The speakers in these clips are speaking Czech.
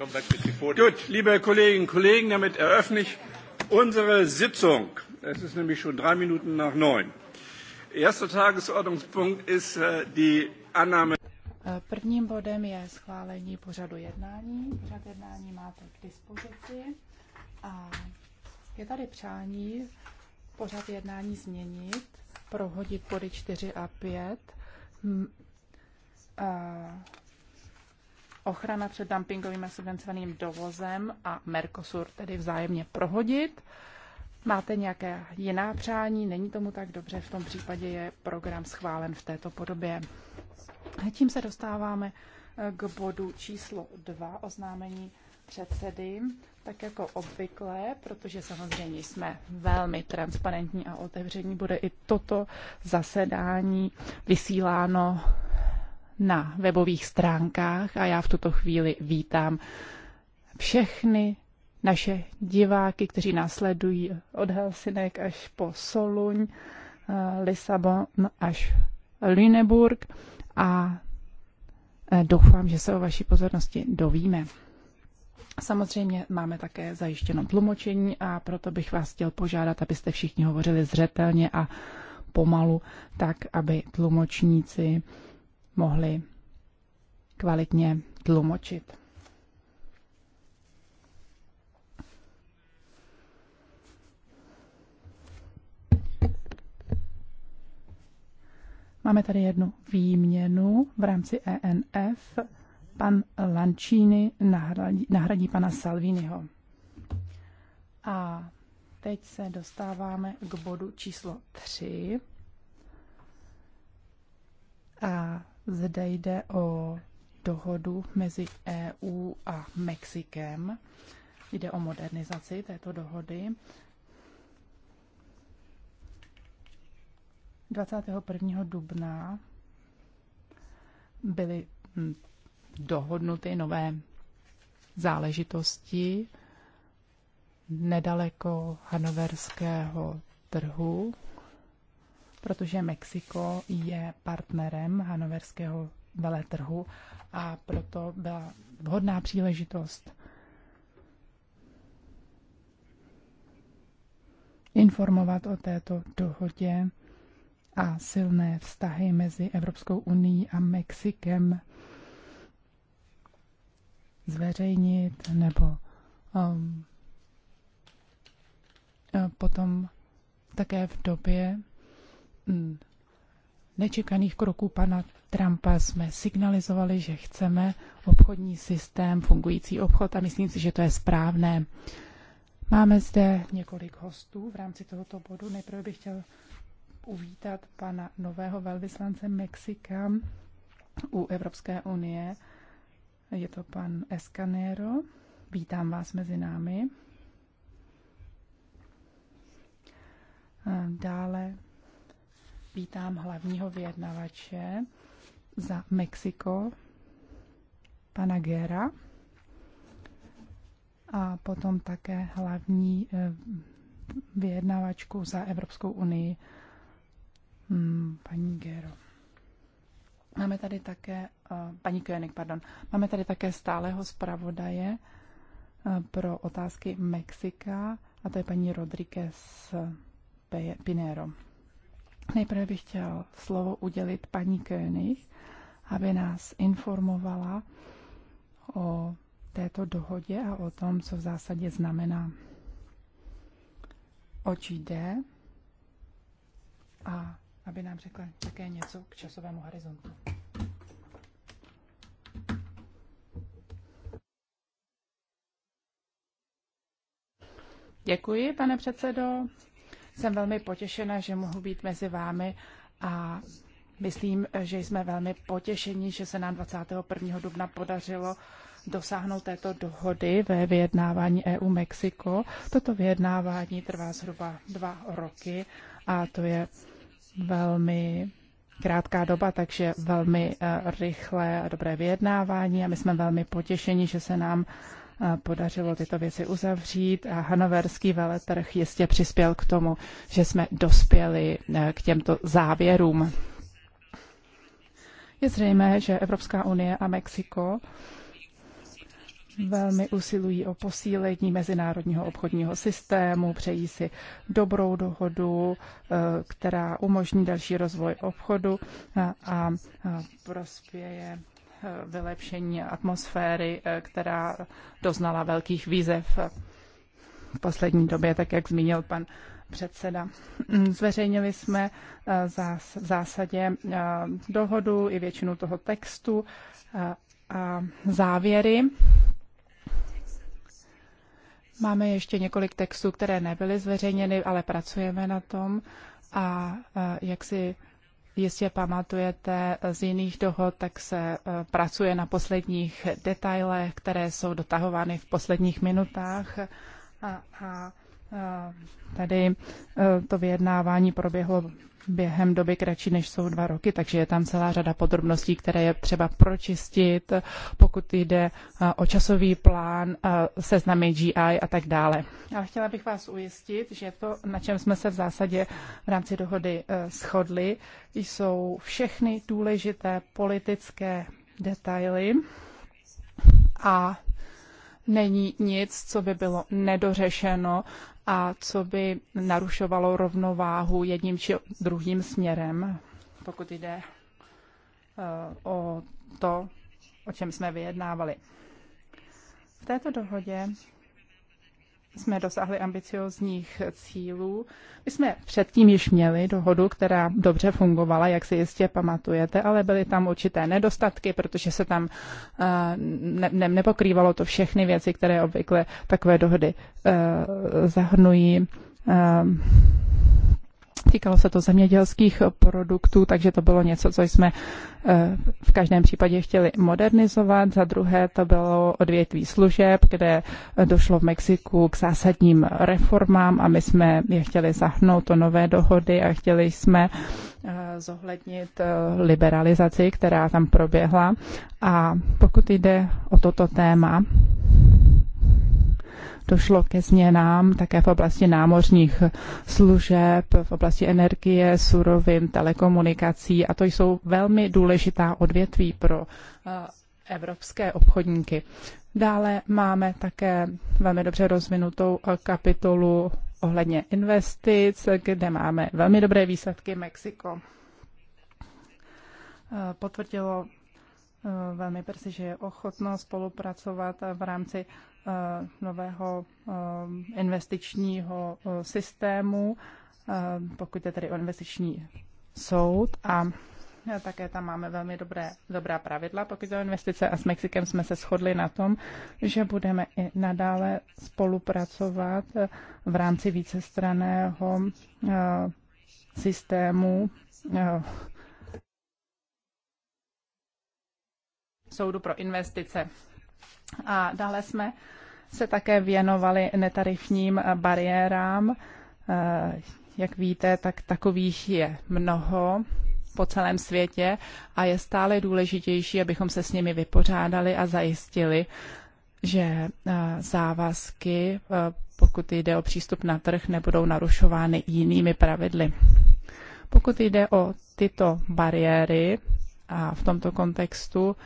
Gut, liebe Kolleginnen und Kollegen, damit eröffne ich unsere Sitzung. Es ist nämlich schon drei Minuten nach neun. Erster Tagesordnungspunkt ist äh, die Annahme. Äh, prvním bodem je schválení pořadu jednání. Pořad jednání máte k dispozici a je tady přání pořad jednání změnit, prohodit body 4 a 5. A ochrana před dumpingovým a subvencovaným dovozem a Mercosur tedy vzájemně prohodit. Máte nějaké jiná přání? Není tomu tak dobře, v tom případě je program schválen v této podobě. Tím se dostáváme eh, k bodu číslo 2, oznámení předsedy, tak jako obvykle, protože samozřejmě jsme velmi transparentní a otevření, bude i toto zasedání vysíláno na webových stránkách a já v tuto chvíli vítám všechny naše diváky, kteří následují od Helsinek až po Soluň, eh, Lisabon až Lüneburg a eh, doufám, že se o vaší pozornosti dovíme. Samozřejmě máme také zajištěno tlumočení a proto bych vás chtěl požádat, abyste všichni hovořili zřetelně a pomalu, tak aby tlumočníci mohli kvalitně tlumočit. Máme tady jednu výměnu v rámci ENF. Pan Lančíny nahradí, nahradí pana Salviniho. A teď se dostáváme k bodu číslo 3. A zde jde o dohodu mezi EU a Mexikem. Jde o modernizaci této dohody. 21. dubna byly hm, dohodnuty nové záležitosti nedaleko hanoverského trhu protože Mexiko je partnerem hanoverského veletrhu a proto byla vhodná příležitost informovat o této dohodě a silné vztahy mezi Evropskou unii a Mexikem zveřejnit nebo um, potom také v době, Hmm. nečekaných kroků pana Trumpa jsme signalizovali, že chceme obchodní systém, fungující obchod a myslím si, že to je správné. Máme zde několik hostů v rámci tohoto bodu. Nejprve bych chtěl uvítat pana nového velvyslance Mexika u Evropské unie. Je to pan Escanero. Vítám vás mezi námi. Dále vítám hlavního vyjednavače za Mexiko, pana Gera, a potom také hlavní eh, vyjednavačku za Evropskou unii, hmm, paní Gero. Máme tady také, eh, paní Koenig, pardon, máme tady také stáleho zpravodaje eh, pro otázky Mexika, a to je paní Rodríguez Pinero. Nejprve bych chtěl slovo udělit paní König, aby nás informovala o této dohodě a o tom, co v zásadě znamená. Oč jde a aby nám řekla také něco k časovému horizontu. Děkuji, pane předsedo. Jsem velmi potěšena, že mohu být mezi vámi a myslím, že jsme velmi potěšení, že se nám 21. dubna podařilo dosáhnout této dohody ve vyjednávání EU-Mexiko. Toto vyjednávání trvá zhruba dva roky a to je velmi krátká doba, takže velmi eh, rychlé a dobré vyjednávání a my jsme velmi potěšeni, že se nám podařilo tyto věci uzavřít a hanoverský veletrh jistě přispěl k tomu, že jsme dospěli eh, k těmto závěrům. Je zřejmé, že Evropská unie a Mexiko velmi usilují o posílení mezinárodního obchodního systému, přejí si dobrou dohodu, eh, která umožní další rozvoj obchodu eh, a prospěje vylepšení atmosféry, eh, která doznala velkých výzev v poslední době, tak jak zmínil pan předseda. Mm, Zveřejnili jsme eh, v zásadě eh, dohodu i většinu toho textu a závěry. Máme ještě několik textů, které nebyly zveřejněny, ale pracujeme na tom a jak si jistě pamatujete eh, z jiných dohod, tak se eh, pracuje na posledních detailech, které jsou dotahovány v posledních minutách. A, a eh, tady to vyjednávání proběhlo během doby kratší než jsou dva roky, takže je tam celá řada podrobností, které je třeba pročistit, pokud jde eh, o časový plán, eh, seznamy GI a tak dále. Ale chtěla bych vás ujistit, že to, na čem jsme se v zásadě v rámci dohody eh, shodli, jsou všechny důležité politické detaily a není nic, co by bylo nedořešeno a co by narušovalo rovnováhu jedním či druhým směrem, pokud jde eh, o to, o čem jsme vyjednávali. V této dohodě jsme dosáhli ambiciozních cílů. My jsme předtím již měli dohodu, která dobře fungovala, jak si jistě pamatujete, ale byly tam určité nedostatky, protože se tam eh, ne, ne, nepokrývalo to všechny věci, které obvykle takové dohody eh, zahrnují. Ehm, Týkalo se to zemědělských produktů, takže to bylo něco, co jsme eh, v každém případě chtěli modernizovat. Za druhé to bylo odvětví služeb, kde došlo v Mexiku k zásadním reformám a my jsme je chtěli zahnout do nové dohody a chtěli jsme eh, zohlednit eh, liberalizaci, která tam proběhla. A pokud jde o toto téma, došlo ke změnám také v oblasti námořních služeb, v oblasti energie, surovin, telekomunikací a to jsou velmi důležitá odvětví pro eh, evropské obchodníky. Dále máme také velmi dobře rozvinutou eh, kapitolu ohledně investic, kde máme velmi dobré výsledky Mexiko. Eh, potvrdilo velmi brzy, že je ochotno spolupracovat v rámci Eh, nového eh, investičního eh, systému, pokud je tedy o investiční soud a také tam máme velmi dobré, dobrá pravidla, pokud o investice a s Mexikem jsme se shodli na tom, že budeme i nadále spolupracovat v rámci vícestraného systému soudu pro investice. A dále jsme se také věnovali netarifním bariérám. Eh, jak víte, tak takových je mnoho po celém světě a je stále důležitější, abychom se s nimi vypořádali a zajistili, že eh, závazky, eh, pokud jde o přístup na trh, nebudou narušovány jinými pravidly. Pokud jde o tyto bariéry a v tomto kontextu,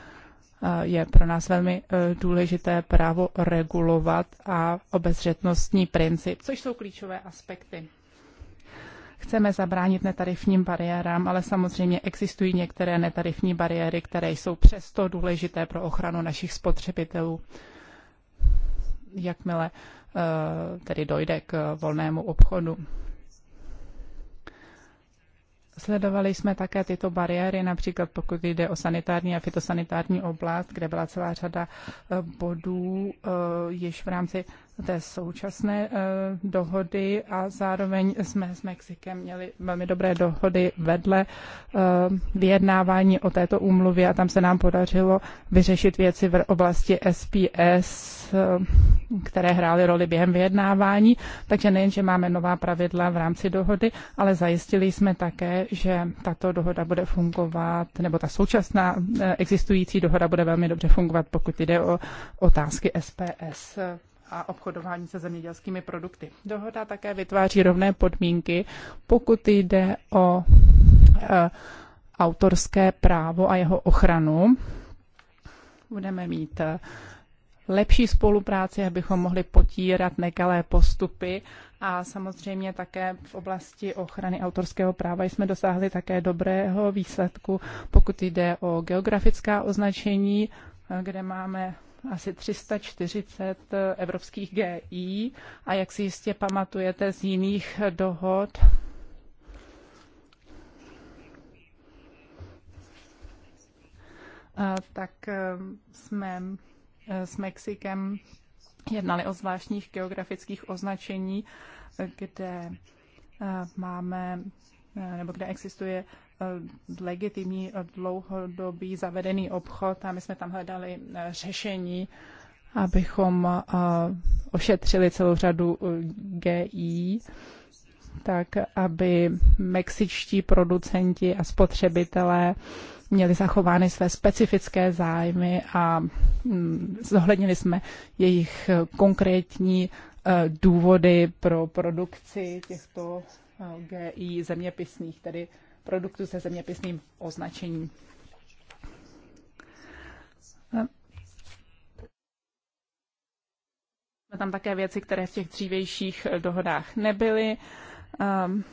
je pro nás velmi e, důležité právo regulovat a obezřetnostní princip, což jsou klíčové aspekty. Chceme zabránit netarifním bariérám, ale samozřejmě existují některé netarifní bariéry, které jsou přesto důležité pro ochranu našich spotřebitelů. Jakmile e, tedy dojde k volnému obchodu. Sledovali jsme také tyto bariéry, například pokud jde o sanitární a fitosanitární oblast, kde byla celá řada eh, bodů eh, již v rámci té současné eh, dohody a zároveň jsme s Mexikem měli velmi dobré dohody vedle vyjednávání o této úmluvě a tam se nám podařilo vyřešit věci v oblasti SPS, které hrály roli během vyjednávání. Takže nejen, že máme nová pravidla v rámci dohody, ale zajistili jsme také, že tato dohoda bude fungovat, nebo ta současná eh, existující dohoda bude velmi dobře fungovat, pokud jde o otázky SPS a obchodování se zemědělskými produkty. Dohoda také vytváří rovné podmínky, pokud jde o eh, autorské právo a jeho ochranu. Budeme mít eh, lepší spolupráci, abychom mohli potírat nekalé postupy a samozřejmě také v oblasti ochrany autorského práva jsme dosáhli také dobrého výsledku, pokud jde o geografická označení, kde máme asi 340 evropských GI a jak si jistě pamatujete z jiných dohod, tak eh, jsme s Mexikem jednali o zvláštních geografických označení, kde eh, máme eh, nebo kde existuje eh, legitimní dlouhodobý zavedený obchod a my jsme tam hledali řešení, abychom ošetřili celou řadu GI, tak aby mexičtí producenti a spotřebitelé měli zachovány své specifické zájmy a mm, zohlednili jsme jejich eh, konkrétní eh, důvody pro produkci těchto eh, GI zeměpisných, tedy produktů se zeměpisným označením. Jsme tam také věci, které v těch dřívějších dohodách nebyly. Ehm,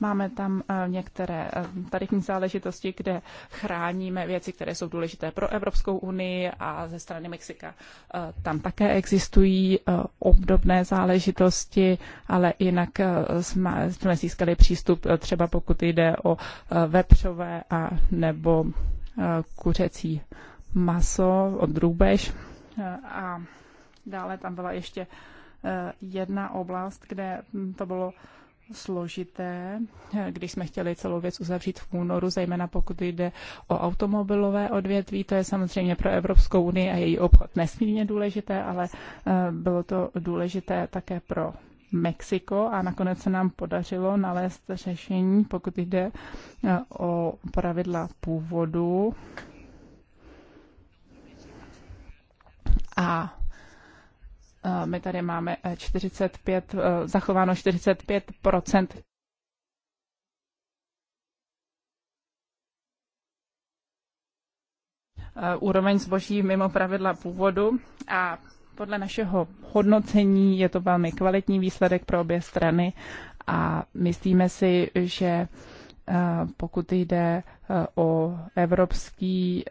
Máme tam eh, některé eh, tarifní záležitosti, kde chráníme věci, které jsou důležité pro Evropskou unii a ze strany Mexika. Eh, tam také existují obdobné záležitosti, ale jinak jsme, získali přístup třeba pokud jde o vepřové a nebo kuřecí maso od drůbež a dále tam byla ještě jedna oblast, kde hm, to bylo složité, když jsme chtěli celou věc uzavřít v únoru, zejména pokud jde o automobilové odvětví. To je samozřejmě pro Evropskou unii a její obchod nesmírně důležité, ale eh, bylo to důležité také pro Mexiko a nakonec se nám podařilo nalézt řešení, pokud jde eh, o pravidla původu. A my tady máme 45, eh, eh, zachováno 45 eh, úroveň zboží mimo pravidla původu a podle našeho hodnocení je to velmi kvalitní výsledek pro obě strany a myslíme si, že pokud jde o evropský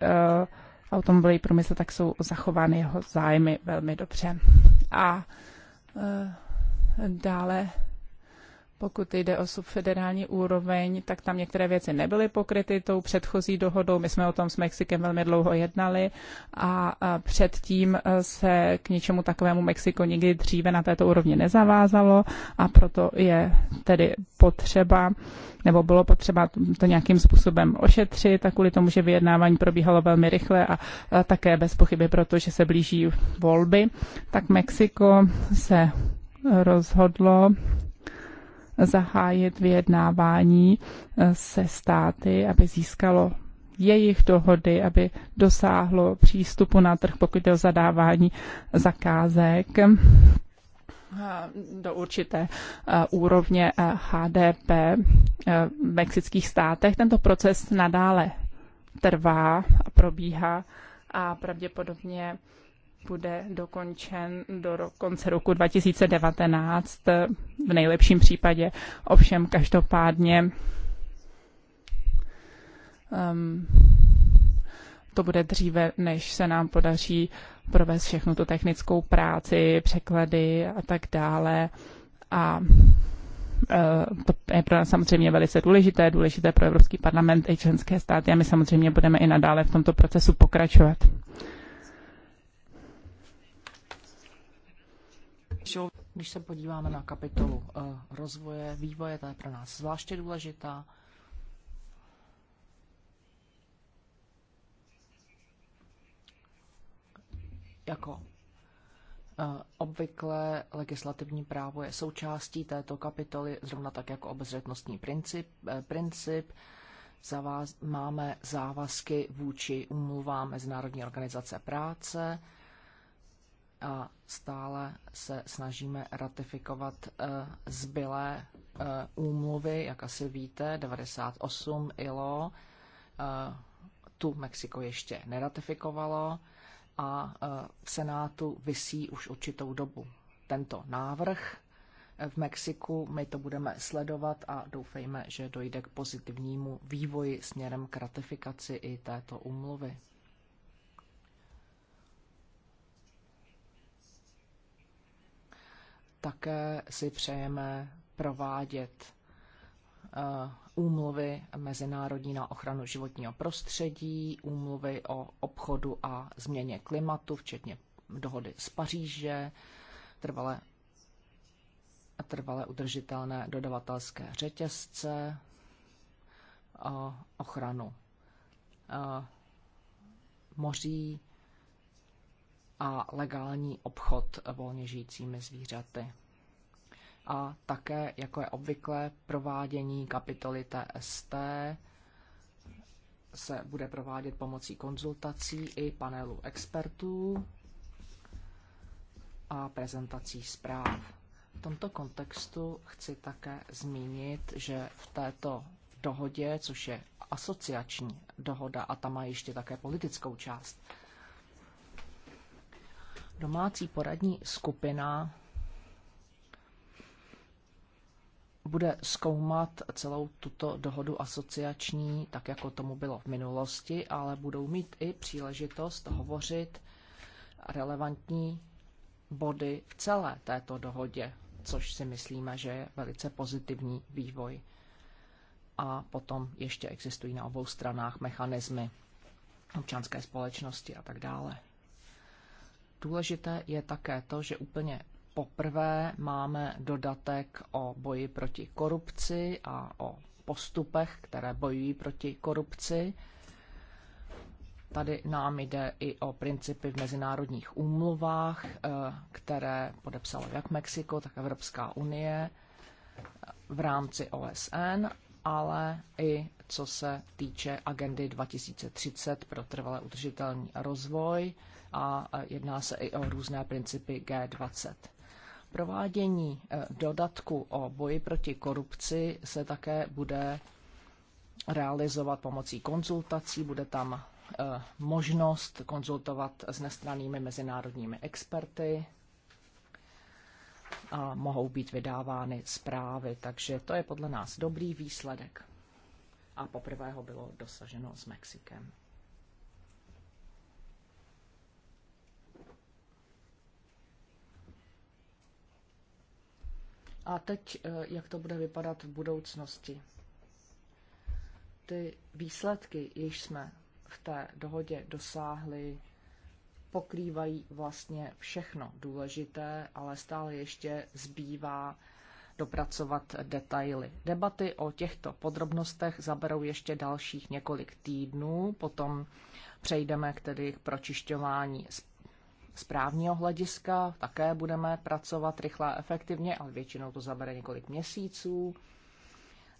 automobilový průmysl, tak jsou zachovány jeho zájmy velmi dobře a eh, dále pokud jde o subfederální úroveň, tak tam některé věci nebyly pokryty tou předchozí dohodou. My jsme o tom s Mexikem velmi dlouho jednali a předtím e, se k ničemu takovému Mexiko nikdy dříve na této úrovni nezavázalo a proto je tedy potřeba, nebo bylo potřeba to nějakým způsobem ošetřit a kvůli tomu, že vyjednávání probíhalo velmi rychle a také bez pochyby, protože se blíží volby, tak Mexiko se rozhodlo zahájit vyjednávání eh, se státy, aby získalo jejich dohody, aby dosáhlo přístupu na trh, pokud je o zadávání zakázek eh, do určité eh, úrovně HDP v mexických státech. Tento proces nadále trvá a probíhá a pravděpodobně bude dokončen do konce roku 2019, v nejlepším případě. Ovšem každopádně um, to bude dříve, než se nám podaří provést všechnu tu technickou práci, překlady a tak dále. A uh, to je pro nás samozřejmě velice důležité, důležité pro Evropský parlament i členské státy a my samozřejmě budeme i nadále v tomto procesu pokračovat. Když se podíváme na kapitolu eh, rozvoje, vývoje, ta je pro nás zvláště důležitá. Jako eh, Obvykle legislativní právo je součástí této kapitoly, zrovna tak jako obezřetnostní princip. Eh, princip máme závazky vůči umluvám Mezinárodní organizace práce, a stále se snažíme ratifikovat eh, zbylé eh, úmluvy, jak asi víte, 98 ILO, eh, tu Mexiko ještě neratifikovalo a v Senátu vysí už určitou dobu tento návrh v Mexiku. My to budeme sledovat a doufejme, že dojde k pozitivnímu vývoji směrem k ratifikaci i této úmluvy. také si přejeme provádět eh, úmluvy Mezinárodní na ochranu životního prostředí, úmluvy o obchodu a změně klimatu, včetně dohody z Paříže, trvalé, trvalé udržitelné dodavatelské řetězce, eh, ochranu eh, moří, a legální obchod volně žijícími zvířaty. A také, jako je obvykle, provádění kapitoly TST se bude provádět pomocí konzultací i panelu expertů a prezentací zpráv. V tomto kontextu chci také zmínit, že v této dohodě, což je asociační dohoda a ta má ještě také politickou část, domácí poradní skupina bude zkoumat celou tuto dohodu asociační, tak jako tomu bylo v minulosti, ale budou mít i příležitost hovořit relevantní body v celé této dohodě, což si myslíme, že je velice pozitivní vývoj. A potom ještě existují na obou stranách mechanismy občanské společnosti a tak dále. Důležité je také to, že úplně poprvé máme dodatek o boji proti korupci a o postupech, které bojují proti korupci. Tady nám jde i o principy v mezinárodních úmluvách, eh, které podepsalo jak Mexiko, tak Evropská unie eh, v rámci OSN, ale i co se týče agendy 2030 pro trvale udržitelný rozvoj, a jedná se i o různé principy G20. Provádění e, dodatku o boji proti korupci se také bude realizovat pomocí konzultací. Bude tam e, možnost konzultovat s nestrannými mezinárodními experty a mohou být vydávány zprávy. Takže to je podle nás dobrý výsledek. A poprvé ho bylo dosaženo s Mexikem. A teď, eh, jak to bude vypadat v budoucnosti. Ty výsledky, jež jsme v té dohodě dosáhli, pokrývají vlastně všechno důležité, ale stále ještě zbývá dopracovat detaily. Debaty o těchto podrobnostech zaberou ještě dalších několik týdnů, potom přejdeme k tedy k pročišťování z právního hlediska také budeme pracovat rychle a efektivně, ale většinou to zabere několik měsíců.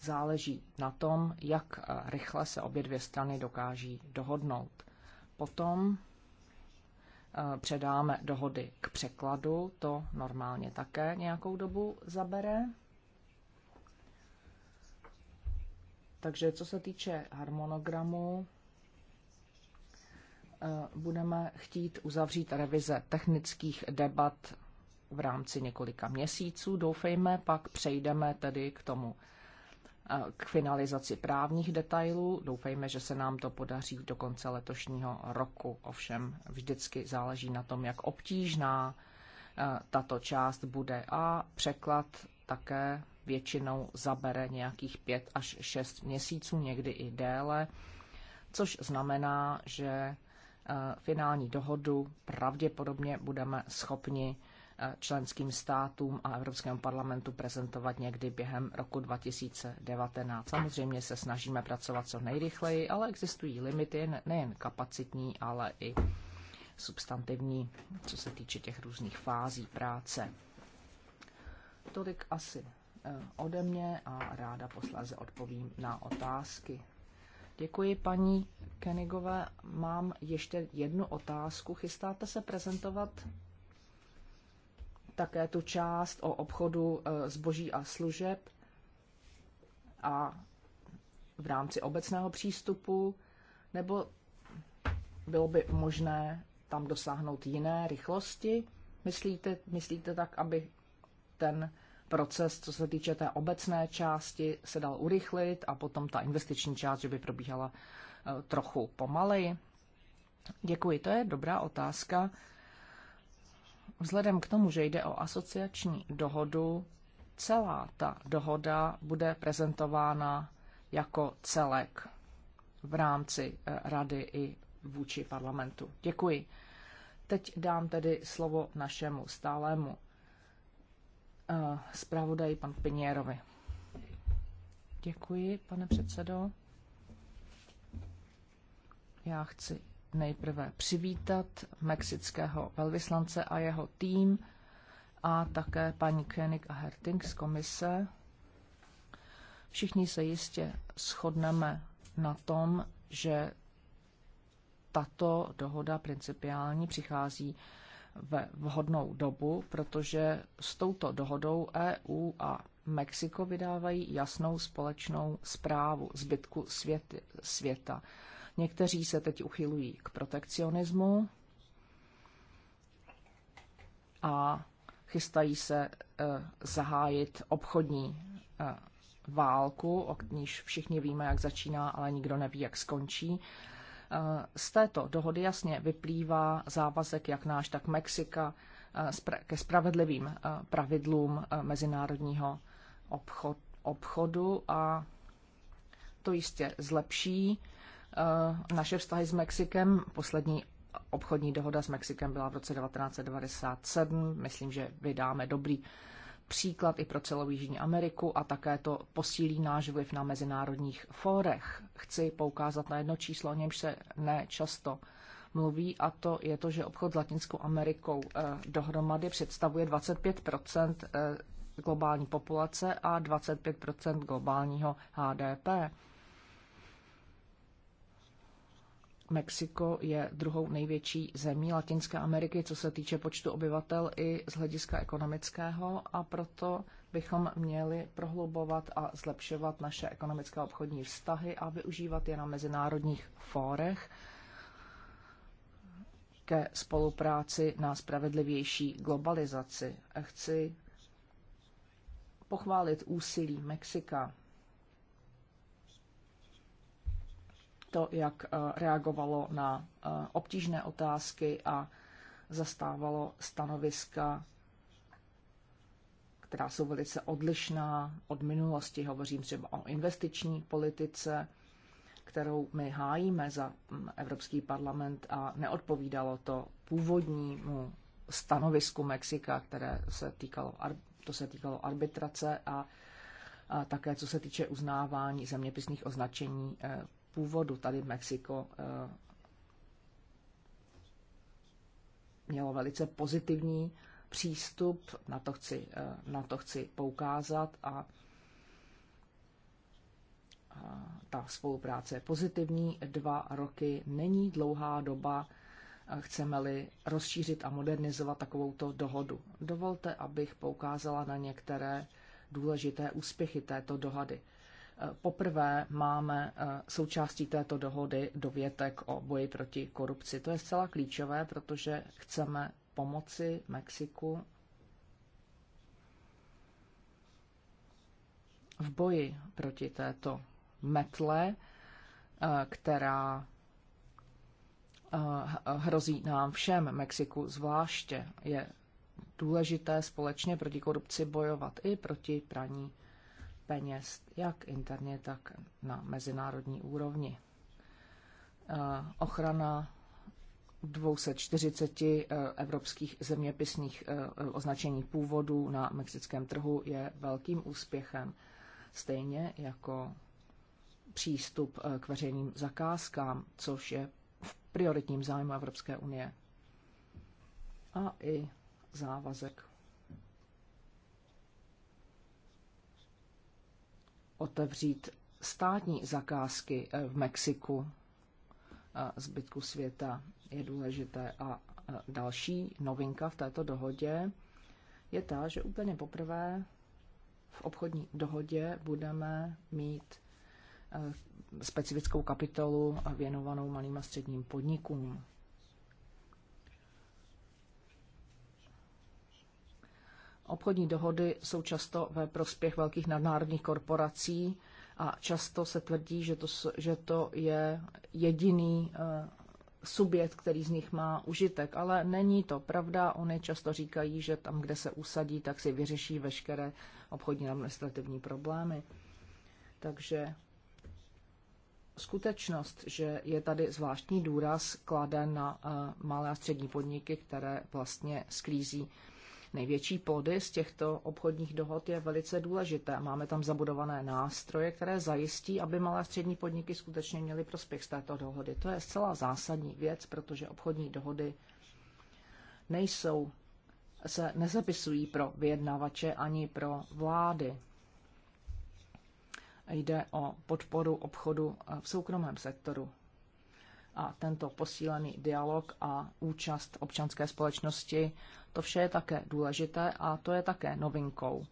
Záleží na tom, jak eh, rychle se obě dvě strany dokáží dohodnout. Potom eh, předáme dohody k překladu, to normálně také nějakou dobu zabere. Takže co se týče harmonogramu, Eh, budeme chtít uzavřít revize technických debat v rámci několika měsíců. Doufejme, pak přejdeme tedy k tomu eh, k finalizaci právních detailů. Doufejme, že se nám to podaří do konce letošního roku. Ovšem vždycky záleží na tom, jak obtížná eh, tato část bude a překlad také většinou zabere nějakých pět až šest měsíců, někdy i déle, což znamená, že Eh, finální dohodu pravděpodobně budeme schopni eh, členským státům a Evropskému parlamentu prezentovat někdy během roku 2019. Samozřejmě se snažíme pracovat co nejrychleji, ale existují limity nejen kapacitní, ale i substantivní, co se týče těch různých fází práce. Tolik asi eh, ode mě a ráda posléze odpovím na otázky. Děkuji paní Kenigové. Mám ještě jednu otázku. Chystáte se prezentovat také tu část o obchodu e, zboží a služeb a v rámci obecného přístupu, nebo bylo by možné tam dosáhnout jiné rychlosti? Myslíte, myslíte tak, aby ten proces, co se týče té obecné části, se dal urychlit a potom ta investiční část, že by probíhala eh, trochu pomaleji? Děkuji, to je dobrá otázka. Vzhledem k tomu, že jde o asociační dohodu, celá ta dohoda bude prezentována jako celek v rámci eh, rady i vůči parlamentu. Děkuji. Teď dám tedy slovo našemu stálému zpravodaji pan Piněrovi. Děkuji, pane předsedo. Já chci nejprve přivítat mexického velvyslance a jeho tým a také paní Koenig a Herting z komise. Všichni se jistě shodneme na tom, že tato dohoda principiální přichází ve vhodnou dobu, protože s touto dohodou EU a Mexiko vydávají jasnou společnou zprávu zbytku svět, světa. Někteří se teď uchylují k protekcionismu a chystají se eh, zahájit obchodní eh, válku, o níž všichni víme, jak začíná, ale nikdo neví, jak skončí. Eh, z této dohody jasně vyplývá závazek jak náš, tak Mexika eh, ke spravedlivým eh, pravidlům mezinárodního obchodu a to jistě zlepší naše vztahy s Mexikem. Poslední obchodní dohoda s Mexikem byla v roce 1997. Myslím, že vydáme dobrý příklad i pro celou Jižní Ameriku a také to posílí náš vliv na mezinárodních fórech. Chci poukázat na jedno číslo, o němž se nečasto mluví, a to je to, že obchod s Latinskou Amerikou eh, dohromady představuje 25 eh, globální populace a 25 globálního HDP. Mexiko je druhou největší zemí Latinské Ameriky, co se týče počtu obyvatel i z hlediska ekonomického a proto bychom měli prohlubovat a zlepšovat naše ekonomické obchodní vztahy a využívat je na mezinárodních fórech ke spolupráci na spravedlivější globalizaci. Chci pochválit úsilí Mexika to, jak eh, reagovalo na eh, obtížné otázky a zastávalo stanoviska, která jsou velice odlišná od minulosti. Hovořím třeba o investiční politice, kterou my hájíme za hm, Evropský parlament a neodpovídalo to původnímu stanovisku Mexika, které se týkalo, to se týkalo arbitrace a, a také co se týče uznávání zeměpisných označení eh, původu. Tady v Mexiko eh, mělo velice pozitivní přístup, na to chci, eh, na to chci poukázat a ta spolupráce je pozitivní. Dva roky není dlouhá doba, eh, chceme-li rozšířit a modernizovat takovouto dohodu. Dovolte, abych poukázala na některé důležité úspěchy této dohady. Poprvé máme eh, součástí této dohody dovětek o boji proti korupci. To je zcela klíčové, protože chceme pomoci Mexiku v boji proti této metle, eh, která eh, hrozí nám všem, Mexiku zvláště. Je důležité společně proti korupci bojovat i proti praní peněz, jak interně, tak na mezinárodní úrovni. Eh, ochrana 240 eh, evropských zeměpisných eh, označení původu na mexickém trhu je velkým úspěchem, stejně jako přístup k veřejným zakázkám, což je v prioritním zájmu Evropské unie. A i závazek otevřít státní zakázky eh, v Mexiku a zbytku světa je důležité. A eh, další novinka v této dohodě je ta, že úplně poprvé v obchodní dohodě budeme mít eh, specifickou kapitolu věnovanou malým a středním podnikům. Obchodní dohody jsou často ve prospěch velkých nadnárodních korporací a často se tvrdí, že to, že to je jediný eh, subjekt, který z nich má užitek, ale není to pravda. Oni často říkají, že tam, kde se usadí, tak si vyřeší veškeré obchodní administrativní problémy. Takže skutečnost, že je tady zvláštní důraz kladen na eh, malé a střední podniky, které vlastně sklízí největší pody z těchto obchodních dohod je velice důležité. Máme tam zabudované nástroje, které zajistí, aby malé a střední podniky skutečně měly prospěch z této dohody. To je zcela zásadní věc, protože obchodní dohody nejsou, se nezapisují pro vyjednavače ani pro vlády. Jde o podporu obchodu v soukromém sektoru a tento posílený dialog a účast občanské společnosti, to vše je také důležité a to je také novinkou,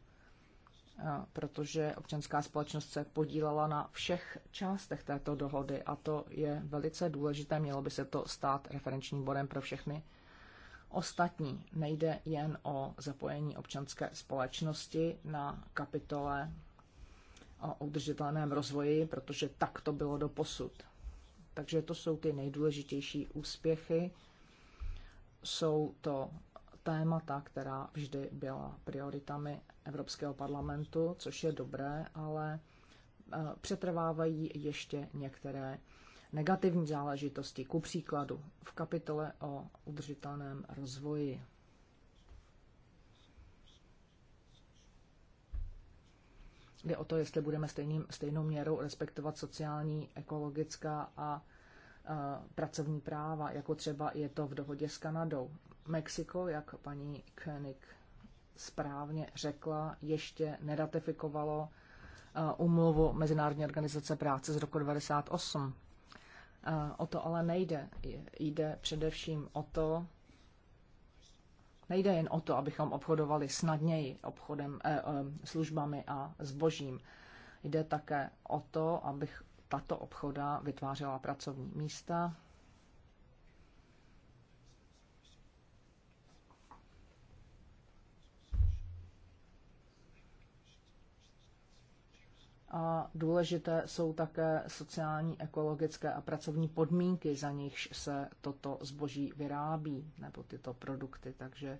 eh, protože občanská společnost se podílela na všech částech této dohody a to je velice důležité, mělo by se to stát referenčním bodem pro všechny ostatní. Nejde jen o zapojení občanské společnosti na kapitole o udržitelném rozvoji, protože tak to bylo do posud. Takže to jsou ty nejdůležitější úspěchy. Jsou to témata, která vždy byla prioritami Evropského parlamentu, což je dobré, ale eh, přetrvávají ještě některé negativní záležitosti. Ku příkladu v kapitole o udržitelném rozvoji Jde o to, jestli budeme stejným, stejnou měrou respektovat sociální, ekologická a pracovní práva, jako třeba je to v dohodě s Kanadou. Mexiko, jak paní König správně řekla, ještě neratifikovalo umluvu Mezinárodní organizace práce z roku 1998. O to ale nejde. Jde především o to, Nejde jen o to, abychom obchodovali snadněji obchodem, eh, eh, službami a zbožím. Jde také o to, abych tato obchoda vytvářela pracovní místa, a důležité jsou také sociální, ekologické a pracovní podmínky, za nichž se toto zboží vyrábí nebo tyto produkty. Takže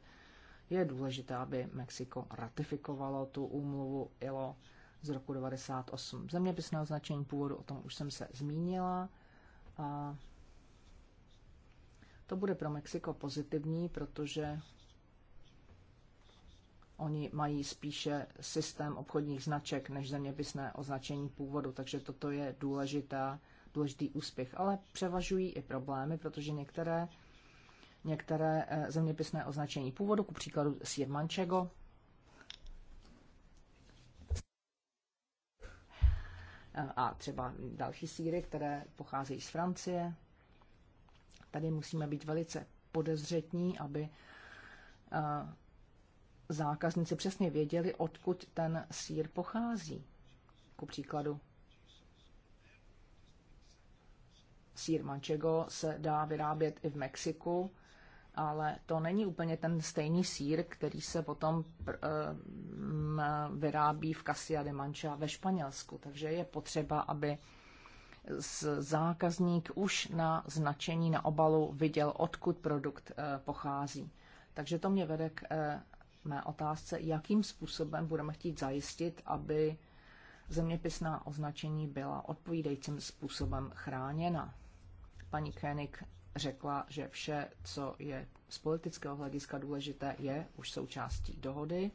je důležité, aby Mexiko ratifikovalo tu úmluvu ILO z roku 98. Zeměpisné označení původu, o tom už jsem se zmínila. A to bude pro Mexiko pozitivní, protože Oni mají spíše systém obchodních značek než zeměpisné označení původu, takže toto je důležitá, důležitý úspěch. Ale převažují i problémy, protože některé, některé eh, zeměpisné označení původu, ku příkladu sír manchego, eh, a třeba další síry, které pocházejí z Francie. Tady musíme být velice podezřetní, aby eh, zákazníci přesně věděli, odkud ten sír pochází. Ku příkladu. Sír manchego se dá vyrábět i v Mexiku, ale to není úplně ten stejný sír, který se potom vyrábí v Casilla de Mancha ve Španělsku. Takže je potřeba, aby zákazník už na značení na obalu viděl, odkud produkt eh, pochází. Takže to mě vede k eh, mé otázce, jakým způsobem budeme chtít zajistit, aby zeměpisná označení byla odpovídajícím způsobem chráněna. Paní Koenig řekla, že vše, co je z politického hlediska důležité, je už součástí dohody.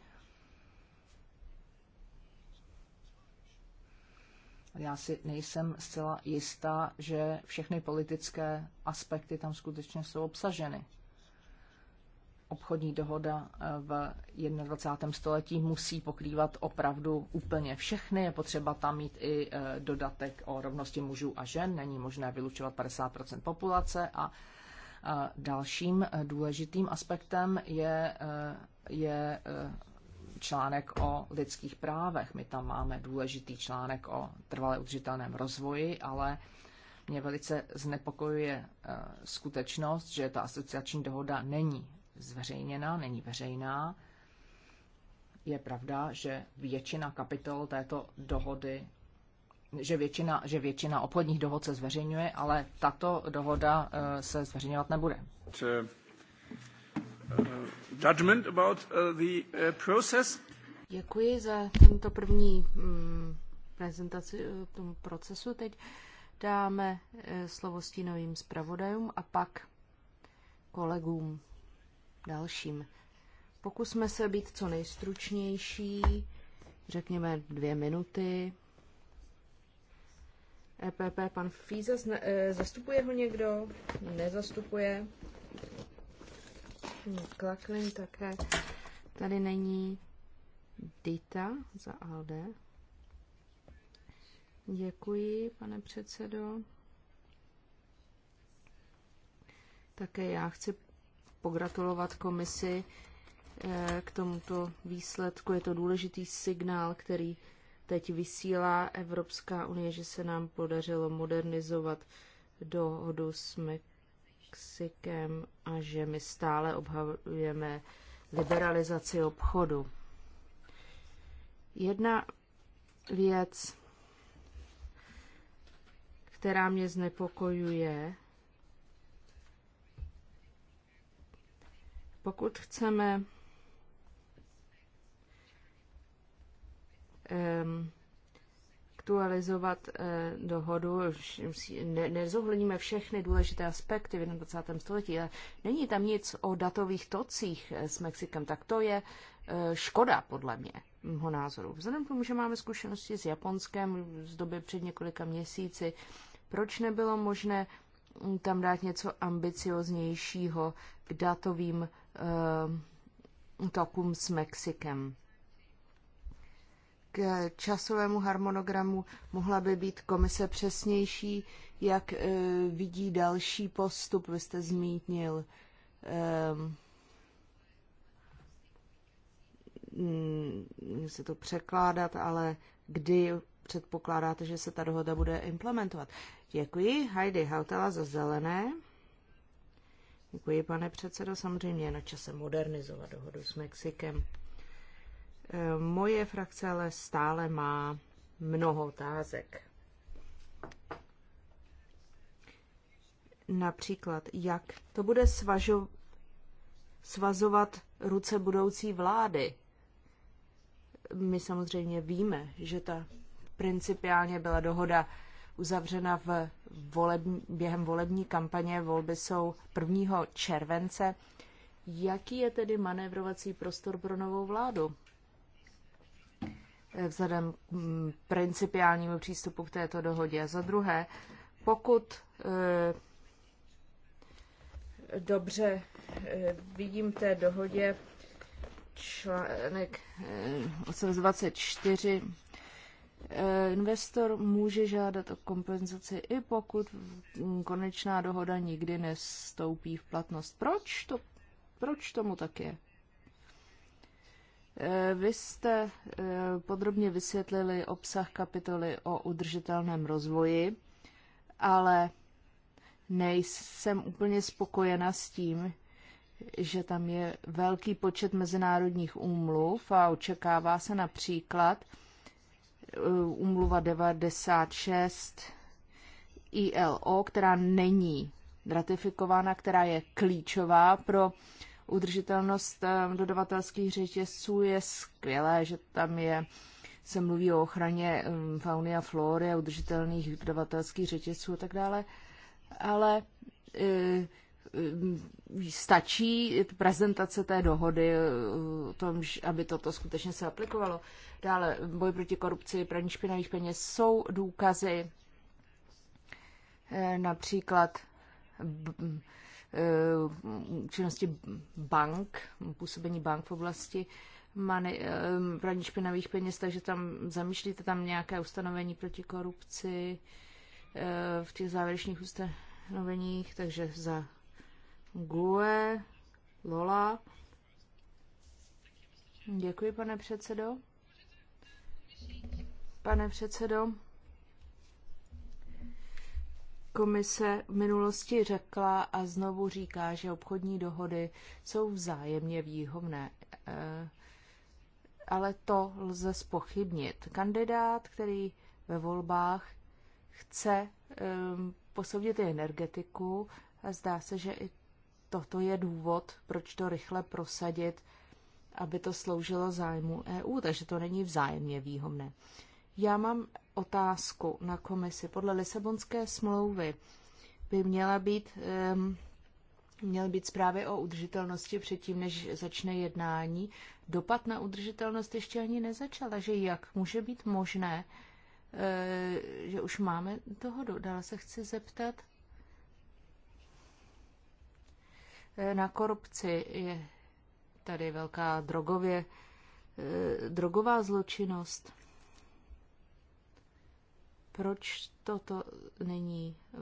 Já si nejsem zcela jistá, že všechny politické aspekty tam skutečně jsou obsaženy obchodní dohoda eh, v 21. století musí pokrývat opravdu úplně všechny. Je potřeba tam mít i eh, dodatek o rovnosti mužů a žen. Není možné vylučovat 50 populace. A eh, dalším důležitým aspektem je, je článek o lidských právech. My tam máme důležitý článek o trvale udržitelném rozvoji, ale mě velice znepokojuje skutečnost, že ta asociační dohoda není zveřejněna, není veřejná. Je pravda, že většina kapitol této dohody že většina, že většina obchodních dohod se zveřejňuje, ale tato dohoda eh, se zveřejňovat nebude. Eh, eh, judgment about the process. Děkuji za tento první mm, prezentaci tomu procesu. Teď dáme slovo stínovým zpravodajům a pak kolegům dalším. Pokusme se být co nejstručnější, řekněme dvě minuty. EPP, pan Fíza e, zastupuje ho někdo? Nezastupuje. Hm, Klaklin také. Tady není Dita za Alde. Děkuji, pane předsedo. Také já chci pogratulovat komisi eh, k tomuto výsledku. Je to důležitý signál, který teď vysílá Evropská unie, že se nám podařilo modernizovat dohodu s Mexikem a že my stále obhavujeme liberalizaci obchodu. Jedna věc, která mě znepokojuje, Pokud chceme um, aktualizovat eh, dohodu, ne, nezohledníme všechny důležité aspekty v 21. století, ale není tam nic o datových tocích eh, s Mexikem, tak to je eh, škoda podle mě, mého názoru. Vzhledem k tomu, že máme zkušenosti s Japonskem z doby před několika měsíci, proč nebylo možné tam dát něco ambicioznějšího k datovým uh, eh, tokům s Mexikem. K časovému harmonogramu mohla by být komise přesnější, jak uh, vidí další postup, vy jste zmínil. Uh, se to překládat, ale kdy předpokládáte, že se ta dohoda bude implementovat. Děkuji Heidi Hautala za zelené. Děkuji, pane předsedo. Samozřejmě je na čase modernizovat dohodu s Mexikem. E, moje frakce ale stále má mnoho otázek. Například, jak to bude svažo, svazovat ruce budoucí vlády. My samozřejmě víme, že ta principiálně byla dohoda uzavřena v volební, během volební kampaně. Volby jsou 1. července. Jaký je tedy manévrovací prostor pro novou vládu? Vzhledem k mm, principiálnímu přístupu k této dohodě. za druhé, pokud eh, dobře eh, vidím té dohodě článek eh, 24 Eh, investor může žádat o kompenzaci i pokud konečná dohoda nikdy nestoupí v platnost. Proč, to, proč tomu tak je? Eh, vy jste eh, podrobně vysvětlili obsah kapitoly o udržitelném rozvoji, ale nejsem úplně spokojena s tím, že tam je velký počet mezinárodních úmluv a očekává se například, Eh, umluva 96 ILO, která není ratifikována, která je klíčová pro udržitelnost eh, dodavatelských řetězců, je skvělé, že tam je se mluví o ochraně eh, fauny a flóry, a udržitelných dodavatelských řetězců a tak dále, ale Eh, stačí prezentace té dohody eh, o tom, aby toto skutečně se aplikovalo. Dále boj proti korupci, praní špinavých peněz jsou důkazy, eh, například činnosti bank, působení bank v oblasti mani, praní špinavých peněz, takže tam zamýšlíte tam nějaké ustanovení proti korupci v těch závěrečných ustanoveních, takže za Gue, Lola. Děkuji, pane předsedo. Pane předsedo, komise v minulosti řekla a znovu říká, že obchodní dohody jsou vzájemně výhovné. Eh, ale to lze spochybnit. Kandidát, který ve volbách chce eh, posoudit energetiku, a zdá se, že i toto je důvod, proč to rychle prosadit, aby to sloužilo zájmu EU, takže to není vzájemně výhodné. Já mám otázku na komisi. Podle Lisabonské smlouvy by měla být, um, měly být zprávy o udržitelnosti předtím, než začne jednání. Dopad na udržitelnost ještě ani nezačal, takže jak může být možné, eh, že už máme dohodu? Dále se chci zeptat, na korupci. Je tady velká drogově, eh, drogová zločinnost. Proč toto není eh,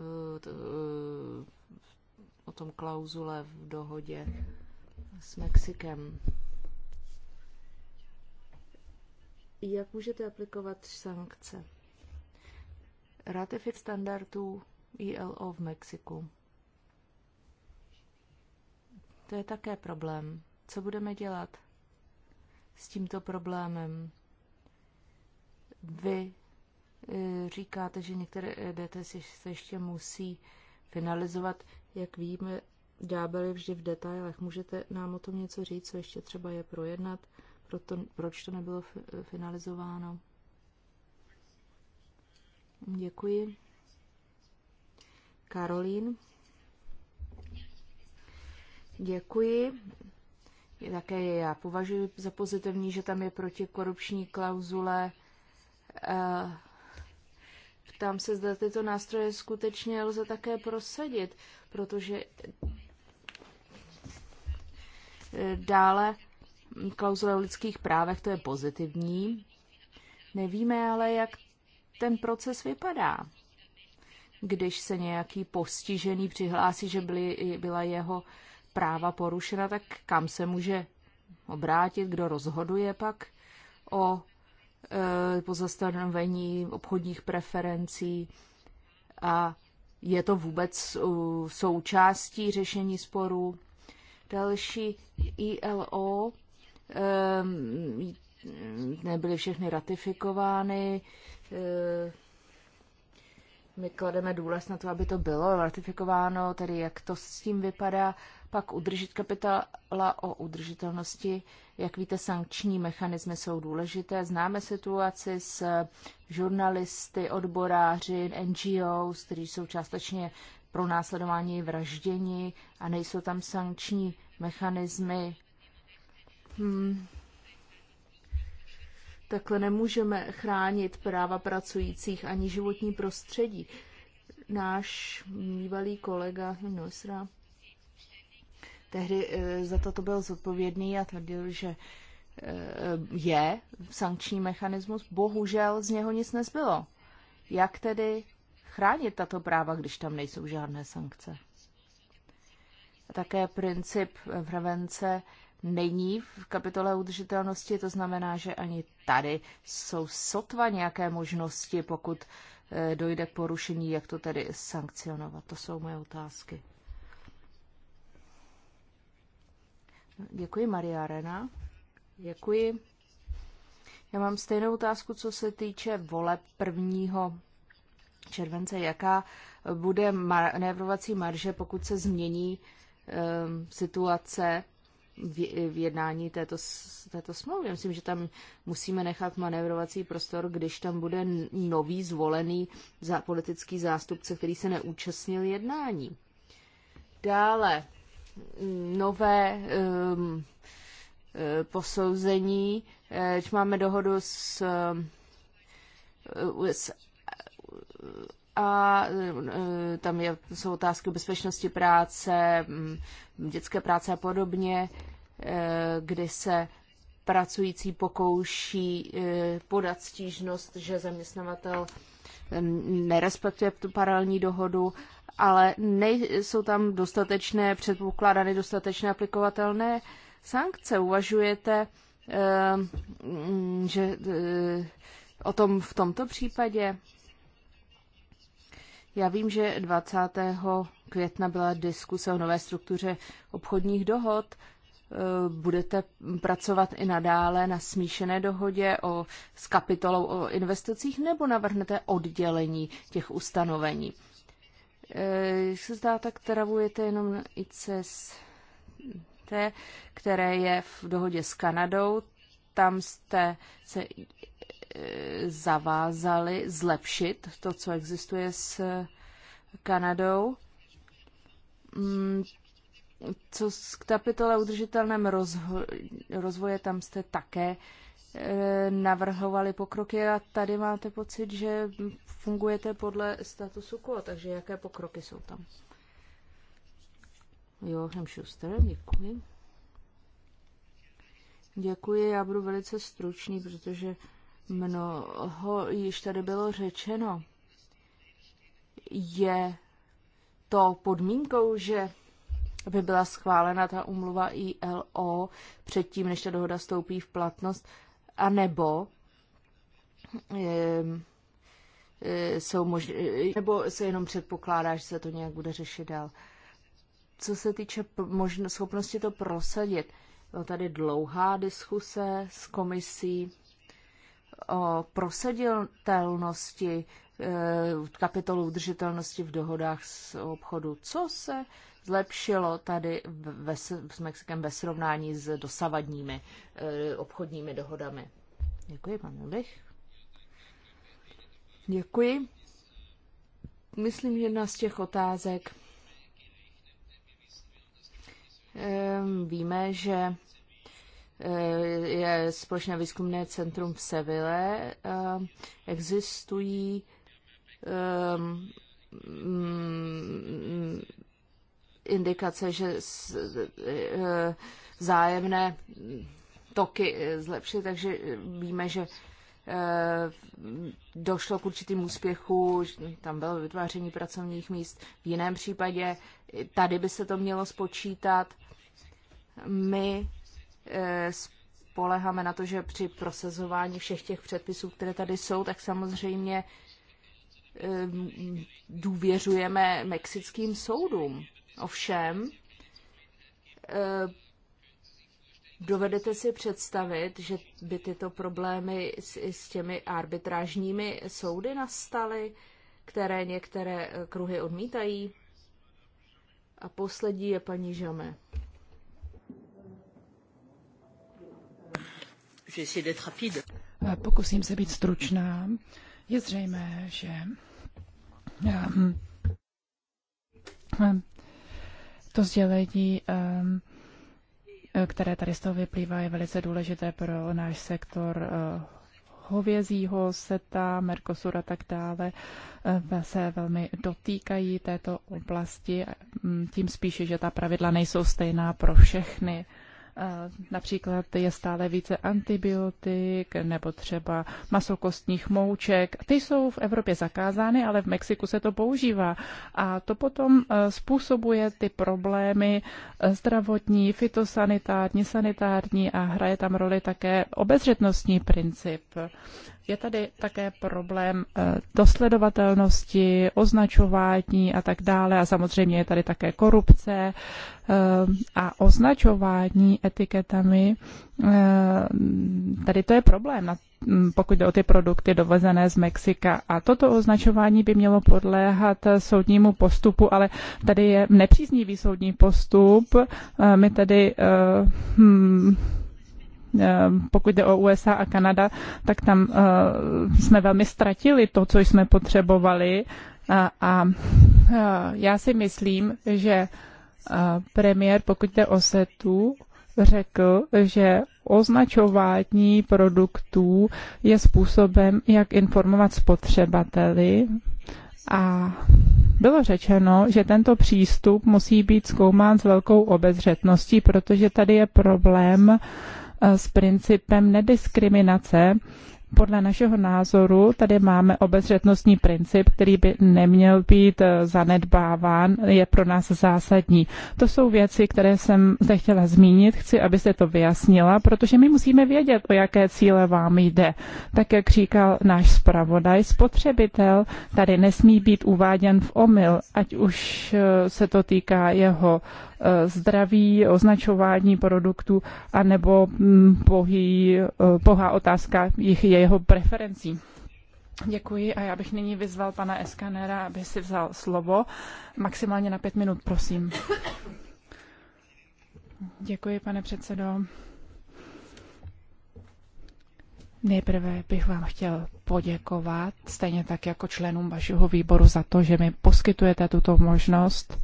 eh, o tom klauzule v dohodě s Mexikem? Jak můžete aplikovat sankce? Ratifik standardů ILO v Mexiku. To je také problém. Co budeme dělat s tímto problémem? Vy eh, říkáte, že některé eh, DTS se ještě musí finalizovat. Jak víme, ďábel je vždy v detailech. Můžete nám o tom něco říct, co ještě třeba je projednat? Proto, proč to nebylo finalizováno? Děkuji. Karolín. Děkuji. Také já považuji za pozitivní, že tam je protikorupční klauzule. Eh, ptám se, zda tyto nástroje skutečně lze také prosadit, protože eh, dále klauzule o lidských právech, to je pozitivní. Nevíme ale, jak ten proces vypadá. Když se nějaký postižený přihlásí, že byly, byla jeho uh, práva porušena, tak kam se může obrátit, kdo rozhoduje pak o e, pozastavení obchodních preferencí a je to vůbec součástí řešení sporů. Další ILO e, nebyly všechny ratifikovány. E, my klademe důraz na to, aby to bylo ratifikováno, tedy jak to s tím vypadá. Pak udržit kapitala o udržitelnosti. Jak víte, sankční mechanismy jsou důležité. Známe situaci s žurnalisty, odboráři, NGOs, kteří jsou částečně pro následování vraždění a nejsou tam sankční mechanismy. Hmm. Takhle nemůžeme chránit práva pracujících ani životní prostředí. Náš bývalý kolega Nosra tehdy eh, za toto byl zodpovědný a tvrdil, že eh, je sankční mechanismus, bohužel z něho nic nezbylo. Jak tedy chránit tato práva, když tam nejsou žádné sankce? A také princip prevence není v kapitole udržitelnosti, to znamená, že ani tady jsou sotva nějaké možnosti, pokud eh, dojde k porušení, jak to tedy sankcionovat. To jsou moje otázky. Děkuji, Maria Arena. Děkuji. Já mám stejnou otázku, co se týče voleb prvního července. Jaká bude manévrovací marže, pokud se změní um, situace v, v jednání této, této smlouvy? Myslím, že tam musíme nechat manévrovací prostor, když tam bude nový zvolený za politický zástupce, který se neúčastnil jednání. Dále, nové um, posouzení. Eh, když máme dohodu s, eh, s a tam je, jsou otázky bezpečnosti práce, mm, dětské práce a podobně, kdy se pracující pokouší podat stížnost, že zaměstnavatel nerespektuje tu paralelní dohodu, ale nejsou tam dostatečné, předpokládány dostatečné aplikovatelné sankce. Uvažujete, eh, že eh, o tom v tomto případě? Já vím, že 20. května byla diskuse o nové struktuře obchodních dohod. Eh, budete pracovat i nadále na smíšené dohodě o, s kapitolou o investicích nebo navrhnete oddělení těch ustanovení? Jak eh, se zdá, tak travujete jenom na ICS, které je v dohodě s Kanadou. Tam jste se eh, zavázali zlepšit to, co existuje s Kanadou hmm, co z kapitole udržitelném rozho- rozvoje, tam jste také e, navrhovali pokroky a tady máte pocit, že fungujete podle statusu quo, takže jaké pokroky jsou tam? Joachim Schuster, děkuji. Děkuji, já budu velice stručný, protože mnoho již tady bylo řečeno. Je to podmínkou, že aby byla schválena ta umluva ILO předtím, než ta dohoda stoupí v platnost, anebo je, ehm, jsou možné, nebo se jenom předpokládá, že se to nějak bude řešit dál. Co se týče možno, schopnosti to prosadit, no tady dlouhá diskuse s komisí o prosadilnosti Eh, kapitolu udržitelnosti v dohodách s obchodu. Co se zlepšilo tady ve, s Mexikem ve srovnání s dosavadními eh, obchodními dohodami? Děkuji, pan Lubich. Děkuji. Myslím, že jedna z těch otázek. Eh, víme, že je společné výzkumné centrum v Seville. Existují um, indikace, že eh, zájemné toky eh, zlepšit, takže víme, že eh, došlo k určitým úspěchu, tam bylo vytváření pracovních míst. V jiném případě tady by se to mělo spočítat. My spoleháme na to, že při prosazování všech těch předpisů, které tady jsou, tak samozřejmě Eh, důvěřujeme mexickým soudům. Ovšem, eh, dovedete si představit, že by tyto problémy s, s těmi arbitrážními soudy nastaly, které některé eh, kruhy odmítají? A poslední je paní Žame. Pokusím se být stručná. Je zřejmé, že ehm, ehm, to sdělení, ehm, e, které tady z toho vyplývá, je velice důležité pro náš sektor e, hovězího seta, Mercosur a tak dále e, se velmi dotýkají této oblasti, mm, tím spíše, že ta pravidla nejsou stejná pro všechny Například je stále více antibiotik nebo třeba masokostních mouček. Ty jsou v Evropě zakázány, ale v Mexiku se to používá. A to potom e, způsobuje ty problémy e, zdravotní, fitosanitární, sanitární a hraje tam roli také obezřetnostní princip. Je tady také problém eh, dosledovatelnosti, označování a tak dále. A samozřejmě je tady také korupce eh, a označování etiketami. Eh, tady to je problém, pokud jde o ty produkty dovezené z Mexika. A toto označování by mělo podléhat soudnímu postupu, ale tady je nepříznivý soudní postup. My tady hmm, Eh, pokud jde o USA a Kanada, tak tam eh, jsme velmi ztratili to, co jsme potřebovali. A, a eh, já si myslím, že premiér, pokud jde o setu, řekl, že označování produktů je způsobem, jak informovat spotřebateli a bylo řečeno, že tento přístup musí být zkoumán s velkou obezřetností, protože tady je problém Eh, s principem nediskriminace. Podle našeho názoru tady máme obezřetnostní princip, který by neměl být eh, zanedbáván, je pro nás zásadní. To jsou věci, které jsem zde chtěla zmínit, chci, abyste to vyjasnila, protože my musíme vědět, o jaké cíle vám jde. Tak, jak říkal náš zpravodaj, spotřebitel tady nesmí být uváděn v omyl, ať už eh, se to týká jeho Eh, zdraví, označování produktů, anebo mm, pohý, eh, pohá otázka jich, jeho preferencí. Děkuji a já bych nyní vyzval pana Eskanera, aby si vzal slovo. Maximálně na pět minut, prosím. Děkuji, pane předsedo. Nejprve bych vám chtěl poděkovat, stejně tak jako členům vašeho výboru, za to, že mi poskytujete tuto možnost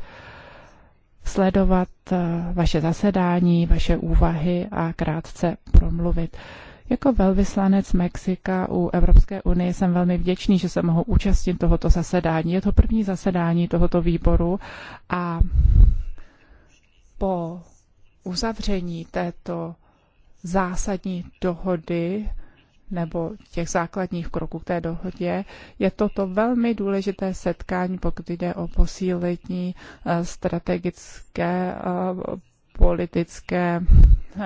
sledovat eh, vaše zasedání, vaše úvahy a krátce promluvit. Jako velvyslanec Mexika u Evropské unie jsem velmi vděčný, že se mohu účastnit tohoto zasedání. Je to první zasedání tohoto výboru a po uzavření této zásadní dohody nebo těch základních kroků k té dohodě, je toto velmi důležité setkání, pokud jde o posílení eh, strategické eh, politické eh,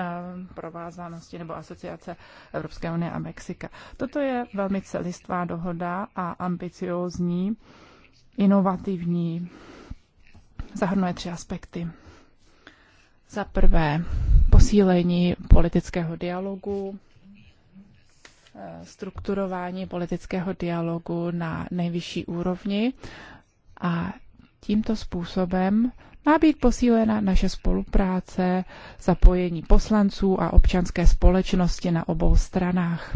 provázanosti nebo asociace Evropské unie a Mexika. Toto je velmi celistvá dohoda a ambiciózní, inovativní. Zahrnuje tři aspekty. Za prvé posílení politického dialogu, Eh, strukturování politického dialogu na nejvyšší úrovni a tímto způsobem má být posílena naše spolupráce, zapojení poslanců a občanské společnosti na obou stranách.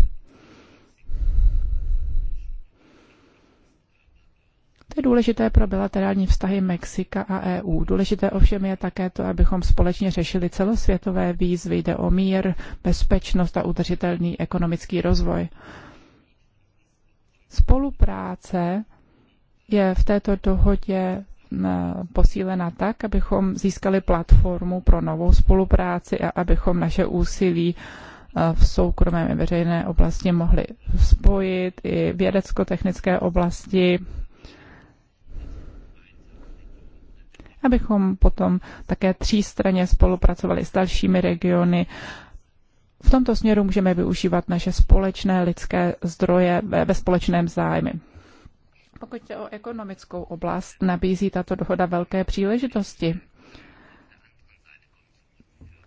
je důležité pro bilaterální vztahy Mexika a EU. Důležité ovšem je také to, abychom společně řešili celosvětové výzvy. Jde o mír, bezpečnost a udržitelný ekonomický rozvoj. Spolupráce je v této dohodě posílena tak, abychom získali platformu pro novou spolupráci a abychom naše úsilí e, v soukromé i veřejné oblasti mohli spojit i vědecko-technické oblasti abychom potom také třístraně spolupracovali s dalšími regiony. V tomto směru můžeme využívat naše společné lidské zdroje ve společném zájmu. Pokud je o ekonomickou oblast, nabízí tato dohoda velké příležitosti,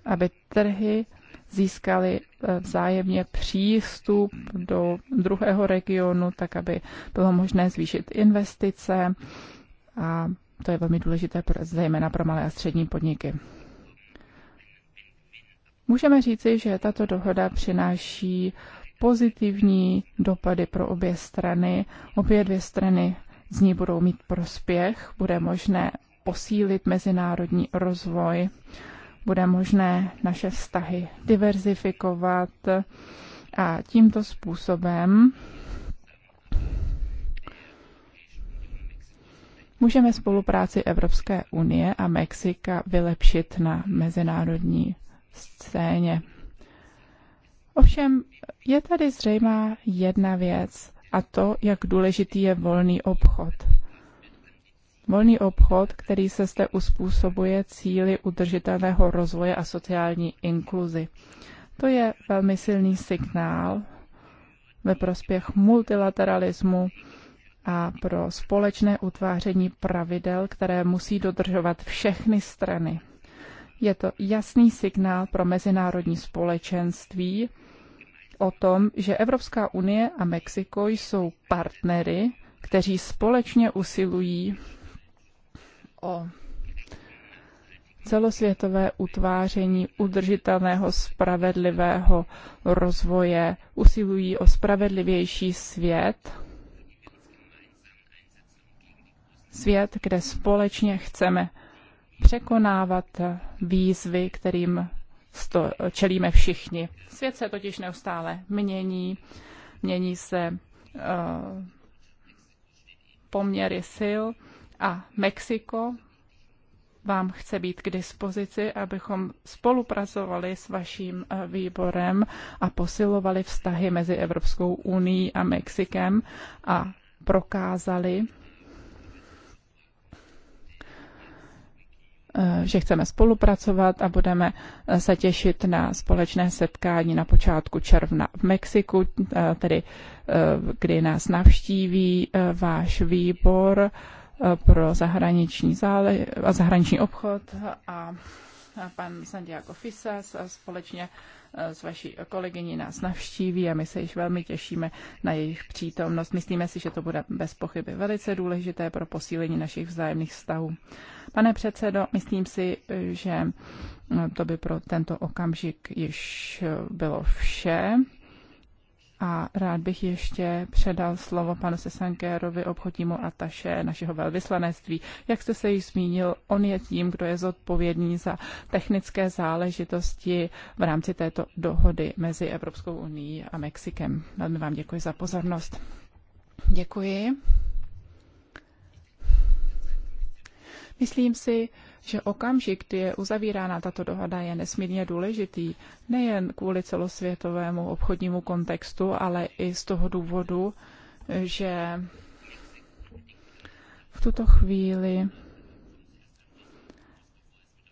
aby trhy získali eh, vzájemně přístup do druhého regionu, tak aby bylo možné zvýšit investice a to je velmi důležité pro, zejména pro malé a střední podniky. Můžeme říci, že tato dohoda přináší pozitivní dopady pro obě strany. Obě dvě strany z ní budou mít prospěch, bude možné posílit mezinárodní rozvoj, bude možné naše vztahy diverzifikovat a tímto způsobem Můžeme spolupráci Evropské unie a Mexika vylepšit na mezinárodní scéně. Ovšem je tady zřejmá jedna věc a to, jak důležitý je volný obchod. Volný obchod, který se zde uspůsobuje cíli udržitelného rozvoje a sociální inkluzi. To je velmi silný signál ve prospěch multilateralismu, a pro společné utváření pravidel, které musí dodržovat všechny strany. Je to jasný signál pro mezinárodní společenství o tom, že Evropská unie a Mexiko jsou partnery, kteří společně usilují o celosvětové utváření udržitelného spravedlivého rozvoje, usilují o spravedlivější svět svět, kde společně chceme překonávat výzvy, kterým sto, čelíme všichni. Svět se totiž neustále mění, mění se uh, poměry sil a Mexiko vám chce být k dispozici, abychom spolupracovali s vaším eh, výborem a posilovali vztahy mezi Evropskou unii a Mexikem a prokázali, Eh, že chceme spolupracovat a budeme eh, se těšit na společné setkání na počátku června v Mexiku, eh, tedy kdy nás navštíví váš výbor pro zahraniční, zále, zahraniční obchod a Eh, pan Santiago Fisas eh, společně eh, s vaší kolegyní nás navštíví a my se již velmi těšíme na jejich přítomnost. Myslíme si, že to bude bez pochyby velice důležité pro posílení našich vzájemných vztahů. Pane předsedo, myslím si, že to by pro tento okamžik již bylo vše. A rád bych ještě předal slovo panu Sesankérovi, obchodnímu ataše našeho velvyslanectví. Jak jste se již zmínil, on je tím, kdo je zodpovědný za technické záležitosti v rámci této dohody mezi Evropskou unii a Mexikem. Velmi vám děkuji za pozornost. Děkuji. Myslím si, že okamžik, kdy je uzavírána tato dohoda, je nesmírně důležitý, nejen kvůli celosvětovému obchodnímu kontextu, ale i z toho důvodu, že v tuto chvíli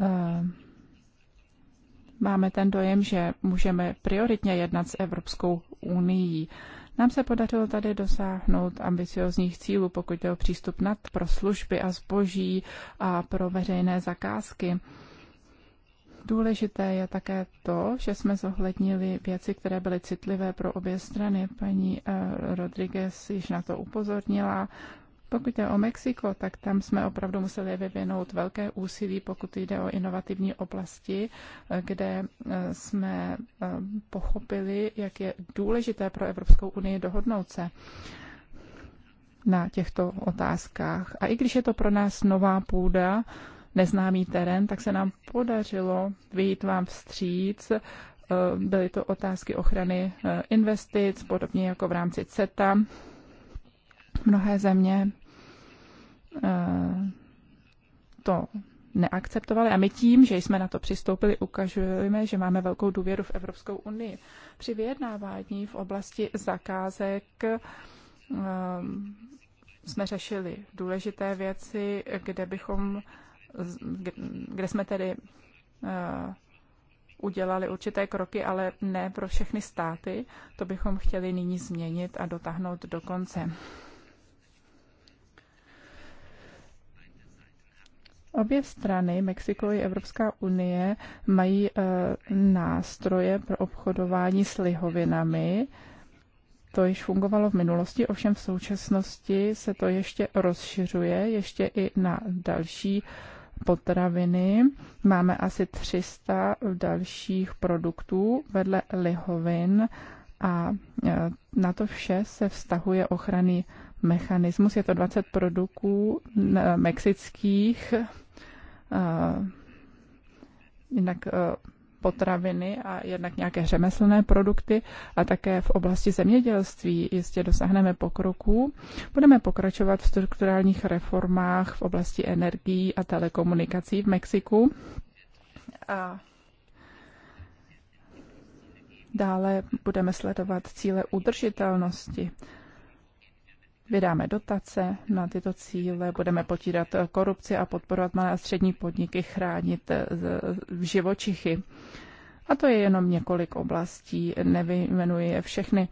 uh, máme ten dojem, že můžeme prioritně jednat s Evropskou unii. Uh, nám se podařilo tady dosáhnout ambiciozních cílů, pokud je o přístup nad pro služby a zboží a pro veřejné zakázky. Důležité je také to, že jsme zohlednili věci, které byly citlivé pro obě strany. Paní eh, Rodriguez již na to upozornila. Pokud jde o Mexiko, tak tam jsme opravdu museli vyvinout velké úsilí, pokud jde o inovativní oblasti, eh, kde eh, jsme eh, pochopili, jak je důležité pro Evropskou unii dohodnout se na těchto otázkách. A i když je to pro nás nová půda, neznámý terén, tak se nám podařilo vyjít vám vstříc. Byly to otázky ochrany investic, podobně jako v rámci CETA. Mnohé země Eh, to neakceptovali a my tím, že jsme na to přistoupili, ukazujeme, že máme velkou důvěru v Evropskou unii. Při vyjednávání v oblasti zakázek eh, jsme řešili důležité věci, kde bychom, kde jsme tedy eh, udělali určité kroky, ale ne pro všechny státy. To bychom chtěli nyní změnit a dotáhnout do konce. Obě strany, Mexiko i Evropská unie, mají eh, nástroje pro obchodování s lihovinami. To již fungovalo v minulosti, ovšem v současnosti se to ještě rozšiřuje, ještě i na další potraviny. Máme asi 300 dalších produktů vedle lihovin a eh, na to vše se vztahuje ochrany mechanismus. Je to 20 produktů eh, mexických, eh, jinak eh, potraviny a jednak nějaké řemeslné produkty a také v oblasti zemědělství jistě dosáhneme pokroku. Budeme pokračovat v strukturálních reformách v oblasti energií a telekomunikací v Mexiku. A dále budeme sledovat cíle udržitelnosti Vydáme dotace na tyto cíle, budeme potírat korupci a podporovat malé a střední podniky, chránit eh, živočichy. A to je jenom několik oblastí, nevyjmenuji je všechny.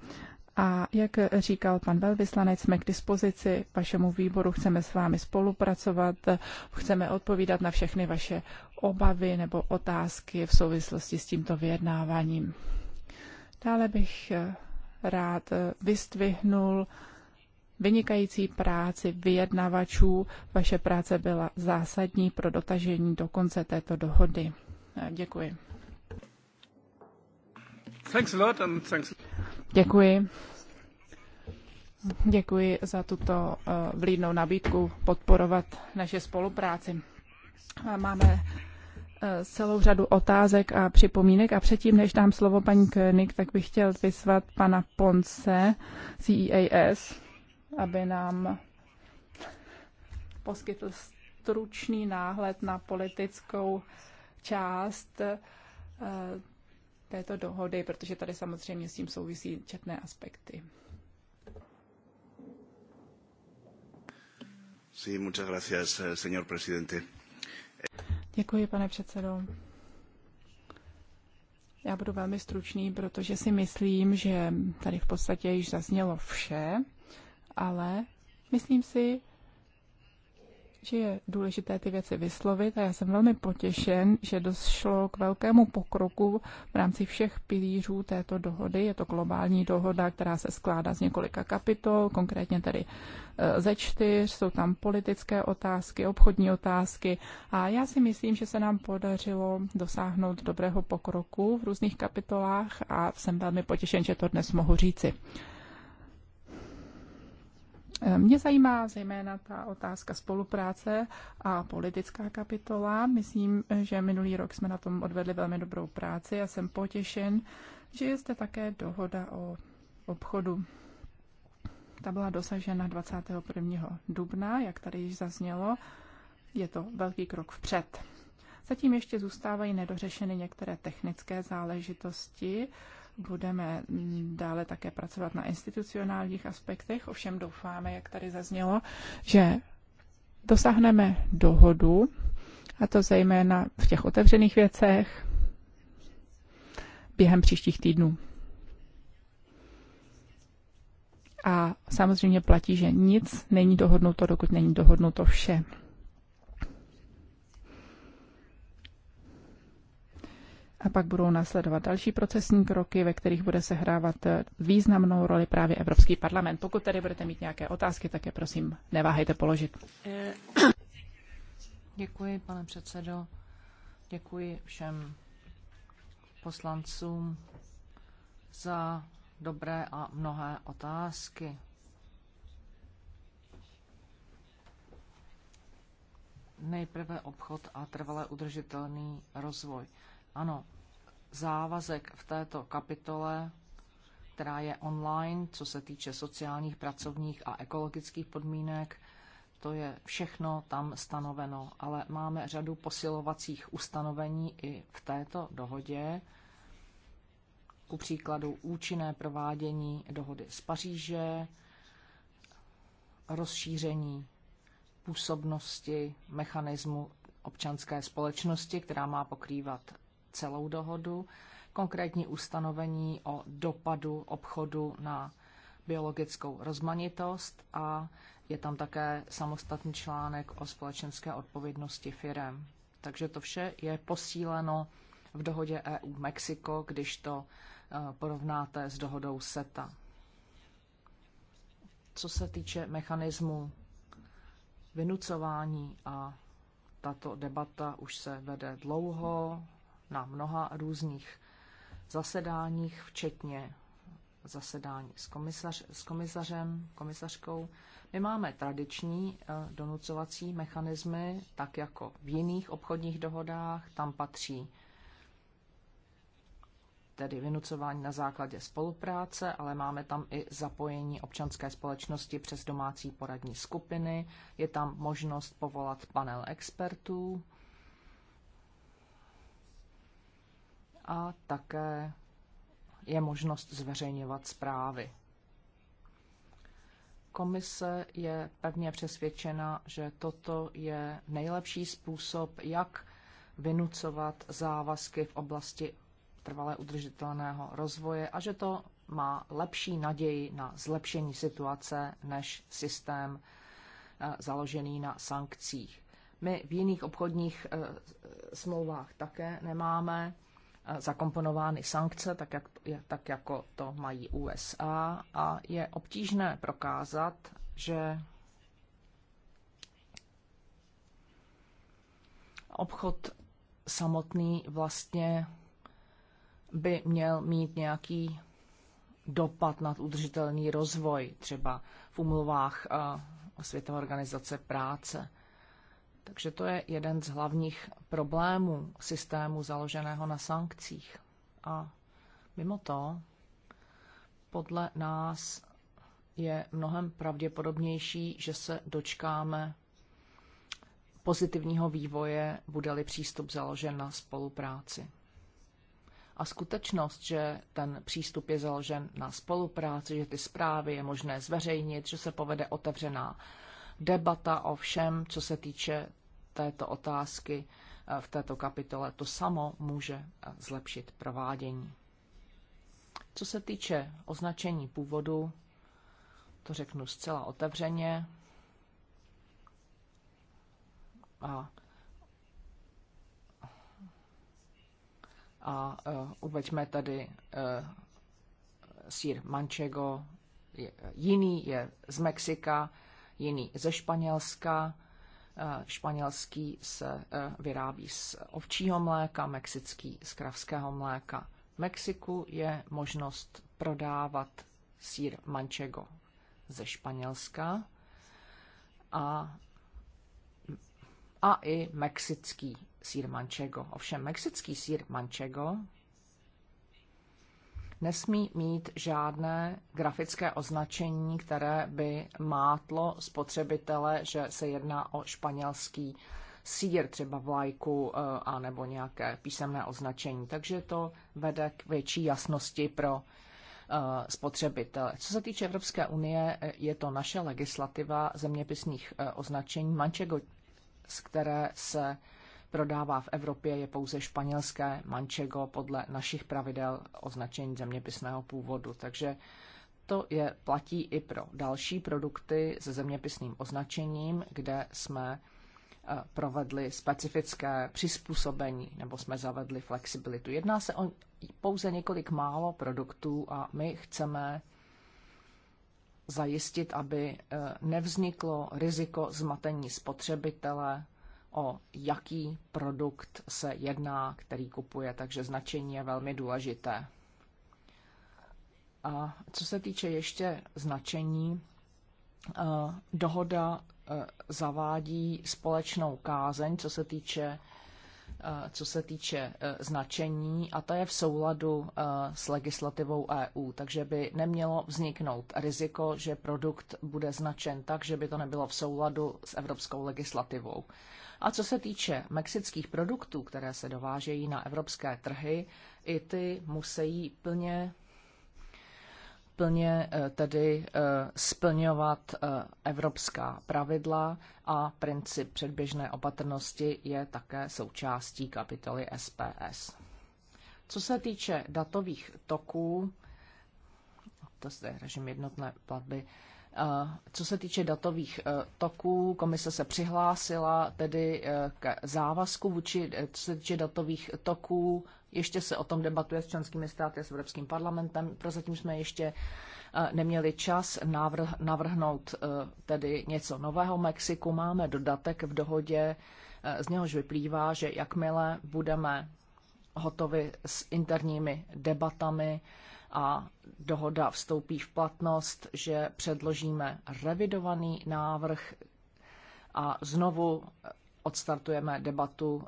A jak říkal pan velvyslanec, jsme k dispozici vašemu výboru, chceme s vámi spolupracovat, chceme odpovídat na všechny vaše obavy nebo otázky v souvislosti s tímto vyjednáváním. Dále bych eh, rád eh, vystvihnul vynikající práci vyjednavačů. Vaše práce byla zásadní pro dotažení do konce této dohody. Děkuji. Thanks a lot and thanks. Děkuji. Děkuji za tuto eh, vlídnou nabídku podporovat naše spolupráci. Máme eh, celou řadu otázek a připomínek a předtím, než dám slovo paní König, tak bych chtěl vyzvat pana Ponce, CEAS, aby nám poskytl stručný náhled na politickou část eh, této dohody, protože tady samozřejmě s tím souvisí četné aspekty. Sí, muchas gracias, eh, señor presidente. Děkuji, pane předsedo. Já budu velmi stručný, protože si myslím, že tady v podstatě již zaznělo vše ale myslím si, že je důležité ty věci vyslovit a já jsem velmi potěšen, že došlo k velkému pokroku v rámci všech pilířů této dohody. Je to globální dohoda, která se skládá z několika kapitol, konkrétně tedy e, ze čtyř, jsou tam politické otázky, obchodní otázky a já si myslím, že se nám podařilo dosáhnout dobrého pokroku v různých kapitolách a jsem velmi potěšen, že to dnes mohu říci. Eh, mě zajímá zejména ta otázka spolupráce a politická kapitola. Myslím, že minulý rok jsme na tom odvedli velmi dobrou práci a jsem potěšen, že je zde také dohoda o obchodu. Ta byla dosažena 21. dubna, jak tady již zaznělo. Je to velký krok vpřed. Zatím ještě zůstávají nedořešeny některé technické záležitosti, Budeme mm, dále také pracovat na institucionálních aspektech, ovšem doufáme, jak tady zaznělo, že dosáhneme dohodu, a to zejména v těch otevřených věcech během příštích týdnů. A samozřejmě platí, že nic není dohodnuto, dokud není dohodnuto vše. a pak budou následovat další procesní kroky, ve kterých bude sehrávat významnou roli právě Evropský parlament. Pokud tedy budete mít nějaké otázky, tak je prosím neváhejte položit. Děkuji, pane předsedo. Děkuji všem poslancům za dobré a mnohé otázky. Nejprve obchod a trvalé udržitelný rozvoj. Ano, závazek v této kapitole, která je online, co se týče sociálních, pracovních a ekologických podmínek, to je všechno tam stanoveno, ale máme řadu posilovacích ustanovení i v této dohodě, ku příkladu účinné provádění dohody z Paříže, rozšíření působnosti mechanismu občanské společnosti, která má pokrývat celou dohodu, konkrétní ustanovení o dopadu obchodu na biologickou rozmanitost a je tam také samostatný článek o společenské odpovědnosti firem. Takže to vše je posíleno v dohodě EU-Mexiko, když to e, porovnáte s dohodou SETA. Co se týče mechanismu vynucování a tato debata už se vede dlouho, na mnoha různých zasedáních, včetně zasedání s, komisař, s komisařem, komisařkou. My máme tradiční eh, donucovací mechanismy, tak jako v jiných obchodních dohodách, tam patří tedy vynucování na základě spolupráce, ale máme tam i zapojení občanské společnosti přes domácí poradní skupiny, je tam možnost povolat panel expertů, a také je možnost zveřejňovat zprávy. Komise je pevně přesvědčena, že toto je nejlepší způsob, jak vynucovat závazky v oblasti trvalé udržitelného rozvoje a že to má lepší naději na zlepšení situace než systém eh, založený na sankcích. My v jiných obchodních eh, smlouvách také nemáme zakomponovány sankce, tak, jak, tak jako to mají USA, a je obtížné prokázat, že obchod samotný vlastně by měl mít nějaký dopad na udržitelný rozvoj, třeba v umluvách eh, Světové organizace práce. Takže to je jeden z hlavních problémů systému založeného na sankcích. A mimo to, podle nás je mnohem pravděpodobnější, že se dočkáme pozitivního vývoje, bude-li přístup založen na spolupráci. A skutečnost, že ten přístup je založen na spolupráci, že ty zprávy je možné zveřejnit, že se povede otevřená debata o všem, co se týče této otázky eh, v této kapitole. To samo může eh, zlepšit provádění. Co se týče označení původu, to řeknu zcela otevřeně. A, a uh, uveďme tady uh, sír manchego, je, jiný je z Mexika, jiný ze Španělska, Eh, španělský se eh, vyrábí z ovčího mléka, mexický z kravského mléka. V Mexiku je možnost prodávat sír manchego ze Španělska a, a i mexický sír manchego. Ovšem mexický sír manchego nesmí mít žádné grafické označení, které by mátlo spotřebitele, že se jedná o španělský sír, třeba vlajku eh, a nebo nějaké písemné označení. Takže to vede k větší jasnosti pro eh, spotřebitele. Co se týče Evropské unie, eh, je to naše legislativa zeměpisných označení Manchego, z které se prodává v Evropě, je pouze španělské mančego podle našich pravidel označení zeměpisného původu. Takže to je platí i pro další produkty se zeměpisným označením, kde jsme eh, provedli specifické přizpůsobení nebo jsme zavedli flexibilitu. Jedná se o pouze několik málo produktů a my chceme zajistit, aby eh, nevzniklo riziko zmatení spotřebitele o jaký produkt se jedná, který kupuje, takže značení je velmi důležité. A co se týče ještě značení, eh, dohoda eh, zavádí společnou kázeň, co se týče Eh, co se týče eh, značení a ta je v souladu eh, s legislativou EU, takže by nemělo vzniknout riziko, že produkt bude značen tak, že by to nebylo v souladu s evropskou legislativou. A co se týče mexických produktů, které se dovážejí na evropské trhy, i ty musí plně plně eh, tedy eh, splňovat eh, evropská pravidla a princip předběžné opatrnosti je také součástí kapitoly SPS. Co se týče datových toků, to je režim jednotné platby, co se týče datových toků, komise se přihlásila tedy k závazku vůči, co se týče datových toků ještě se o tom debatuje s členskými státy a s Evropským parlamentem. Prozatím jsme ještě eh, neměli čas navrh, navrhnout eh, tedy něco nového. Mexiku máme dodatek v dohodě, eh, z něhož vyplývá, že jakmile budeme hotovi s interními debatami a dohoda vstoupí v platnost, že předložíme revidovaný návrh a znovu odstartujeme debatu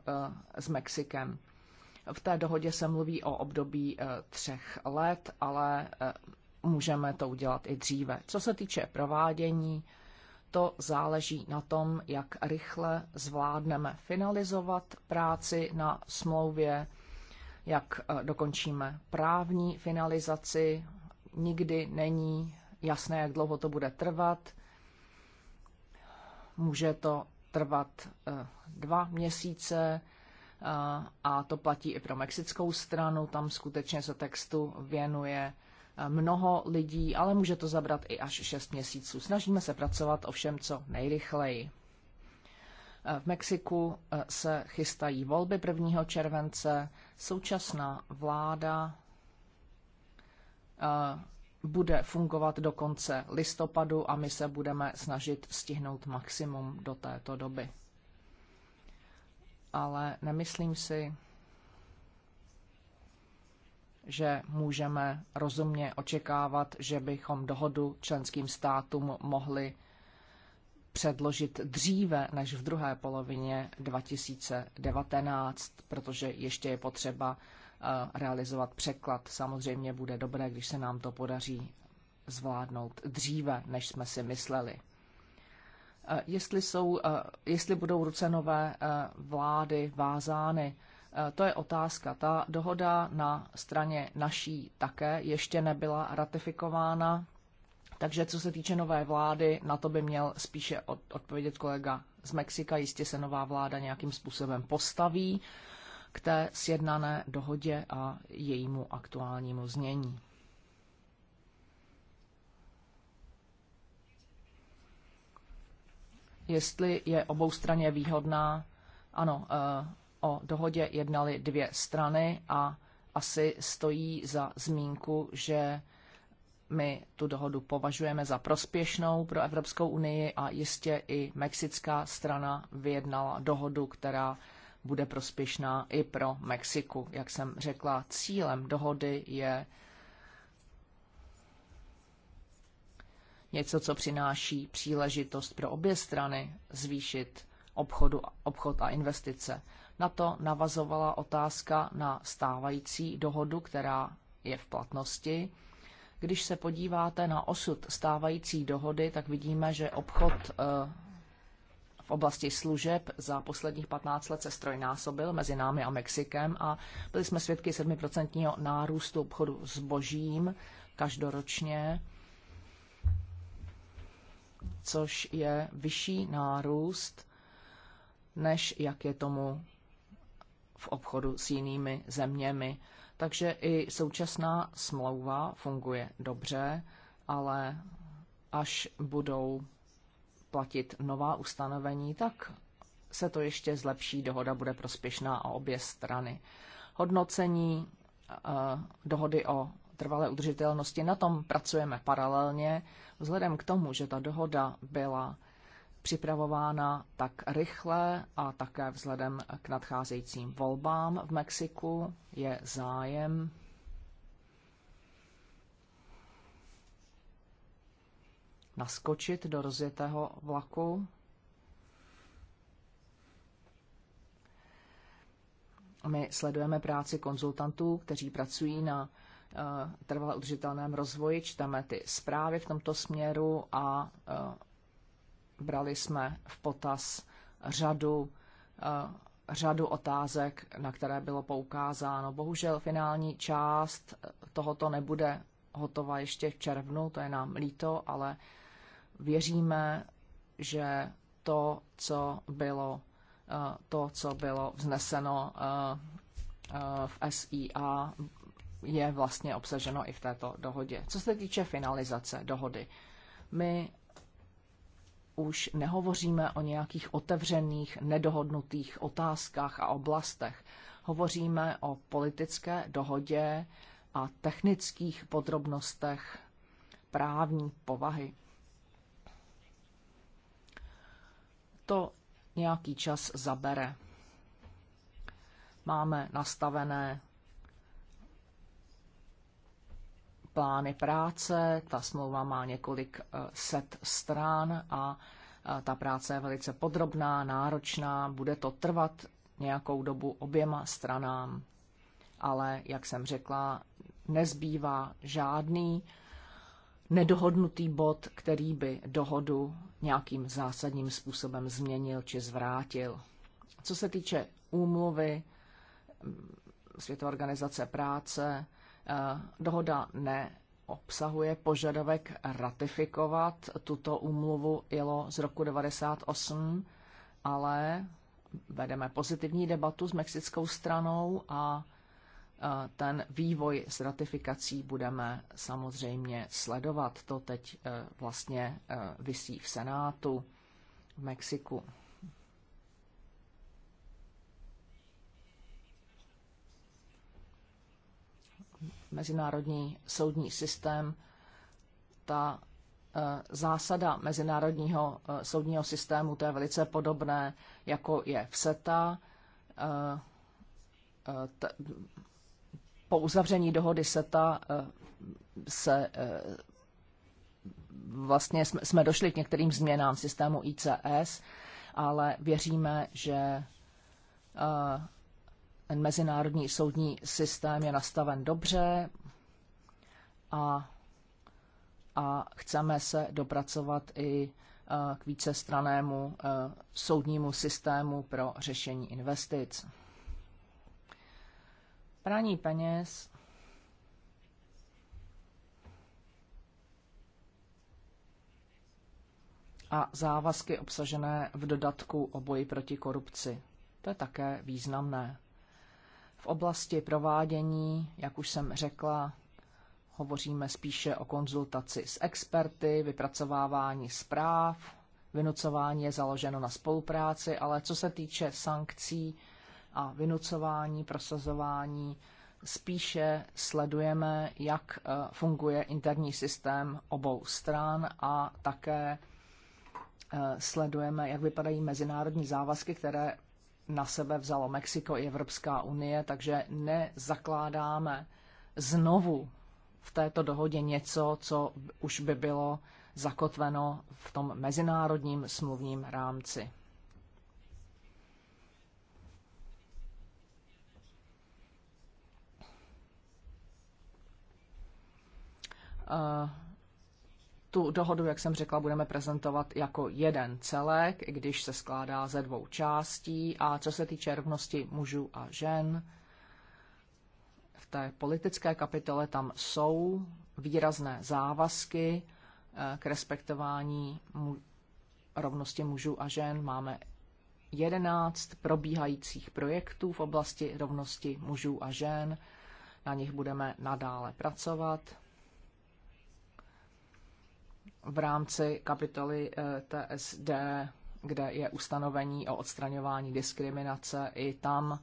s Mexikem. V té dohodě se mluví o období eh, třech let, ale eh, můžeme to udělat i dříve. Co se týče provádění, to záleží na tom, jak rychle zvládneme finalizovat práci na smlouvě, jak eh, dokončíme právní finalizaci. Nikdy není jasné, jak dlouho to bude trvat. Může to trvat dva měsíce, a to platí i pro mexickou stranu. Tam skutečně se textu věnuje e, mnoho lidí, ale může to zabrat i až 6 měsíců. Snažíme se pracovat o všem, co nejrychleji. E, v Mexiku e, se chystají volby 1. července. Současná vláda bude fungovat do konce listopadu a my se budeme snažit stihnout maximum do této doby ale nemyslím si, že můžeme rozumně očekávat, že bychom dohodu členským státům mohli předložit dříve než v druhé polovině 2019, protože ještě je potřeba eh, realizovat překlad. Samozřejmě bude dobré, když se nám to podaří zvládnout dříve, než jsme si mysleli jestli, jsou, jestli budou rucenové vlády vázány. To je otázka. Ta dohoda na straně naší také ještě nebyla ratifikována, takže co se týče nové vlády, na to by měl spíše odpovědět kolega z Mexika. Jistě se nová vláda nějakým způsobem postaví k té sjednané dohodě a jejímu aktuálnímu znění. jestli je oboustranně výhodná. Ano, eh, o dohodě jednali dvě strany a asi stojí za zmínku, že my tu dohodu považujeme za prospěšnou pro Evropskou unii a jistě i mexická strana vyjednala dohodu, která bude prospěšná i pro Mexiku. Jak jsem řekla, cílem dohody je něco, co přináší příležitost pro obě strany zvýšit obchodu, obchod a investice. Na to navazovala otázka na stávající dohodu, která je v platnosti. Když se podíváte na osud stávající dohody, tak vidíme, že obchod eh, v oblasti služeb za posledních 15 let se strojnásobil mezi námi a Mexikem a byli jsme svědky 7% nárůstu obchodu s božím každoročně což je vyšší nárůst, než jak je tomu v obchodu s jinými zeměmi. Takže i současná smlouva funguje dobře, ale až budou platit nová ustanovení, tak se to ještě zlepší, dohoda bude prospěšná a obě strany. Hodnocení eh, dohody o trvalé udržitelnosti. Na tom pracujeme paralelně. Vzhledem k tomu, že ta dohoda byla připravována tak rychle a také vzhledem k nadcházejícím volbám v Mexiku je zájem naskočit do rozjetého vlaku. My sledujeme práci konzultantů, kteří pracují na Eh, trvale udržitelném rozvoji. Čteme ty zprávy v tomto směru a eh, brali jsme v potaz řadu, eh, řadu otázek, na které bylo poukázáno. Bohužel finální část tohoto nebude hotova ještě v červnu, to je nám líto, ale věříme, že to, co bylo, to, co bylo vzneseno v SIA, je vlastně obsaženo i v této dohodě. Co se týče finalizace dohody, my už nehovoříme o nějakých otevřených, nedohodnutých otázkách a oblastech. Hovoříme o politické dohodě a technických podrobnostech právní povahy. To nějaký čas zabere. Máme nastavené plány práce. Ta smlouva má několik eh, set strán a eh, ta práce je velice podrobná, náročná, bude to trvat nějakou dobu oběma stranám, ale, jak jsem řekla, nezbývá žádný nedohodnutý bod, který by dohodu nějakým zásadním způsobem změnil či zvrátil. Co se týče úmluvy mm, Světové organizace práce, Eh, dohoda neobsahuje požadavek ratifikovat tuto úmluvu ILO z roku 98, ale vedeme pozitivní debatu s mexickou stranou a eh, ten vývoj s ratifikací budeme samozřejmě sledovat. To teď eh, vlastně vysí v Senátu v Mexiku. mezinárodní soudní systém, ta e, zásada mezinárodního e, soudního systému, to je velice podobné, jako je v SETA. E, po uzavření dohody SETA se vlastně jsme došli k některým změnám systému ICS, ale věříme, že ten mezinárodní soudní systém je nastaven dobře a, a chceme se dopracovat i e, k vícestranému e, soudnímu systému pro řešení investic. Praní peněz a závazky obsažené v dodatku o boji proti korupci. To je také významné. V oblasti provádění, jak už jsem řekla, hovoříme spíše o konzultaci s experty, vypracovávání zpráv, vynucování je založeno na spolupráci, ale co se týče sankcí a vynucování, prosazování, spíše sledujeme, jak e, funguje interní systém obou stran a také e, sledujeme, jak vypadají mezinárodní závazky, které na sebe vzalo Mexiko i Evropská unie, takže nezakládáme znovu v této dohodě něco, co už by bylo zakotveno v tom mezinárodním smluvním rámci. Uh, tu dohodu, jak jsem řekla, budeme prezentovat jako jeden celek, i když se skládá ze dvou částí. A co se týče rovnosti mužů a žen, v té politické kapitole tam jsou výrazné závazky eh, k respektování mu, rovnosti mužů a žen. Máme 11 probíhajících projektů v oblasti rovnosti mužů a žen. Na nich budeme nadále pracovat v rámci kapitoly eh, TSD, kde je ustanovení o odstraňování diskriminace, i tam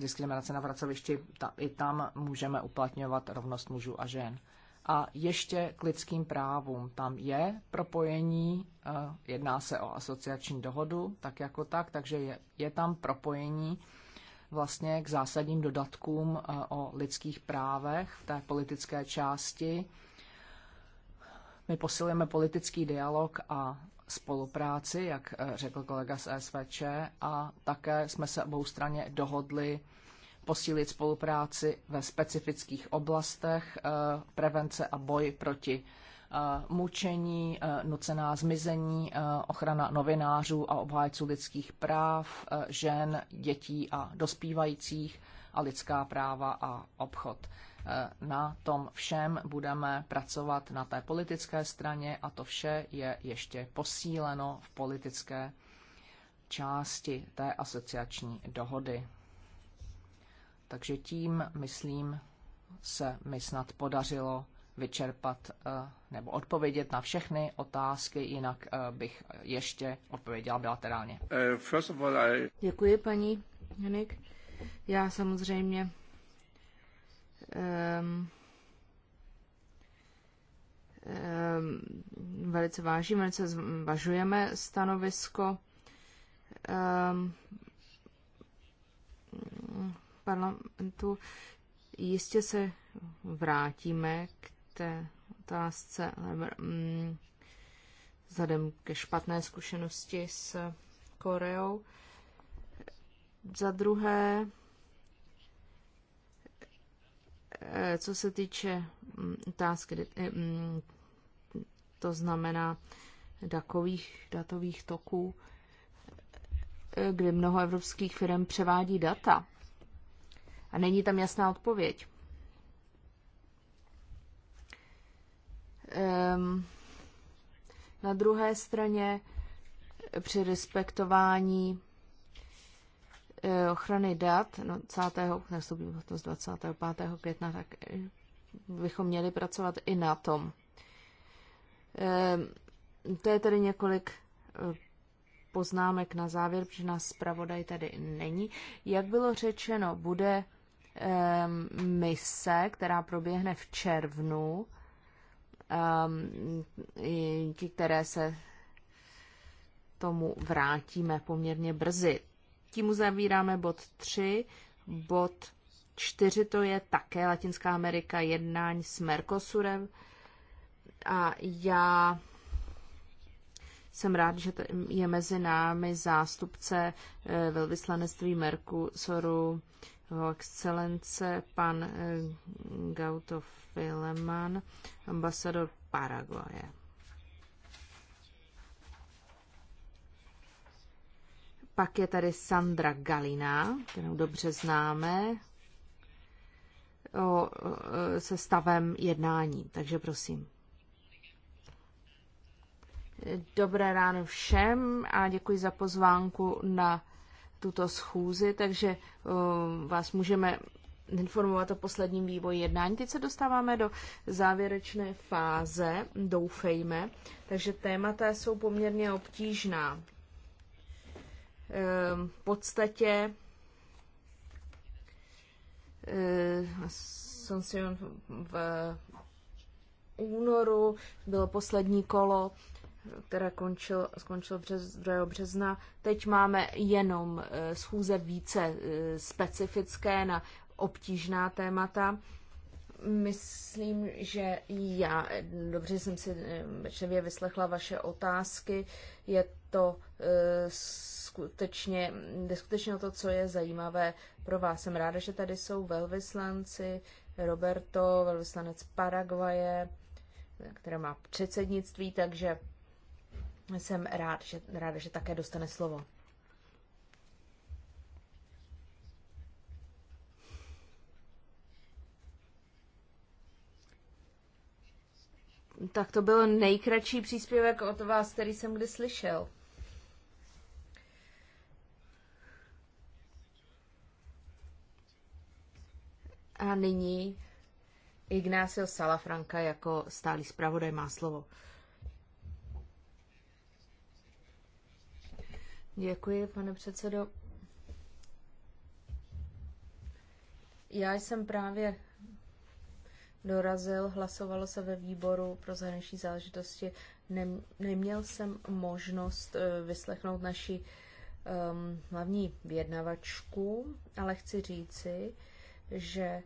diskriminace na pracovišti, ta, i tam můžeme uplatňovat rovnost mužů a žen. A ještě k lidským právům. Tam je propojení, eh, jedná se o asociační dohodu, tak jako tak, takže je, je tam propojení vlastně k zásadním dodatkům eh, o lidských právech v té politické části my posilujeme politický dialog a spolupráci, jak eh, řekl kolega z SVČ, a také jsme se obou straně dohodli posílit spolupráci ve specifických oblastech eh, prevence a boj proti eh, mučení, nucená zmizení, ochrana novinářů a obhájců lidských práv, žen, dětí a dospívajících a lidská práva a obchod. Eh, na tom všem budeme pracovat na té politické straně a to vše je ještě posíleno v politické části té asociační dohody. Takže tím, myslím, se mi snad podařilo vyčerpat eh, nebo odpovědět na všechny otázky, jinak eh, bych ještě odpověděla bilaterálně. Děkuji, paní Janik. Já samozřejmě um, um, velice vážíme, velice zvažujeme stanovisko um, parlamentu. Jistě se vrátíme k té otázce mm, vzhledem ke špatné zkušenosti s Koreou. Za druhé, Eh, co se týče mm, otázky, eh, mm, to znamená dakových, datových toků, eh, kdy mnoho evropských firm převádí data. A není tam jasná odpověď. Ehm, na druhé straně při respektování Eh, ochrany dat No 20. nastoupí z 25. května, tak eh, bychom měli pracovat i na tom. Eh, to je tedy několik poznámek na závěr, protože nás zpravodaj tady není. Jak bylo řečeno, bude mise, která proběhne v červnu, díky které se tomu vrátíme poměrně brzy. Tím uzavíráme bod 3. Bod 4 to je také Latinská Amerika, jednání s Mercosurem. A já jsem rád, že je mezi námi zástupce eh, velvyslanectví Mercosuru, jeho excelence, pan eh, Gauto Fileman, ambasador Paraguaje. Pak je tady Sandra Galina, kterou dobře známe, o, se stavem jednání. Takže prosím. Dobré ráno všem a děkuji za pozvánku na tuto schůzi, takže vás můžeme informovat o posledním vývoji jednání. Teď se dostáváme do závěrečné fáze, doufejme, takže témata jsou poměrně obtížná. Ehm, podstatě ehm, Asuncion v únoru, bylo poslední kolo, které končil, skončilo přes 2. března. Teď máme jenom eh, schůze více eh, specifické na obtížná témata. Myslím, že já dobře jsem si pečlivě eh, vyslechla vaše otázky. Je to eh, skutečně, jde skutečně o to, co je zajímavé pro vás. Jsem ráda, že tady jsou velvyslanci, Roberto, velvyslanec Paraguaje, která má předsednictví, takže jsem rád, že, ráda, že také dostane slovo. Tak to byl nejkratší příspěvek od vás, který jsem kdy slyšel. A nyní Ignacio Salafranca jako stálý zpravodaj má slovo. Děkuji, pane předsedo. Já jsem právě dorazil, hlasovalo se ve výboru pro zahraniční záležitosti. Nem, neměl jsem možnost eh, vyslechnout naši um, hlavní vyjednavačku, ale chci říci, že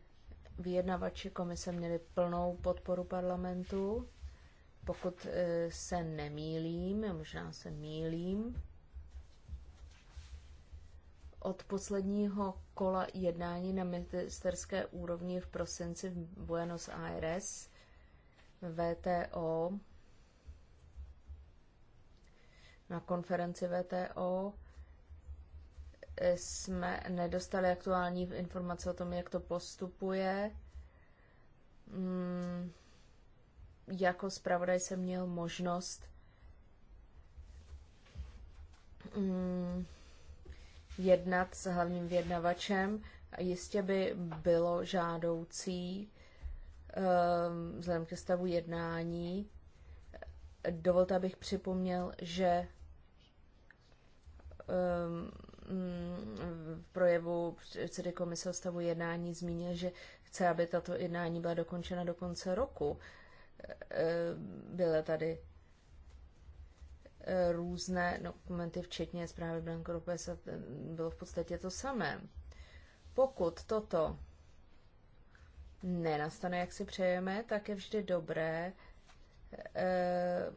vyjednavači komise měli plnou podporu parlamentu. Pokud e, se nemýlím, možná se mýlím, od posledního kola jednání na ministerské úrovni v prosinci v Buenos Aires VTO na konferenci VTO jsme nedostali aktuální informace o tom, jak to postupuje. Mm, jako zpravodaj jsem měl možnost mm, jednat s hlavním vyjednavačem. Jistě by bylo žádoucí ehm, vzhledem ke stavu jednání. Dovolte, abych připomněl, že ehm, Mm, v projevu předsedy komise o stavu jednání zmínil, že chce, aby tato jednání byla dokončena do konce roku. Eh, byly tady eh, různé dokumenty, včetně zprávy Blanco Lopez, eh, bylo v podstatě to samé. Pokud toto nenastane, jak si přejeme, tak je vždy dobré Eh,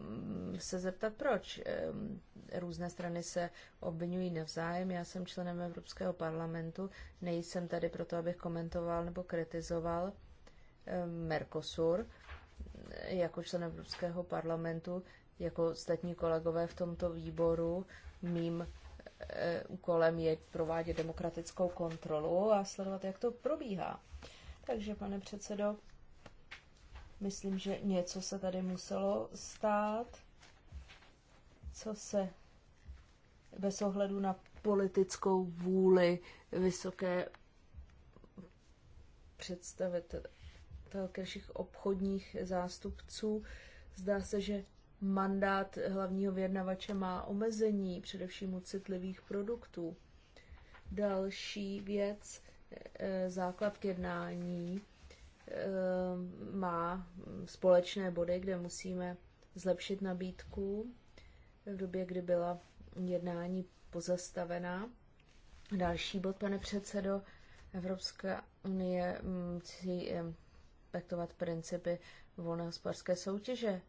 se zeptat, proč eh, různé strany se obvinují navzájem. Já jsem členem Evropského parlamentu, nejsem tady proto, abych komentoval nebo kritizoval eh, Mercosur jako člen Evropského parlamentu, jako ostatní kolegové v tomto výboru. Mým úkolem je provádět demokratickou kontrolu a sledovat, jak to probíhá. Takže, pane předsedo, Myslím, že něco se tady muselo stát, co se bez ohledu na politickou vůli vysoké představitelky našich obchodních zástupců. Zdá se, že mandát hlavního vědnavače má omezení, především u citlivých produktů. Další věc, eh, základ k jednání Eh, má společné body, kde musíme zlepšit nabídku v době, kdy byla jednání pozastavená. Další bod, pane předsedo, Evropská unie musí mm, eh, respektovat principy volné hospodářské soutěže.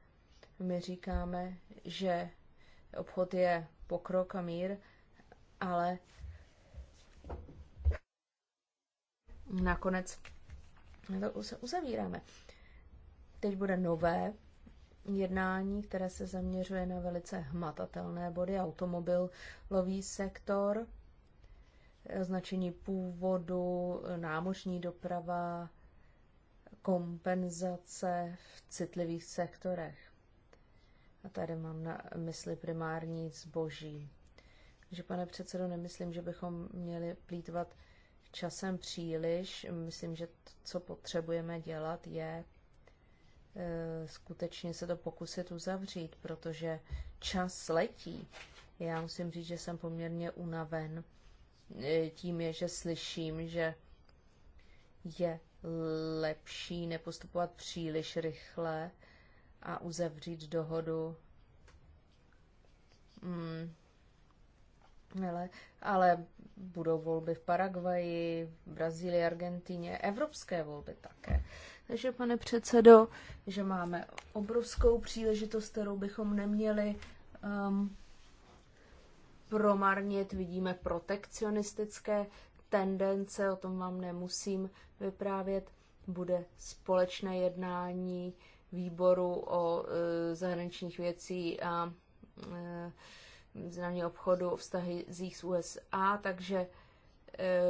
My říkáme, že obchod je pokrok a mír, ale nakonec to se uzavíráme. Teď bude nové jednání, které se zaměřuje na velice hmatatelné body, automobilový sektor, označení původu, námořní doprava, kompenzace v citlivých sektorech. A tady mám na mysli primární zboží. Takže, pane předsedo, nemyslím, že bychom měli plítvat časem příliš. Myslím, že to, co potřebujeme dělat, je e, skutečně se to pokusit uzavřít, protože čas letí. Já musím říct, že jsem poměrně unaven e, tím je, že slyším, že je lepší nepostupovat příliš rychle a uzavřít dohodu. Hmm ale, ale budou volby v Paraguaji, Brazílii, Argentíně, evropské volby také. Takže, pane předsedo, že máme obrovskou příležitost, kterou bychom neměli um, promarnit. Vidíme protekcionistické tendence, o tom vám nemusím vyprávět. Bude společné jednání výboru o e, zahraničních věcí a e, mezinárodního obchodu, z jich z USA, takže eh,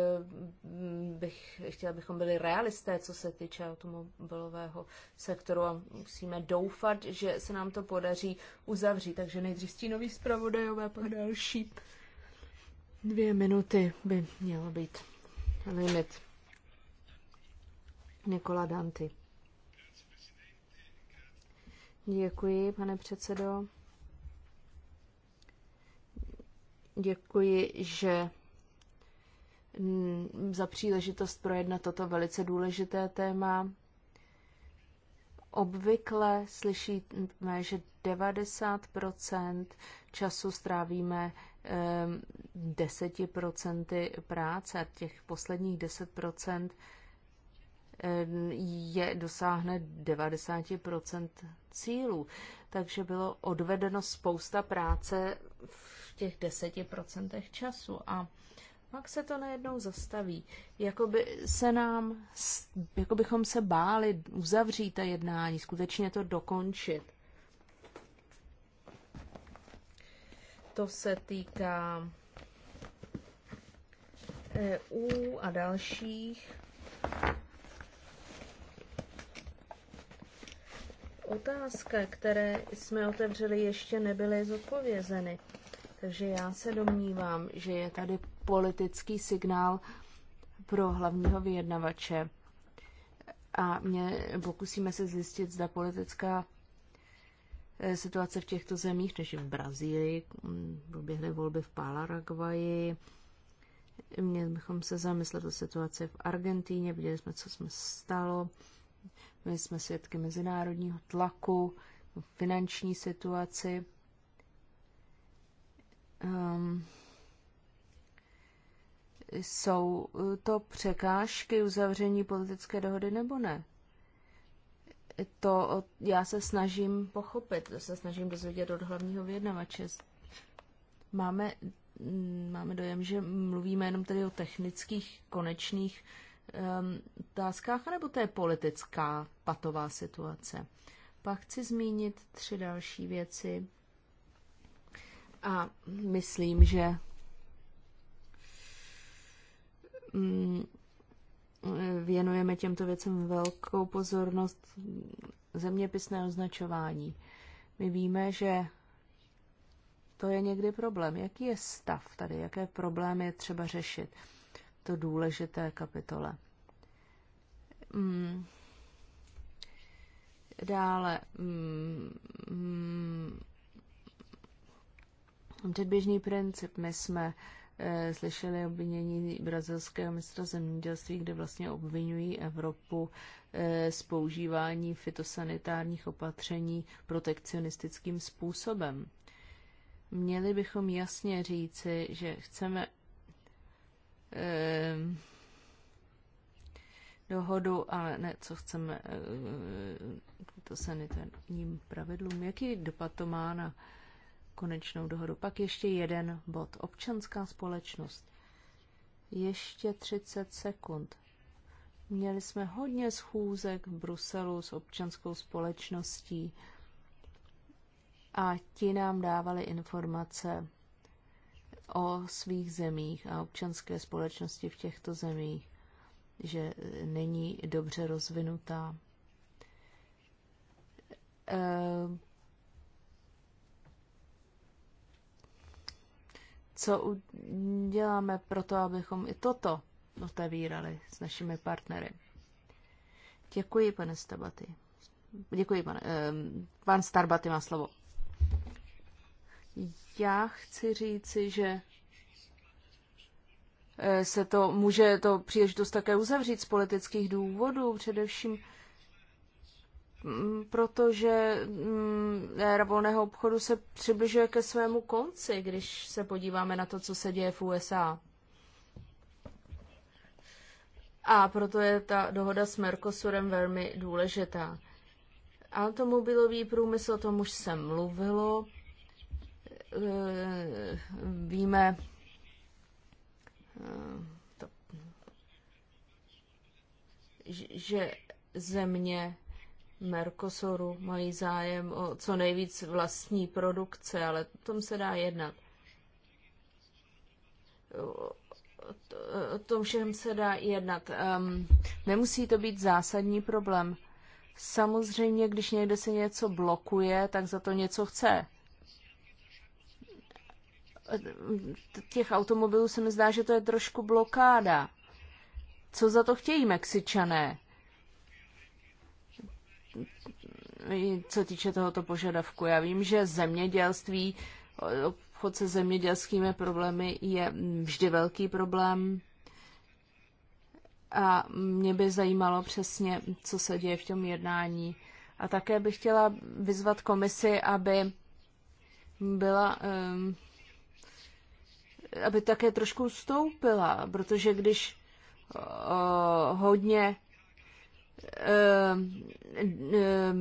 bych chtěla, bychom byli realisté, co se týče automobilového sektoru a musíme doufat, že se nám to podaří uzavřít. Takže nejdřív stínový zpravodajové, pak další. Dvě minuty by mělo být limit. Nikola Danty. Děkuji, pane předsedo. Děkuji, že mm, za příležitost projednat toto velice důležité téma. Obvykle slyšíme, že 90 času strávíme 10 práce. Těch posledních 10 je dosáhne 90 cílů. Takže bylo odvedeno spousta práce v těch 10% času a pak se to najednou zastaví. Jakoby se nám, jako bychom se báli uzavřít ta jednání, skutečně to dokončit. To se týká EU eh, a dalších. Otázka, které jsme otevřeli, ještě nebyly zodpovězeny. Takže já se domnívám, že je tady politický signál pro hlavního vyjednavače. A mě pokusíme se zjistit, zda politická eh, situace v těchto zemích, než v Brazílii, hm, proběhly volby v Pálaragvaji, měli bychom se zamyslet o situaci v Argentíně, viděli jsme, co jsme stalo, my jsme svědky mezinárodního tlaku, finanční situaci um, jsou eh, to překážky uzavření politické dohody nebo ne? To já se snažím pochopit, to se snažím dozvědět od hlavního vyjednavače. Máme, mm, máme dojem, že mluvíme jenom tedy o technických, konečných um, otázkách, anebo to je politická patová situace. Pak chci zmínit tři další věci a myslím, že mm, věnujeme těmto věcem velkou pozornost zeměpisné označování. My víme, že to je někdy problém. Jaký je stav tady? Jaké problémy je třeba řešit? To důležité kapitole. Hmm. Dále Hmm. Předběžný princip. My jsme eh, slyšeli obvinění brazilského ministra zemědělství, kde vlastně obvinují Evropu eh, z používání fitosanitárních opatření protekcionistickým způsobem. Měli bychom jasně říci, že chceme eh, dohodu, ale ne, co chceme e, to sanitárním pravidlům. Jaký dopad to má na konečnou dohodu. Pak ještě jeden bod. Občanská společnost. Ještě 30 sekund. Měli jsme hodně schůzek v Bruselu s občanskou společností a ti nám dávali informace o svých zemích a občanské společnosti v těchto zemích, že není dobře rozvinutá. Ehm, co uděláme pro to, abychom i toto otevírali s našimi partnery. Děkuji, pane Stabaty. Děkuji, pane. Eh, pan Starbaty má slovo. Já chci říci, že eh, se to může to příležitost také uzavřít z politických důvodů, především Mm, protože mm, éra volného obchodu se přibližuje ke svému konci, když se podíváme na to, co se děje v USA. A proto je ta dohoda s Mercosurem velmi důležitá. Automobilový průmysl, o tom už se mluvilo. Eh, víme, eh, to, že země Mercosuru mají zájem o co nejvíc vlastní produkce, ale o tom se dá jednat. O tom všem se dá jednat. Um, nemusí to být zásadní problém. Samozřejmě, když někde se něco blokuje, tak za to něco chce. Těch automobilů se mi zdá, že to je trošku blokáda. Co za to chtějí Mexičané? co týče tohoto požadavku. Já vím, že zemědělství, obchod se zemědělskými problémy je vždy velký problém. A mě by zajímalo přesně, co se děje v tom jednání. A také bych chtěla vyzvat komisi, aby byla, aby také trošku stoupila, protože když hodně Eh, eh,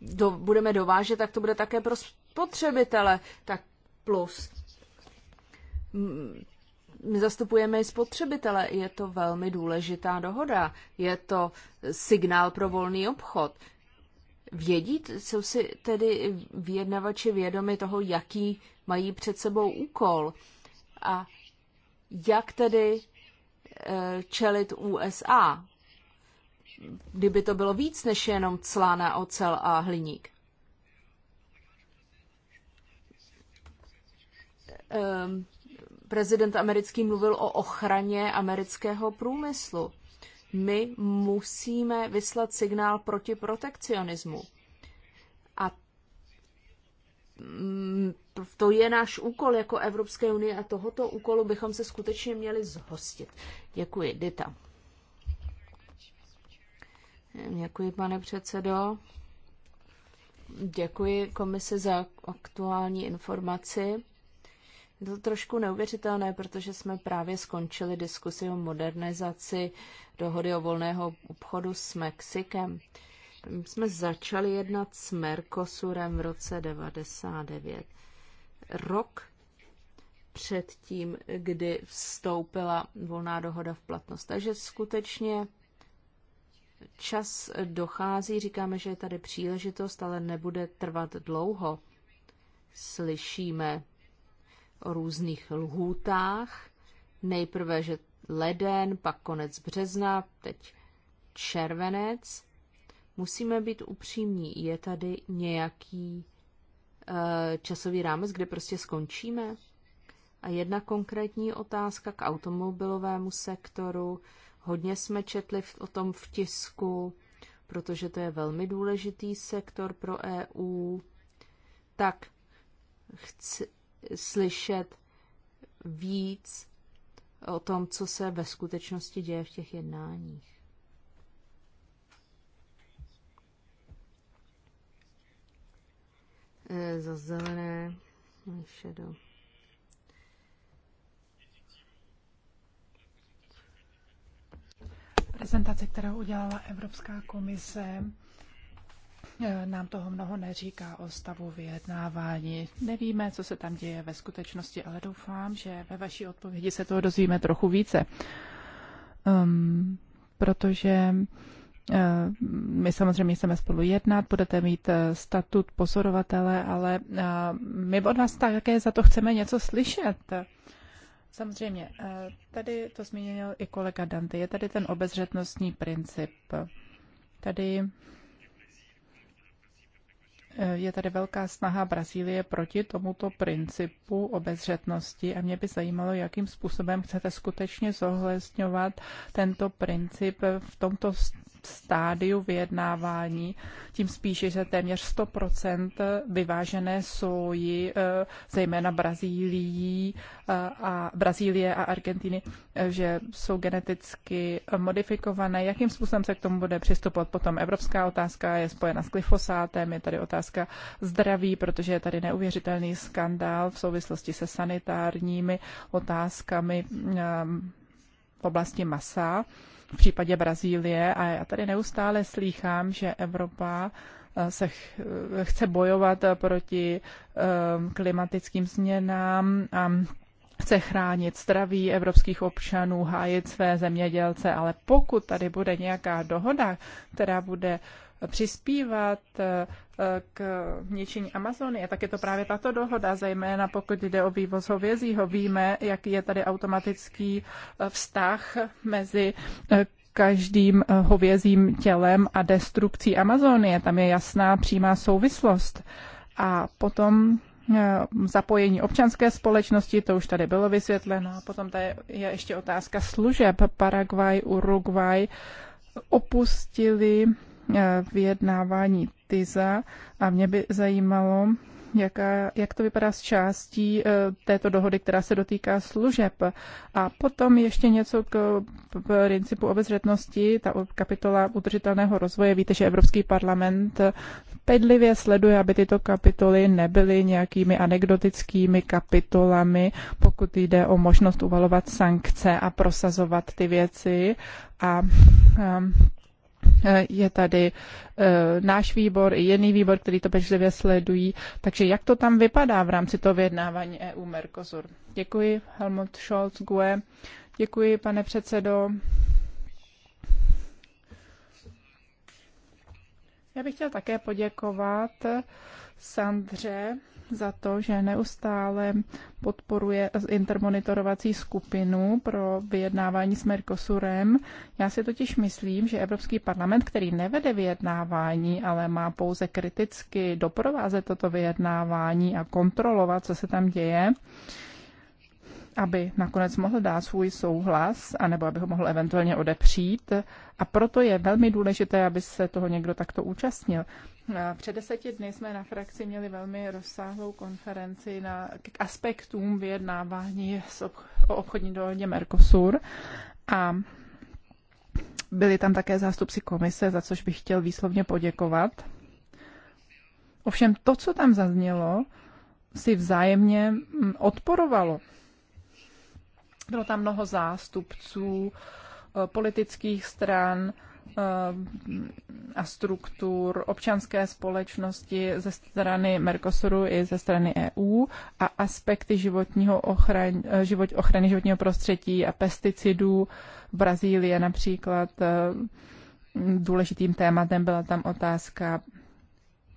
do, budeme dovážet, tak to bude také pro spotřebitele tak plus. My zastupujeme i spotřebitele, je to velmi důležitá dohoda. Je to signál pro volný obchod. Vědí, jsou si tedy vyjednavači vědomi toho, jaký mají před sebou úkol a jak tedy eh, čelit USA kdyby to bylo víc než jenom cla na ocel a hliník. Ehm, prezident americký mluvil o ochraně amerického průmyslu. My musíme vyslat signál proti protekcionismu. A mm, to je náš úkol jako Evropské unie a tohoto úkolu bychom se skutečně měli zhostit. Děkuji, Dita. Děkuji, pane předsedo. Děkuji komisi za aktuální informaci. Je to trošku neuvěřitelné, protože jsme právě skončili diskusi o modernizaci dohody o volného obchodu s Mexikem. Jsme začali jednat s Mercosurem v roce 99. Rok před tím, kdy vstoupila volná dohoda v platnost. Takže skutečně čas dochází, říkáme, že je tady příležitost, ale nebude trvat dlouho. Slyšíme o různých lhůtách, nejprve, že leden, pak konec března, teď červenec. Musíme být upřímní, je tady nějaký e, časový rámec, kde prostě skončíme? A jedna konkrétní otázka k automobilovému sektoru. Hodně jsme četli o tom v tisku, protože to je velmi důležitý sektor pro EU. Tak chci slyšet víc o tom, co se ve skutečnosti děje v těch jednáních. E, za zelené, šedou. Prezentace, kterou udělala Evropská komise, eh, nám toho mnoho neříká o stavu vyjednávání. Nevíme, co se tam děje ve skutečnosti, ale doufám, že ve vaší odpovědi se toho dozvíme trochu více. Um, protože eh, my samozřejmě chceme spolu jednat, budete mít eh, statut pozorovatele, ale my od vás také za to chceme něco slyšet. Samozřejmě, eh, tady to zmínil i kolega Dante, je tady ten obezřetnostní princip. Tady eh, je tady velká snaha Brazílie proti tomuto principu obezřetnosti a mě by zajímalo, jakým způsobem chcete skutečně zohledňovat tento princip v tomto stádiu vyjednávání, tím spíše, že téměř 100% vyvážené soji, eh, zejména Brazílií eh, a Brazílie a Argentiny, eh, že jsou geneticky modifikované. Jakým způsobem se k tomu bude přistupovat potom? Evropská otázka je spojena s glyfosátem, je tady otázka zdraví, protože je tady neuvěřitelný skandál v souvislosti se sanitárními otázkami v oblasti masa v případě Brazílie a já tady neustále slýchám, že Evropa eh, se ch eh, chce bojovat eh, proti klimatickým změnám a chce chránit zdraví evropských občanů, hájit své zemědělce, ale pokud tady bude nějaká dohoda, která bude přispívat eh, k ničení Amazonie, tak je to právě tato dohoda, zejména pokud jde o vývoz hovězího. Víme, jaký je tady automatický eh, vztah mezi eh, každým hovězím tělem a destrukcí Amazonie. Tam je jasná přímá souvislost. A potom zapojení občanské společnosti, to už tady bylo vysvětleno. Potom tady je ještě otázka služeb. Paraguay, Uruguay opustili Eh, vyjednávání TISA a mě by zajímalo, jaká, jak to vypadá s částí eh, této dohody, která se dotýká služeb. A potom ještě něco k principu obezřetnosti, ta kapitola udržitelného rozvoje. Víte, že Evropský parlament pedlivě sleduje, aby tyto kapitoly nebyly nějakými anekdotickými kapitolami, pokud jde o možnost uvalovat sankce a prosazovat ty věci. A, a ehm, Eh, je tady eh, náš výbor i jiný výbor, který to pečlivě sledují. Takže jak to tam vypadá v rámci toho vyjednávání EU-Mercosur? Děkuji, Helmut Scholz, GUE. Děkuji, pane předsedo. Já bych chtěl také poděkovat Sandře za to, že neustále podporuje intermonitorovací skupinu pro vyjednávání s Mercosurem. Já si totiž myslím, že Evropský parlament, který nevede vyjednávání, ale má pouze kriticky doprovázet toto vyjednávání a kontrolovat, co se tam děje, aby nakonec mohl dát svůj souhlas, anebo aby ho mohl eventuálně odepřít. A proto je velmi důležité, aby se toho někdo takto účastnil. Před deseti dny jsme na frakci měli velmi rozsáhlou konferenci na, k aspektům vyjednávání o obchodní dohodě Mercosur. A byli tam také zástupci komise, za což bych chtěl výslovně poděkovat. Ovšem to, co tam zaznělo, si vzájemně mm, odporovalo. Bylo tam mnoho zástupců eh, politických stran eh, a struktur občanské společnosti ze strany Mercosuru i ze strany EU a aspekty životního ochraň, eh, život, ochrany životního prostředí a pesticidů v Brazílii například důležitým tématem byla tam otázka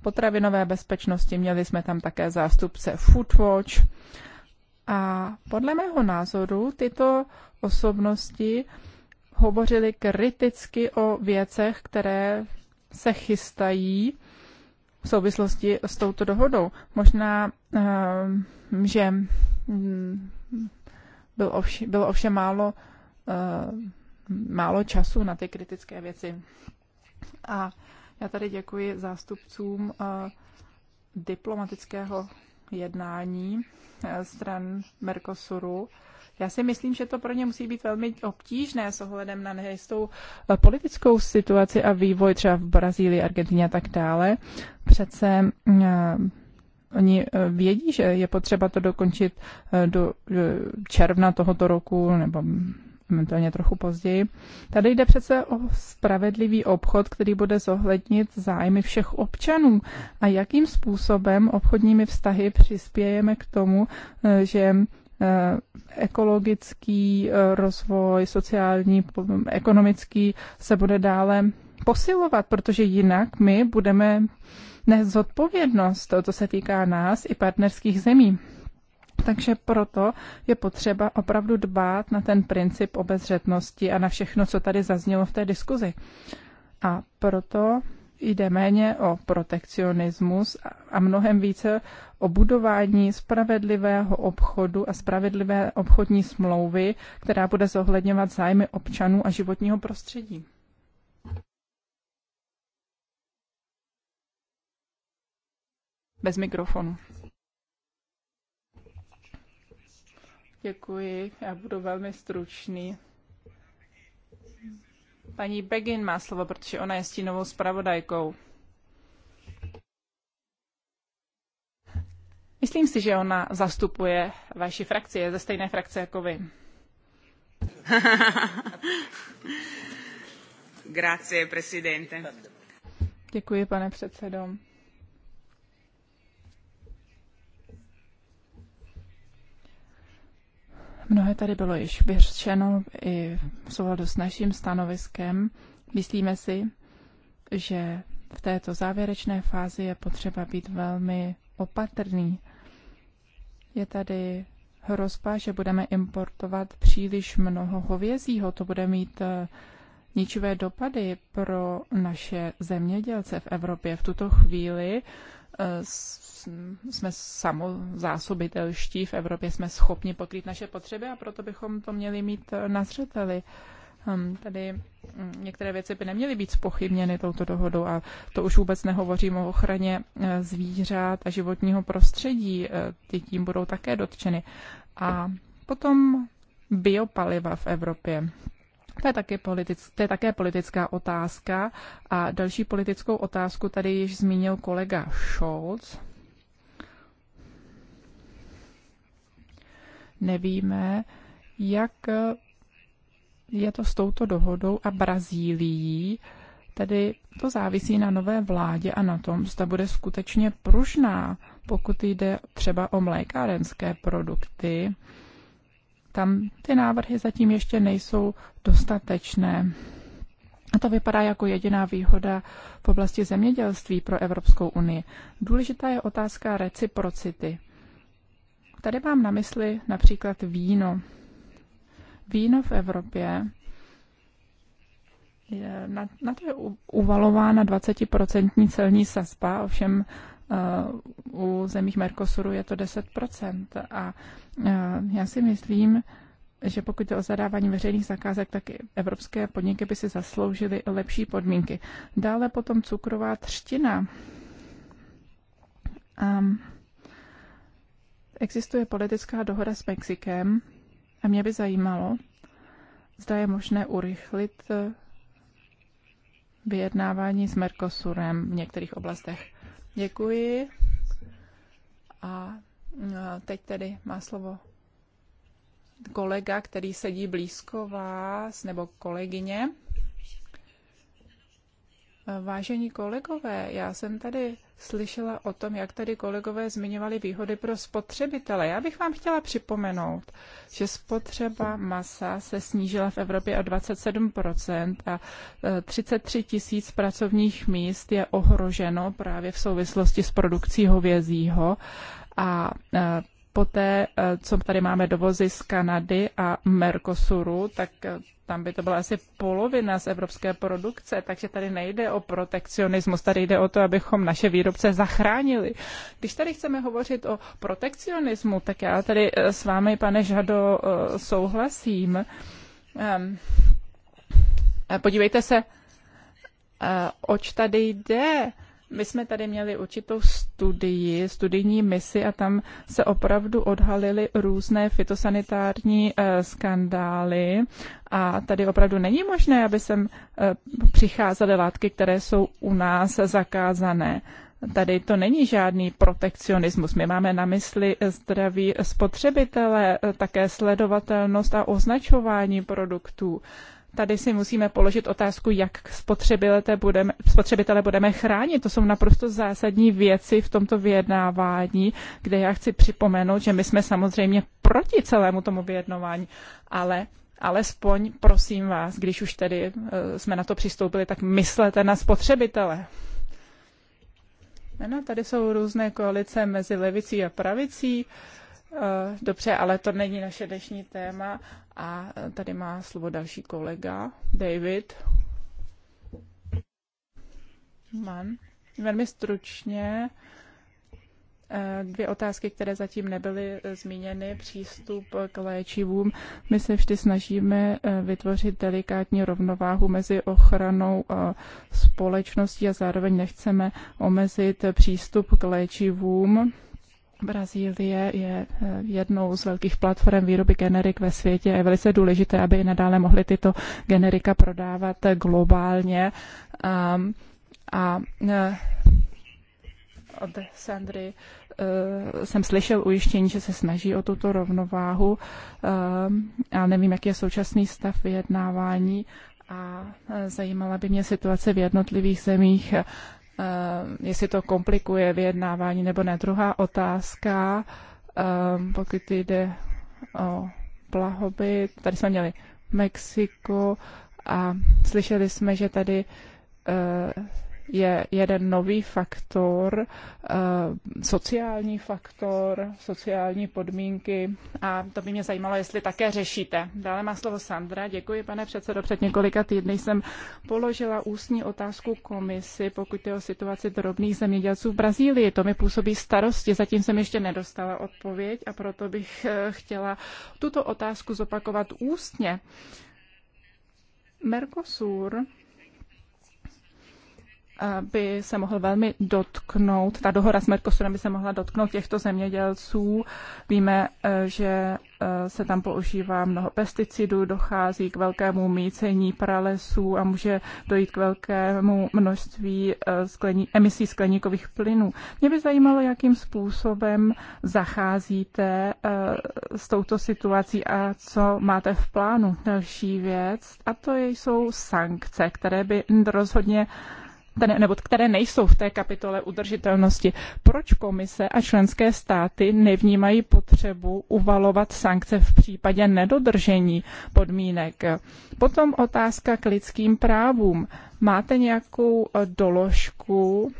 potravinové bezpečnosti. Měli jsme tam také zástupce Foodwatch a podle mého názoru tyto osobnosti hovořili kriticky o věcech, které se chystají v souvislosti s touto dohodou. Možná, ehm, že mm, byl ovšem, bylo ovšem málo, ehm, málo času na ty kritické věci. A já tady děkuji zástupcům eh, diplomatického jednání eh, stran Mercosuru. Já si myslím, že to pro ně musí být velmi obtížné s ohledem na nejistou eh, politickou situaci a vývoj třeba v Brazílii, Argentině a tak dále. Přece mm, eh, Oni vědí, že je potřeba to dokončit do června tohoto roku nebo momentálně trochu později. Tady jde přece o spravedlivý obchod, který bude zohlednit zájmy všech občanů a jakým způsobem obchodními vztahy přispějeme k tomu, eh, že eh, ekologický eh, rozvoj, sociální, ekonomický se bude dále posilovat, protože jinak my budeme nezodpovědnost. to, to se týká nás i partnerských zemí. Takže proto je potřeba opravdu dbát na ten princip obezřetnosti a na všechno, co tady zaznělo v té diskuzi. A proto jde méně o protekcionismus a mnohem více o budování spravedlivého obchodu a spravedlivé obchodní smlouvy, která bude zohledňovat zájmy občanů a životního prostředí. Bez mikrofonu. Děkuji, já budu velmi stručný. Paní Begin má slovo, protože ona je stínovou zpravodajkou. Myslím si, že ona zastupuje vaši frakci, je ze stejné frakce jako vy. Grazie, presidente. Děkuji, pane předsedo. Mnohé tady bylo již vyřčeno i v souladu s naším stanoviskem. Myslíme si, že v této závěrečné fázi je potřeba být velmi opatrný. Je tady hrozba, že budeme importovat příliš mnoho hovězího. To bude mít eh, ničivé dopady pro naše zemědělce v Evropě. V tuto chvíli Eh, jsme samozásobitelští, v Evropě jsme schopni pokrýt naše potřeby a proto bychom to měli mít eh, na zřeteli. Hm, Tady hm, některé věci by neměly být spochybněny touto dohodou a to už vůbec nehovořím o ochraně eh, zvířat a životního prostředí, ty tím budou také dotčeny. A potom biopaliva v Evropě. To je, taky politic, to je také politická otázka a další politickou otázku tady již zmínil kolega Scholz. Nevíme, jak je to s touto dohodou a Brazílií. Tedy to závisí na nové vládě a na tom, zda bude skutečně pružná, pokud jde třeba o mlékárenské produkty tam ty návrhy zatím ještě nejsou dostatečné. A to vypadá jako jediná výhoda v oblasti zemědělství pro Evropskou unii. Důležitá je otázka reciprocity. Tady mám na mysli například víno. Víno v Evropě je, na, na to je uvalována 20% celní sazba, ovšem Eh, u zemích Mercosuru je to 10%. A eh, já si myslím, že pokud je o zadávání veřejných zakázek, tak evropské podniky by si zasloužily lepší podmínky. Dále potom cukrová třtina. Um, existuje politická dohoda s Mexikem a mě by zajímalo, zda je možné urychlit eh, vyjednávání s Mercosurem v některých oblastech. Děkuji. A teď tedy má slovo kolega, který sedí blízko vás, nebo kolegyně. Vážení kolegové, já jsem tady slyšela o tom, jak tady kolegové zmiňovali výhody pro spotřebitele. Já bych vám chtěla připomenout, že spotřeba masa se snížila v Evropě o 27% a 33 e, tisíc pracovních míst je ohroženo právě v souvislosti s produkcí hovězího a e, poté, eh, co tady máme dovozy z Kanady a Mercosuru, tak eh, tam by to byla asi polovina z evropské produkce, takže tady nejde o protekcionismus, tady jde o to, abychom naše výrobce zachránili. Když tady chceme hovořit o protekcionismu, tak já tady eh, s vámi, pane Žado, souhlasím. Ehm, podívejte se, oč tady jde. My jsme tady měli určitou studii, studijní misi a tam se opravdu odhalily různé fitosanitární eh, skandály a tady opravdu není možné, aby sem eh, přicházely látky, které jsou u nás zakázané. Tady to není žádný protekcionismus. My máme na mysli zdraví spotřebitele, eh, také sledovatelnost a označování produktů tady si musíme položit otázku, jak spotřebitele budeme, spotřebitele budeme chránit. To jsou naprosto zásadní věci v tomto vyjednávání, kde já chci připomenout, že my jsme samozřejmě proti celému tomu vyjednování, ale alespoň prosím vás, když už tedy eh, jsme na to přistoupili, tak myslete na spotřebitele. No, tady jsou různé koalice mezi levicí a pravicí. Uh, Eh, dobře, ale to není naše dnešní téma a tady má slovo další kolega, David. Man. Velmi stručně eh, dvě otázky, které zatím nebyly eh, zmíněny. Přístup k léčivům. My se vždy snažíme vytvořit delikátní rovnováhu mezi ochranou společnosti a zároveň nechceme omezit přístup k léčivům Brazílie je eh, jednou z velkých platform výroby generik ve světě. Je velice důležité, aby i nadále mohly tyto generika prodávat globálně. Ehm, a, a eh, od Sandry eh, jsem slyšel ujištění, že se snaží o tuto rovnováhu, ehm, ale nevím, jaký je současný stav vyjednávání a zajímala by mě situace v jednotlivých zemích Eh, jestli to komplikuje vyjednávání nebo ne. Druhá otázka, eh, pokud jde o blahobyt, tady jsme měli Mexiko a slyšeli jsme, že tady eh, je jeden nový faktor, eh, sociální faktor, sociální podmínky a to by mě zajímalo, jestli také řešíte. Dále má slovo Sandra. Děkuji, pane předsedo. Před několika týdny jsem položila ústní otázku komisi, pokud je o situaci drobných zemědělců v Brazílii. To mi působí starosti. Zatím jsem ještě nedostala odpověď a proto bych eh, chtěla tuto otázku zopakovat ústně. Mercosur by se mohl velmi dotknout, ta dohoda s Mercosurem by se mohla dotknout těchto zemědělců. Víme, eh, že eh, se tam používá mnoho pesticidů, dochází k velkému mícení pralesů a může dojít k velkému množství eh, sklení, emisí skleníkových plynů. Mě by zajímalo, jakým způsobem zacházíte s touto situací a co máte v plánu. Další věc, a to jsou sankce, které by rozhodně nebo které nejsou v té kapitole udržitelnosti. Proč komise a členské státy nevnímají potřebu uvalovat sankce v případě nedodržení podmínek? Potom otázka k lidským právům. Máte nějakou eh, doložku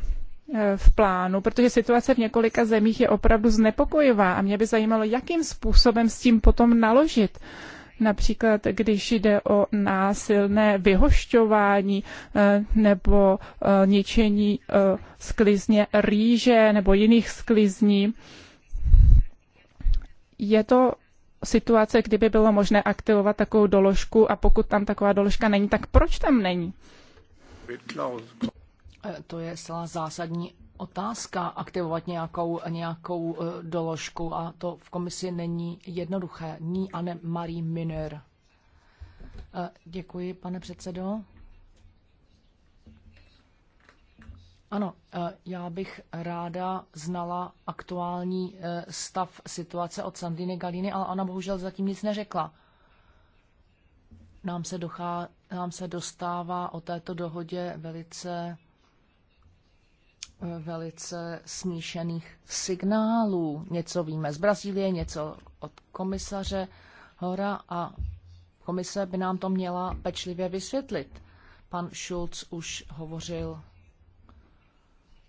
eh, v plánu, protože situace v několika zemích je opravdu znepokojivá a mě by zajímalo, jakým způsobem s tím potom naložit Například, když jde o násilné vyhošťování eh, nebo eh, ničení eh, sklizně rýže nebo jiných sklizní, je to situace, kdyby bylo možné aktivovat takovou doložku a pokud tam taková doložka není, tak proč tam není? To je celá zásadní otázka aktivovat nějakou, nějakou eh, doložku a to v komisi není jednoduché. Ní a ne Marie Miner. Eh, děkuji, pane předsedo. Ano, eh, já bych ráda znala aktuální stav situace od Sandiny Galiny, ale ona bohužel zatím nic neřekla. Nám se, dochá, nám se dostává o této dohodě velice velice smíšených signálů. Něco víme z Brazílie, něco od komisaře Hora a komise by nám to měla pečlivě vysvětlit. Pan Schulz už hovořil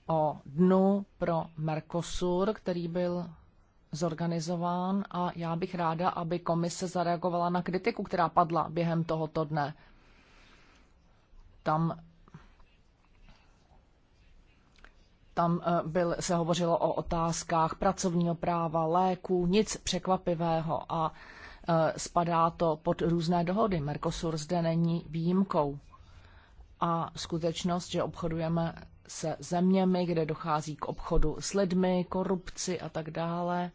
o dnu pro Mercosur, který byl zorganizován a já bych ráda, aby komise zareagovala na kritiku, která padla během tohoto dne. Tam Tam eh, byl, se hovořilo o otázkách pracovního práva, léků, nic překvapivého a eh, spadá to pod různé dohody. Mercosur zde není výjimkou. A skutečnost, že obchodujeme se zeměmi, kde dochází k obchodu s lidmi, korupci a tak dále.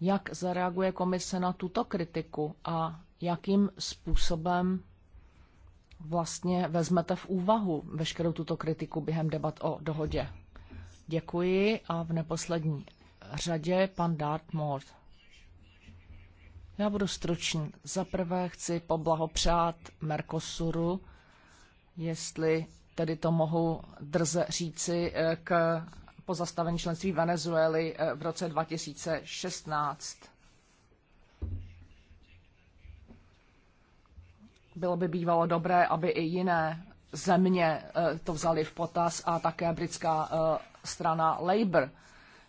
Jak zareaguje komise na tuto kritiku a jakým způsobem vlastně vezmete v úvahu veškerou tuto kritiku během debat o dohodě? Děkuji a v neposlední řadě pan Dartmouth. Já budu stručný. Za prvé chci poblahopřát Mercosuru, jestli tedy to mohu drze říci, eh, k pozastavení členství Venezuely eh, v roce 2016. Bylo by bývalo dobré, aby i jiné země eh, to vzali v potaz a také britská strana Labour,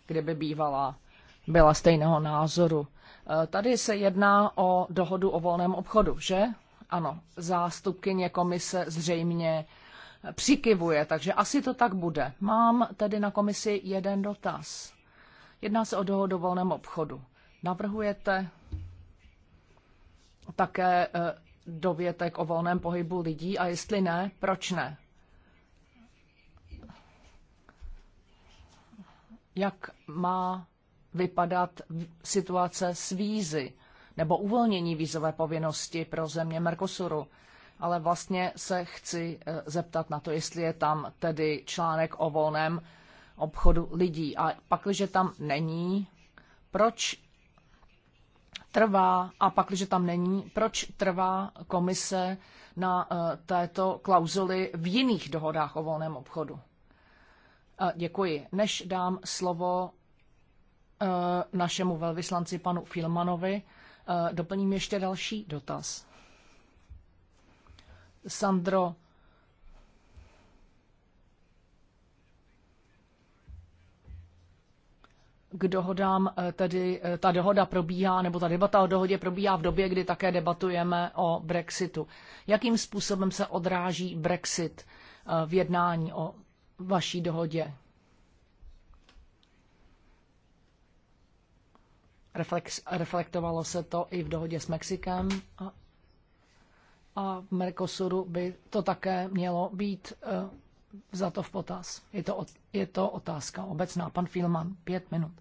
kde by bývala byla stejného názoru. E, tady se jedná o dohodu o volném obchodu, že? Ano, zástupkyně komise zřejmě přikivuje, takže asi to tak bude. Mám tedy na komisi jeden dotaz. Jedná se o dohodu o volném obchodu. Navrhujete také e, dovětek o volném pohybu lidí a jestli ne, proč ne? jak má vypadat situace s vízy nebo uvolnění vízové povinnosti pro země Mercosuru. Ale vlastně se chci eh, zeptat na to, jestli je tam tedy článek o volném obchodu lidí. A pak, když tam není, proč trvá, a pak, když tam není, proč trvá komise na eh, této klauzuli v jiných dohodách o volném obchodu? Děkuji. Než dám slovo eh, našemu velvyslanci panu Filmanovi, eh, doplním ještě další dotaz. Sandro, k dohodám, eh, tedy ta dohoda probíhá, nebo ta debata o dohodě probíhá v době, kdy také debatujeme o Brexitu. Jakým způsobem se odráží Brexit v jednání o vaší dohodě. Reflex, reflektovalo se to i v dohodě s Mexikem a, a v Mercosuru by to také mělo být uh, za to v potaz. Je to, je to otázka obecná. Pan Filman, pět minut.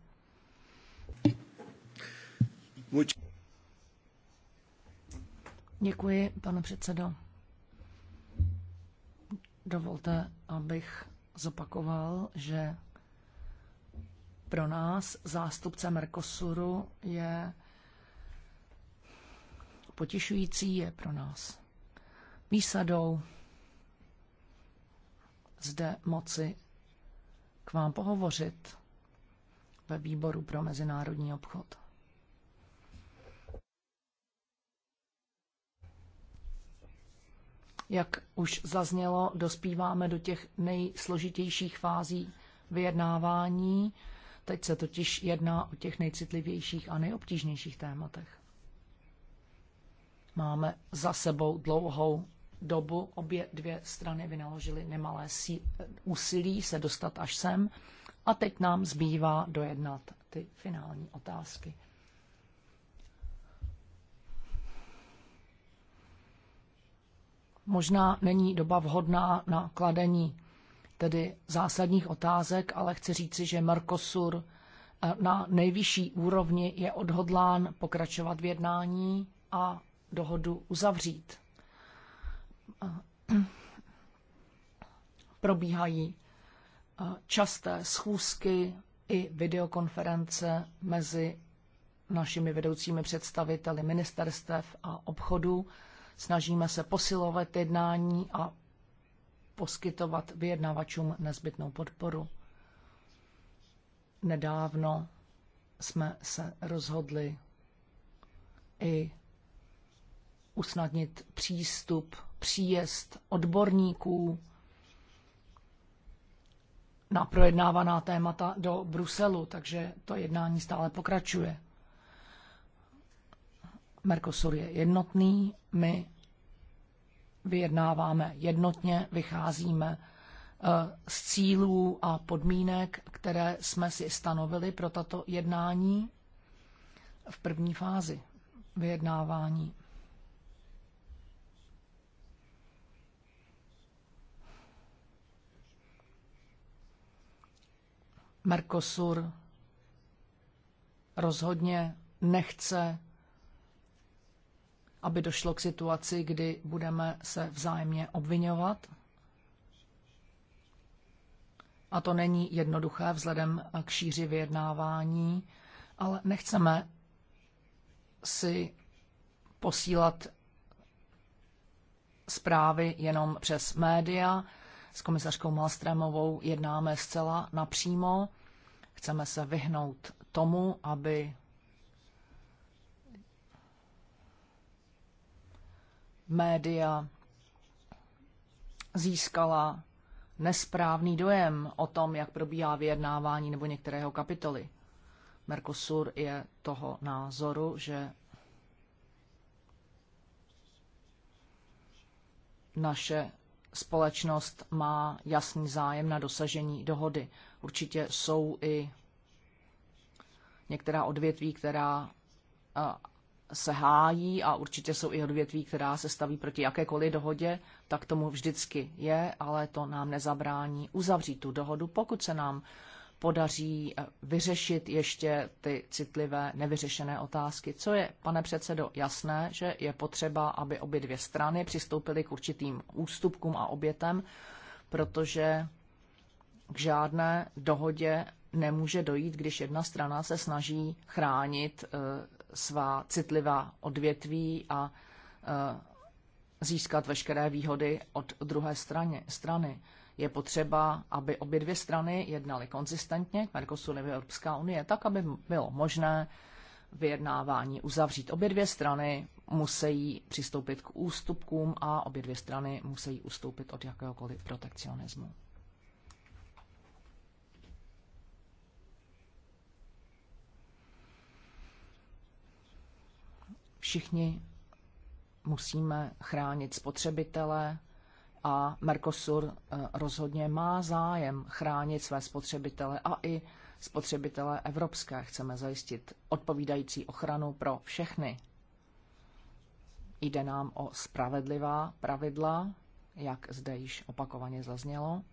Děkuji, pane předsedo. Dovolte, abych zopakoval, že pro nás zástupce Mercosuru je potěšující, je pro nás výsadou zde moci k vám pohovořit ve výboru pro mezinárodní obchod. Jak už zaznělo, dospíváme do těch nejsložitějších fází vyjednávání. Teď se totiž jedná o těch nejcitlivějších a nejobtížnějších tématech. Máme za sebou dlouhou dobu. Obě dvě strany vynaložily nemalé úsilí se dostat až sem a teď nám zbývá dojednat ty finální otázky. možná není doba vhodná na kladení tedy zásadních otázek, ale chci říci, že Mercosur eh, na nejvyšší úrovni je odhodlán pokračovat v jednání a dohodu uzavřít. Eh, probíhají eh, časté schůzky i videokonference mezi našimi vedoucími představiteli ministerstev a obchodu Snažíme se posilovat jednání a poskytovat vyjednavačům nezbytnou podporu. Nedávno jsme se rozhodli i usnadnit přístup, příjezd odborníků na projednávaná témata do Bruselu, takže to jednání stále pokračuje. Mercosur je jednotný, my vyjednáváme jednotně, vycházíme eh, z cílů a podmínek, které jsme si stanovili pro tato jednání v první fázi vyjednávání. Mercosur rozhodně nechce aby došlo k situaci, kdy budeme se vzájemně obvinovat. A to není jednoduché vzhledem k šíři vyjednávání, ale nechceme si posílat zprávy jenom přes média. S komisařkou Malstrémovou jednáme zcela napřímo. Chceme se vyhnout tomu, aby média získala nesprávný dojem o tom, jak probíhá vyjednávání nebo některého kapitoly. Mercosur je toho názoru, že naše společnost má jasný zájem na dosažení dohody. Určitě jsou i některá odvětví, která se hájí a určitě jsou i odvětví, která se staví proti jakékoliv dohodě, tak tomu vždycky je, ale to nám nezabrání uzavřít tu dohodu, pokud se nám podaří eh, vyřešit ještě ty citlivé nevyřešené otázky. Co je, pane předsedo, jasné, že je potřeba, aby obě dvě strany přistoupily k určitým ústupkům a obětem, protože k žádné dohodě nemůže dojít, když jedna strana se snaží chránit eh, svá citlivá odvětví a e, získat veškeré výhody od druhé strany. strany. Je potřeba, aby obě dvě strany jednaly konzistentně, Mercosur nebo Evropská unie, tak, aby bylo možné vyjednávání uzavřít. Obě dvě strany musí přistoupit k ústupkům a obě dvě strany musí ustoupit od jakéhokoliv protekcionismu. Všichni musíme chránit spotřebitele a Mercosur eh, rozhodně má zájem chránit své spotřebitele a i spotřebitele evropské. Chceme zajistit odpovídající ochranu pro všechny. Jde nám o spravedlivá pravidla, jak zde již opakovaně zaznělo.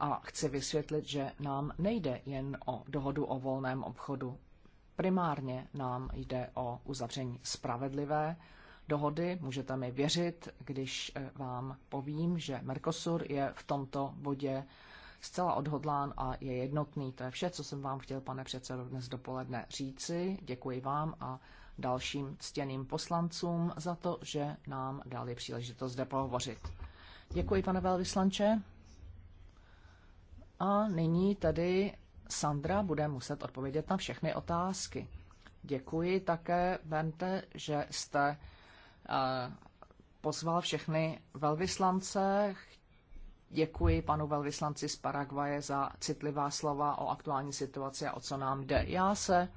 a chci vysvětlit, že nám nejde jen o dohodu o volném obchodu. Primárně nám jde o uzavření spravedlivé dohody. Můžete mi věřit, když eh, vám povím, že Mercosur je v tomto bodě zcela odhodlán a je jednotný. To je vše, co jsem vám chtěl, pane předsedo, dnes dopoledne říci. Děkuji vám a dalším ctěným poslancům za to, že nám dali příležitost zde pohovořit. Děkuji, pane velvyslanče. A nyní tedy Sandra bude muset odpovědět na všechny otázky. Děkuji také, Bente, že jste eh, pozval všechny velvyslance. Děkuji panu velvyslanci z Paraguaje za citlivá slova o aktuální situaci a o co nám jde. Já se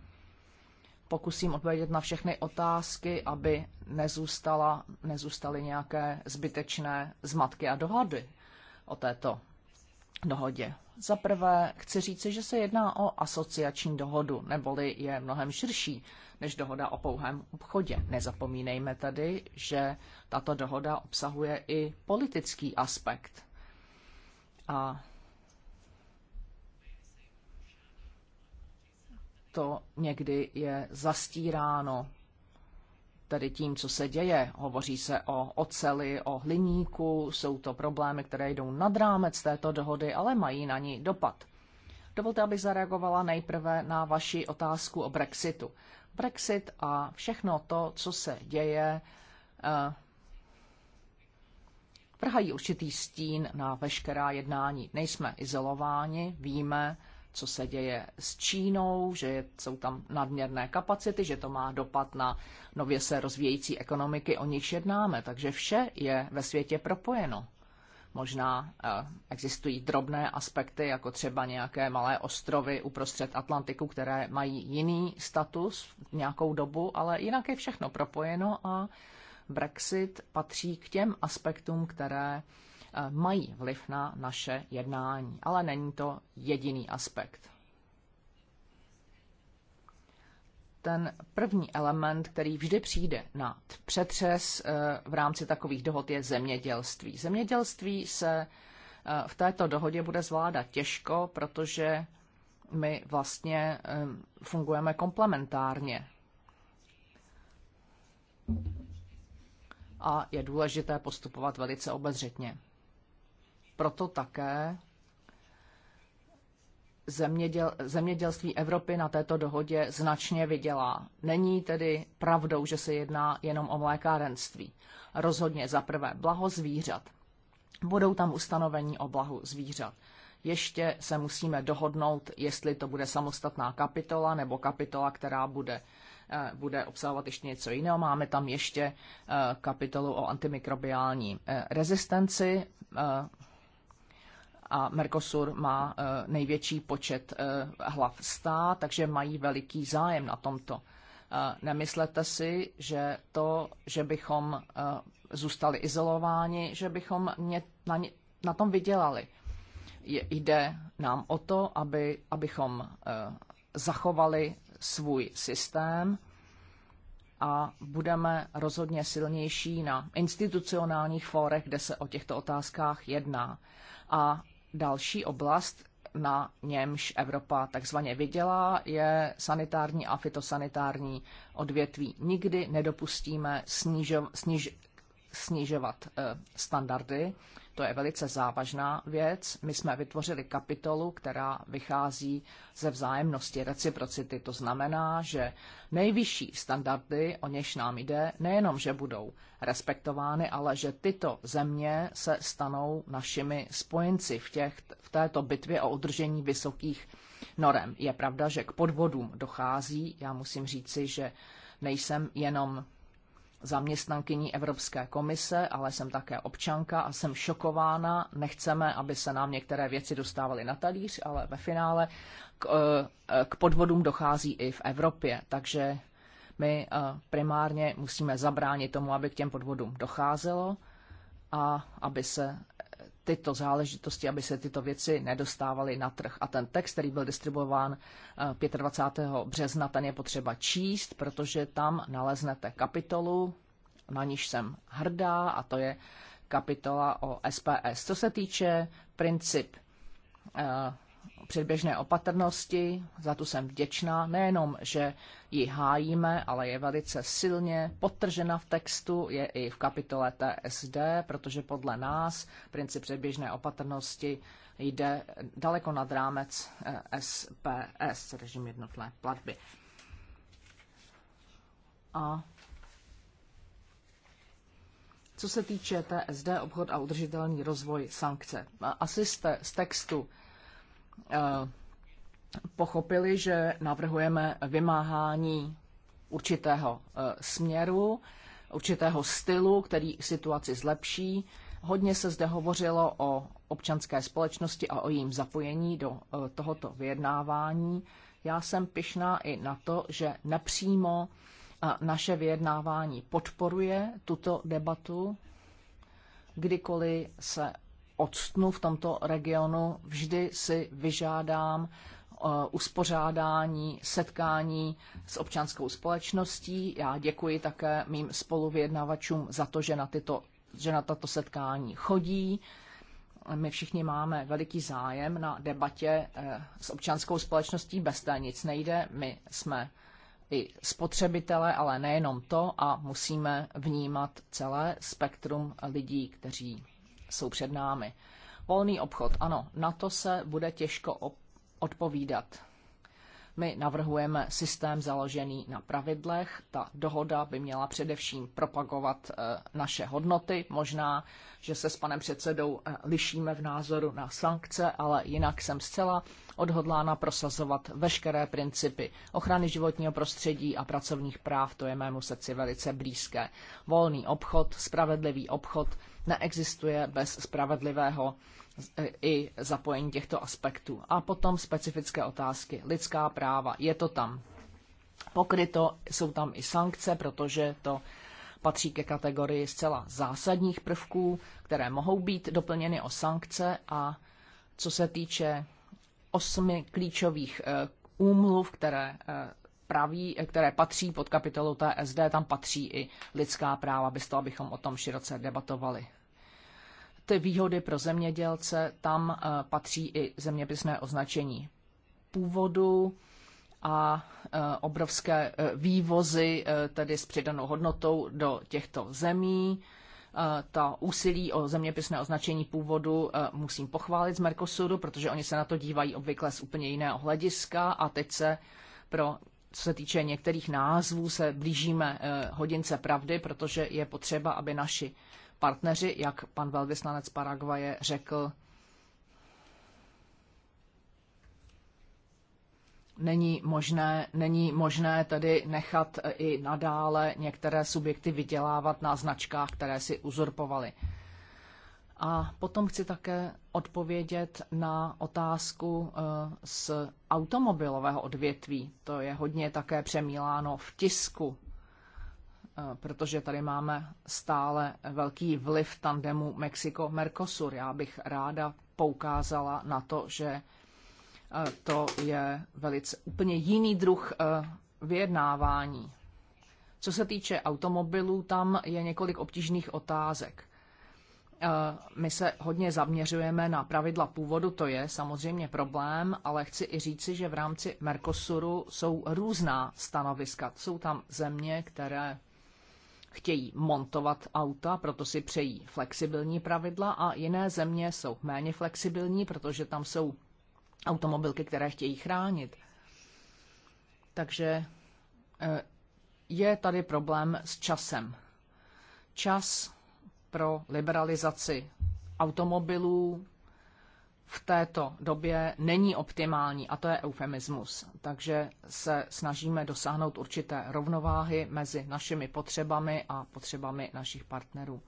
pokusím odpovědět na všechny otázky, aby nezůstala, nezůstaly nějaké zbytečné zmatky a dohady o této dohodě. Za prvé chci říci, že se jedná o asociační dohodu, neboli je mnohem širší než dohoda o pouhém obchodě. Nezapomínejme tedy, že tato dohoda obsahuje i politický aspekt. A to někdy je zastíráno tedy tím, co se děje. Hovoří se o oceli, o hliníku, jsou to problémy, které jdou nad rámec této dohody, ale mají na ní dopad. Dovolte, abych zareagovala nejprve na vaši otázku o Brexitu. Brexit a všechno to, co se děje, eh, vrhají určitý stín na veškerá jednání. Nejsme izolováni, víme, co se děje s Čínou, že jsou tam nadměrné kapacity, že to má dopad na nově se rozvíjející ekonomiky, o nichž jednáme. Takže vše je ve světě propojeno. Možná eh, existují drobné aspekty, jako třeba nějaké malé ostrovy uprostřed Atlantiku, které mají jiný status v nějakou dobu, ale jinak je všechno propojeno a Brexit patří k těm aspektům, které Eh, mají vliv na naše jednání, ale není to jediný aspekt. Ten první element, který vždy přijde na přetřes eh, v rámci takových dohod, je zemědělství. Zemědělství se eh, v této dohodě bude zvládat těžko, protože my vlastně fungujeme komplementárně. A je důležité postupovat velice obezřetně. Proto také zeměděl, zemědělství Evropy na této dohodě značně vydělá. Není tedy pravdou, že se jedná jenom o mlékárenství. Rozhodně za prvé blaho zvířat. Budou tam ustanovení o blahu zvířat. Ještě se musíme dohodnout, jestli to bude samostatná kapitola nebo kapitola, která bude, eh, bude obsahovat ještě něco jiného. Máme tam ještě eh, kapitolu o antimikrobiální eh, rezistenci a Mercosur má eh, největší počet eh, hlav stá, takže mají veliký zájem na tomto. Eh, nemyslete si, že to, že bychom zůstali izolováni, že bychom mě, na, ně, na tom vydělali. jde nám o to, aby, abychom zachovali svůj systém a budeme rozhodně silnější na institucionálních fórech, kde se o těchto otázkách jedná. A Další oblast, na němž Evropa takzvaně vydělá, je sanitární a fitosanitární odvětví. Nikdy nedopustíme snižo, sniž, snižovat eh, standardy to je velice závažná věc. My jsme vytvořili kapitolu, která vychází ze vzájemnosti reciprocity. To znamená, že nejvyšší standardy, o něž nám jde, nejenom, že budou respektovány, ale že tyto země se stanou našimi spojenci v, těch, v této bitvě o udržení vysokých norem. Je pravda, že k podvodům dochází. Já musím říci, že nejsem jenom zaměstnankyní Evropské komise, ale jsem také občanka a jsem šokována. Nechceme, aby se nám některé věci dostávaly na talíř, ale ve finále k, eh, eh, k podvodům dochází i v Evropě. Takže my eh, primárně musíme zabránit tomu, aby k těm podvodům docházelo a aby se tyto záležitosti, aby se tyto věci nedostávaly na trh. A ten text, který byl distribuován eh, 25. března, ten je potřeba číst, protože tam naleznete kapitolu, na níž jsem hrdá, a to je kapitola o SPS. Co se týče princip eh, předběžné opatrnosti, za tu jsem vděčná, nejenom, že ji hájíme, ale je velice silně potržena v textu, je i v kapitole TSD, protože podle nás princip předběžné opatrnosti jde daleko nad rámec SPS, eh, režim jednotné platby. A co se týče TSD, obchod a udržitelný rozvoj sankce, asi jste z textu Eh, pochopili, že navrhujeme vymáhání určitého eh, směru, určitého stylu, který situaci zlepší. Hodně se zde hovořilo o občanské společnosti a o jejím zapojení do eh, tohoto vyjednávání. Já jsem pyšná i na to, že nepřímo naše vyjednávání podporuje tuto debatu, kdykoliv se odstnu v tomto regionu, vždy si vyžádám eh, uspořádání setkání s občanskou společností. Já děkuji také mým spoluvědnavačům za to, že na, tyto, že na tato setkání chodí. My všichni máme veliký zájem na debatě eh, s občanskou společností, bez té nic nejde. My jsme i spotřebitele, ale nejenom to a musíme vnímat celé spektrum lidí, kteří jsou před námi. Volný obchod, ano, na to se bude těžko odpovídat. My navrhujeme systém založený na pravidlech. Ta dohoda by měla především propagovat e, naše hodnoty. Možná, že se s panem předsedou e, lišíme v názoru na sankce, ale jinak jsem zcela odhodlána prosazovat veškeré principy ochrany životního prostředí a pracovních práv. To je mému srdci velice blízké. Volný obchod, spravedlivý obchod, neexistuje bez spravedlivého i zapojení těchto aspektů. A potom specifické otázky. Lidská práva, je to tam pokryto, jsou tam i sankce, protože to patří ke kategorii zcela zásadních prvků, které mohou být doplněny o sankce a co se týče osmi klíčových eh, úmluv, které eh, praví, které patří pod kapitolu TSD, tam patří i lidská práva, bez toho, abychom o tom široce debatovali. Ty výhody pro zemědělce, tam eh, patří i zeměpisné označení původu a eh, obrovské eh, vývozy, tedy s přidanou hodnotou do těchto zemí ta úsilí o zeměpisné označení původu musím pochválit z Mercosuru, protože oni se na to dívají obvykle z úplně jiného hlediska a teď se pro co se týče některých názvů, se blížíme eh, hodince pravdy, protože je potřeba, aby naši partneři, jak pan velvyslanec Paraguaje řekl, není možné, není možné tedy nechat eh, i nadále některé subjekty vydělávat na značkách, které si uzurpovaly. A potom chci také odpovědět na otázku eh, z automobilového odvětví. To je hodně také přemíláno v tisku, eh, protože tady máme stále velký vliv tandemu Mexiko-Mercosur. Já bych ráda poukázala na to, že eh, to je velice úplně jiný druh vyjednávání. Co se týče automobilů, tam je několik obtížných otázek. Eh, my se hodně zaměřujeme na pravidla původu, to je samozřejmě problém, ale chci i říci, že v rámci Mercosuru jsou různá stanoviska. Jsou tam země, které chtějí montovat auta, proto si přejí flexibilní pravidla a jiné země jsou méně flexibilní, protože tam jsou automobilky, které chtějí chránit. Takže eh, je tady problém s časem. Čas pro liberalizaci automobilů v této době není optimální a to je eufemismus. Takže se snažíme dosáhnout určité rovnováhy mezi našimi potřebami a potřebami našich partnerů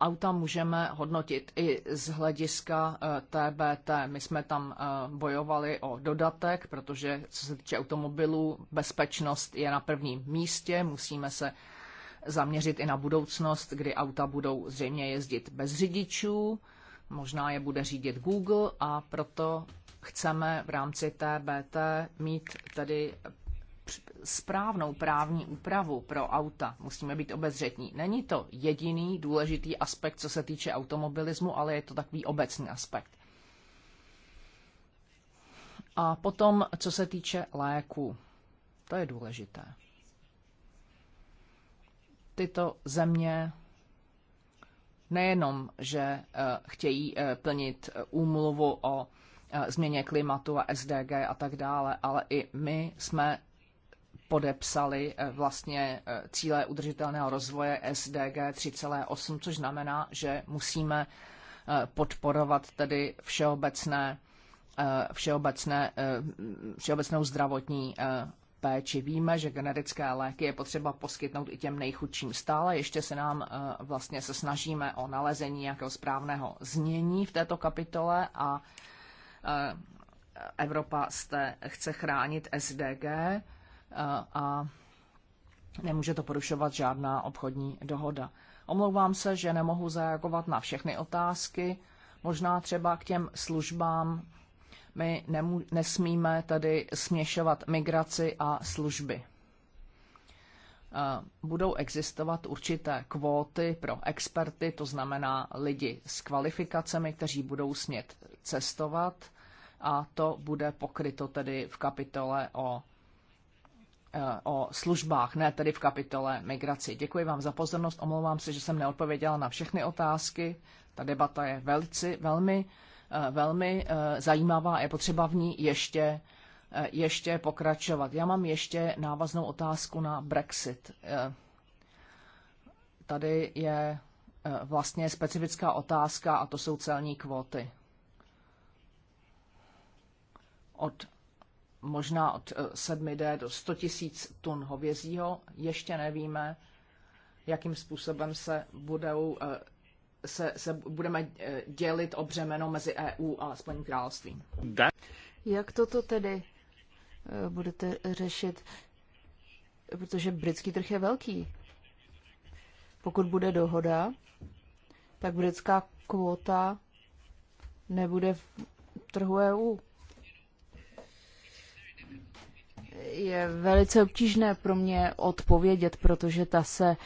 auta můžeme hodnotit i z hlediska TBT. Eh, My jsme tam eh, bojovali o dodatek, protože co se týče automobilů, bezpečnost je na prvním místě. Musíme se zaměřit i na budoucnost, kdy auta budou zřejmě jezdit bez řidičů, možná je bude řídit Google a proto chceme v rámci TBT mít tedy správnou právní úpravu pro auta. Musíme být obezřetní. Není to jediný důležitý aspekt, co se týče automobilismu, ale je to takový obecný aspekt. A potom, co se týče léku. To je důležité. Tyto země nejenom, že eh, chtějí eh, plnit eh, úmluvu o změně klimatu a SDG a tak dále, ale i my jsme podepsali eh, vlastně eh, cíle udržitelného rozvoje SDG 3,8, což znamená, že musíme eh, podporovat tedy všeobecné, všeobecné, všeobecnou zdravotní péči. Víme, že generické léky je potřeba poskytnout i těm nejchudším stále. Ještě se nám vlastně se snažíme o nalezení nějakého správného znění v této kapitole a Evropa jste, chce chránit SDG a nemůže to porušovat žádná obchodní dohoda. Omlouvám se, že nemohu zareagovat na všechny otázky. Možná třeba k těm službám my nemů- nesmíme tady směšovat migraci a služby. Budou existovat určité kvóty pro experty, to znamená lidi s kvalifikacemi, kteří budou smět cestovat a to bude pokryto tedy v kapitole o o službách, ne tedy v kapitole migraci. Děkuji vám za pozornost, omlouvám se, že jsem neodpověděla na všechny otázky. Ta debata je velice, velmi, eh, velmi eh, zajímavá a je potřeba v ní ještě, eh, ještě pokračovat. Já mám ještě návaznou otázku na Brexit. Tady je vlastně specifická otázka a to jsou celní kvóty. Od možná od 7D eh, do 100 tisíc tun hovězího. Ještě nevíme, jakým způsobem se budou eh, se, se budeme eh, dělit o břemeno mezi EU a Spojeným královstvím. Jak toto tedy budete řešit? Protože britský trh je velký. Pokud bude dohoda, tak britská kvota nebude v trhu EU. je velice obtížné pro mě odpovědět, protože ta se e,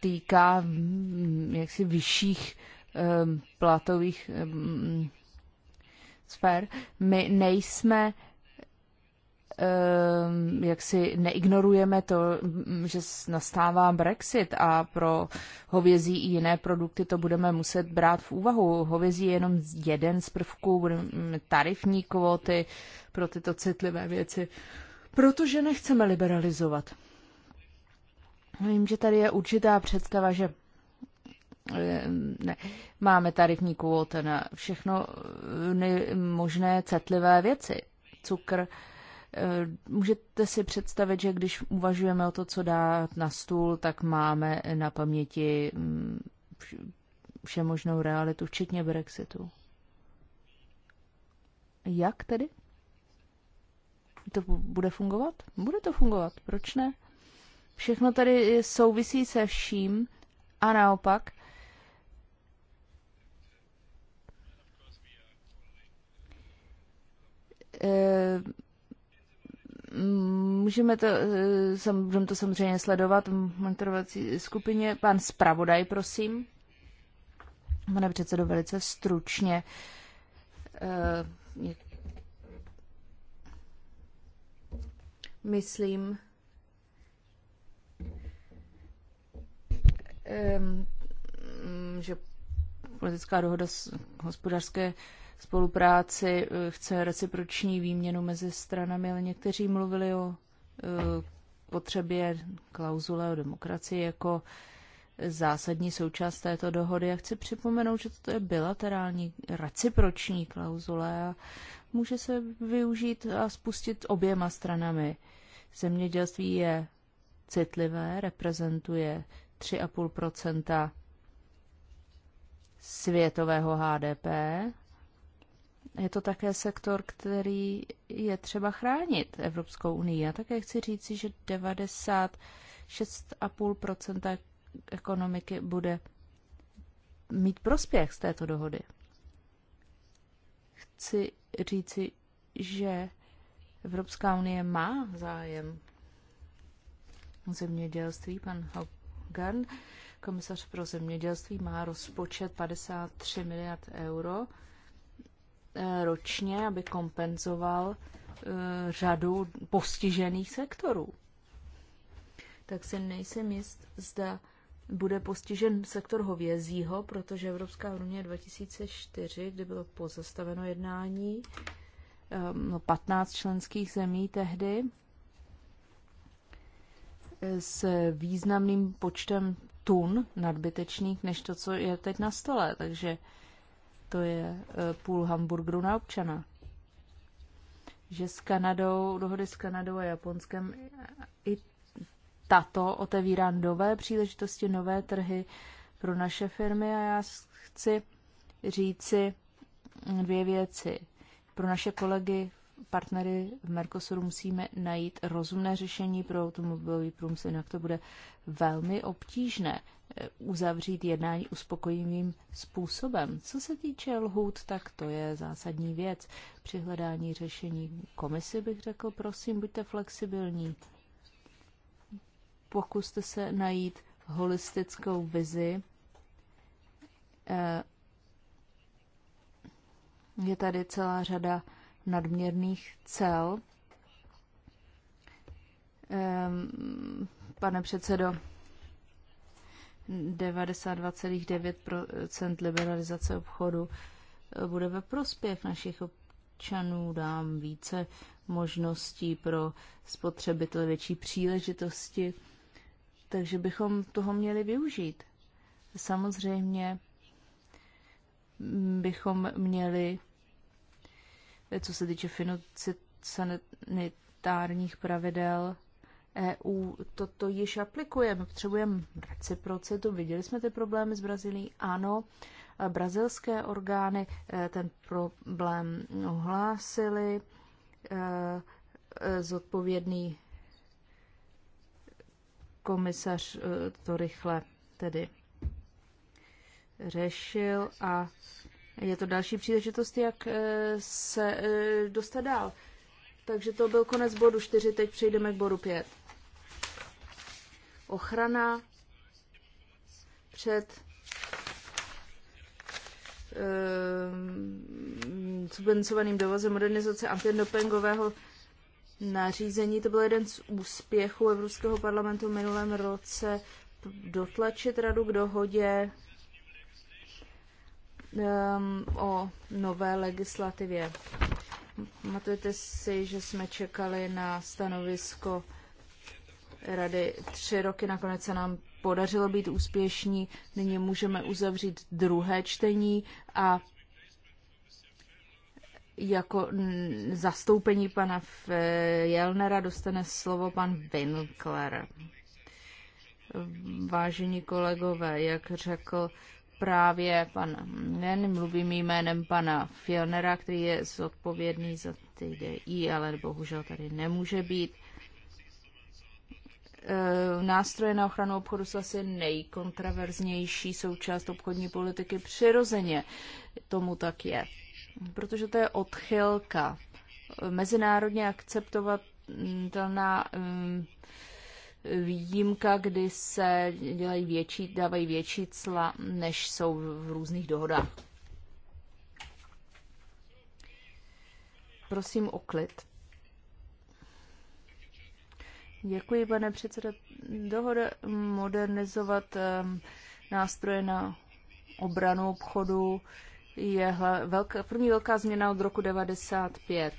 týká mm, jaksi vyšších e, platových e, mm, sfér. My nejsme Ehm, jak si neignorujeme to, že nastává Brexit a pro hovězí i jiné produkty to budeme muset brát v úvahu. Hovězí je jenom jeden z prvků, budeme tarifní kvóty pro tyto citlivé věci, protože nechceme liberalizovat. Vím, že tady je určitá představa, že ehm, ne, máme tarifní kvóty na všechno eh, možné citlivé věci. Cukr, Eh, můžete si představit, že když uvažujeme o to, co dát na stůl, tak máme na paměti mm, všemožnou realitu, včetně Brexitu. Jak tedy? To bude fungovat? Bude to fungovat, proč ne? Všechno tady eh, souvisí se vším a naopak. E, Můžeme to, eh, můžeme to samozřejmě sledovat v monitorovací skupině. Pan zpravodaj, prosím. Pane předsedo, velice stručně. Eh, Myslím, že politická dohoda s hospodářské spolupráci, eh, chce reciproční výměnu mezi stranami, ale někteří mluvili o eh, potřebě klauzule o demokracii jako zásadní součást této dohody. Já chci připomenout, že to je bilaterální reciproční klauzule a může se využít a spustit oběma stranami. Zemědělství je citlivé, reprezentuje 3,5 světového HDP, je to také sektor, který je třeba chránit Evropskou unii. Já také chci říci, že 96,5 ekonomiky bude mít prospěch z této dohody. Chci říci, že Evropská unie má zájem o zemědělství. Pan Hogan, komisař pro zemědělství, má rozpočet 53 miliard euro Eh, ročně, aby kompenzoval eh, řadu postižených sektorů. Tak si nejsem jist, zda bude postižen sektor hovězího, protože Evropská unie 2004, kdy bylo pozastaveno jednání, 15 ehm, no, členských zemí tehdy eh, s významným počtem tun nadbytečných než to, co je teď na stole. Takže to je e, půl hamburgeru na občana. Že s Kanadou, dohody s Kanadou a Japonskem i tato otevírá nové příležitosti, nové trhy pro naše firmy a já chci říci dvě věci. Pro naše kolegy, partnery v Mercosuru musíme najít rozumné řešení pro automobilový průmysl, jinak to bude velmi obtížné. Eh, uzavřít jednání uspokojivým způsobem. Co se týče lhůt, tak to je zásadní věc. Při hledání řešení komisi bych řekl, prosím, buďte flexibilní. Pokuste se najít holistickou vizi. Eh, je tady celá řada nadměrných cel. Ehm, pane předsedo, 92,9 liberalizace obchodu eh, bude ve prospěch našich občanů, dám více možností pro spotřebitele, větší příležitosti, takže bychom toho měli využít. Samozřejmě mm, bychom měli, eh, co se týče sanitárních pravidel, EU toto již aplikujeme. Potřebujeme reciprocitu. Viděli jsme ty problémy s Brazílií? Ano. Brazilské orgány e, ten problém ohlásili. E, e, zodpovědný komisař to rychle tedy řešil a je to další příležitost, jak se dostat dál. Takže to byl konec bodu 4, teď přejdeme k bodu 5 ochrana před ehm, subvencovaným dovozem modernizace antidopingového nařízení. To byl jeden z úspěchů Evropského parlamentu v minulém roce dotlačit radu k dohodě e, o nové legislativě. Pamatujte si, že jsme čekali na stanovisko rady tři roky. Nakonec se nám podařilo být úspěšní. Nyní můžeme uzavřít druhé čtení a jako zastoupení pana Jelnera dostane slovo pan Winkler. Vážení kolegové, jak řekl právě pan Nen, mluvím jménem pana Fjellnera, který je zodpovědný za TDI, ale bohužel tady nemůže být. Eh, nástroje na ochranu obchodu jsou asi nejkontraverznější součást obchodní politiky. Přirozeně tomu tak je, protože to je odchylka. Mezinárodně akceptovatelná eh, výjimka, kdy se dělají větší, dávají větší cla, než jsou v různých dohodách. Prosím o klid. Děkuji, pane předsedo. Dohoda modernizovat ehm, nástroje na obranu obchodu je velká, první velká změna od roku 1995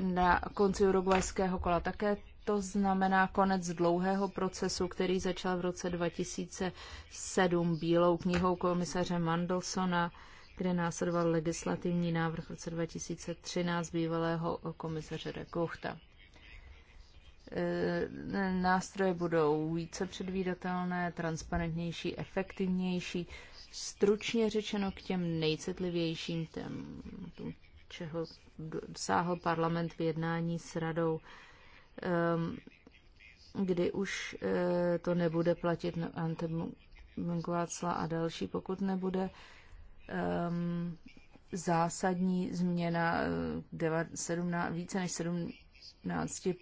na konci urugvajského kola. Také to znamená konec dlouhého procesu, který začal v roce 2007 bílou knihou komisaře Mandelsona, kde následoval legislativní návrh v roce 2013 bývalého komisaře Rekochta. Eh, nástroje budou více předvídatelné, transparentnější, efektivnější. Stručně řečeno k těm nejcitlivějším, těm, čeho dosáhl parlament v jednání s radou, ehm, kdy už eh, to nebude platit Antemungvácla a další, pokud nebude ehm, zásadní změna 17, eh, více než 7,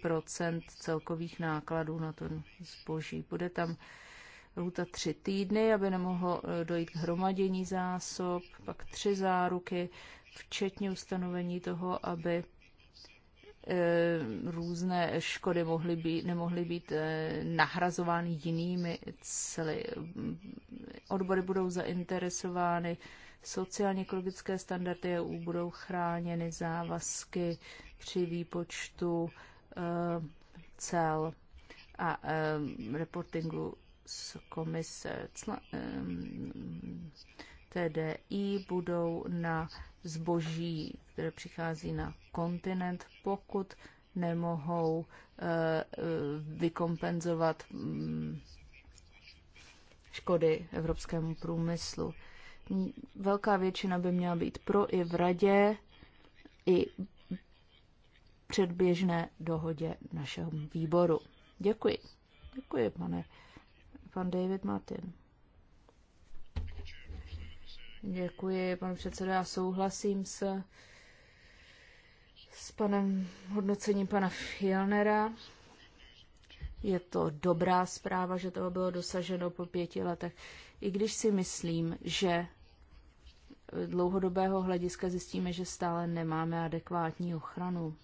15 celkových nákladů na to zboží. Bude tam lhuta tři týdny, aby nemohlo e, dojít k hromadění zásob, pak tři záruky, včetně ustanovení toho, aby e, různé škody mohly být, nemohly být e, nahrazovány jinými cely. Odbory budou zainteresovány, sociálně ekologické standardy EU budou chráněny, závazky při výpočtu eh, cel a eh, reportingu z komise cla, eh, TDI budou na zboží, které přichází na kontinent, pokud nemohou vykompenzovat mm, škody evropskému průmyslu. Velká většina by měla být pro i v radě, i předběžné dohodě našeho výboru. Děkuji. Děkuji, pane. Pan David Martin. Děkuji, pane předsedo. Já souhlasím s, s panem hodnocením pana Fielnera. Je to dobrá zpráva, že toho bylo dosaženo po pěti letech. I když si myslím, že dlouhodobého hlediska zjistíme, že stále nemáme adekvátní ochranu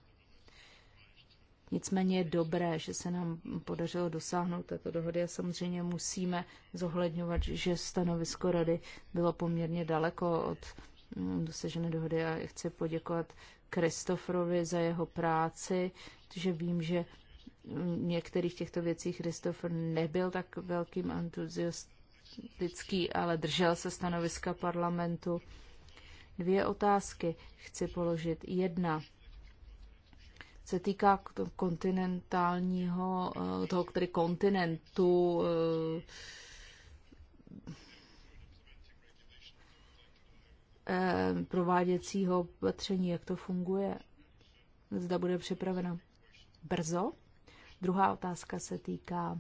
Nicméně je dobré, že se nám podařilo dosáhnout této dohody a samozřejmě musíme zohledňovat, že stanovisko rady bylo poměrně daleko od mm, dosažené dohody a chci poděkovat Kristoforovi za jeho práci, protože vím, že v některých těchto věcí Kristofor nebyl tak velkým entuziastický, ale držel se stanoviska parlamentu. Dvě otázky chci položit. Jedna se týká kontinentálního, eh, toho, který kontinentu, eh, eh, prováděcího opatření, jak to funguje, zda bude připravena brzo. Druhá otázka se týká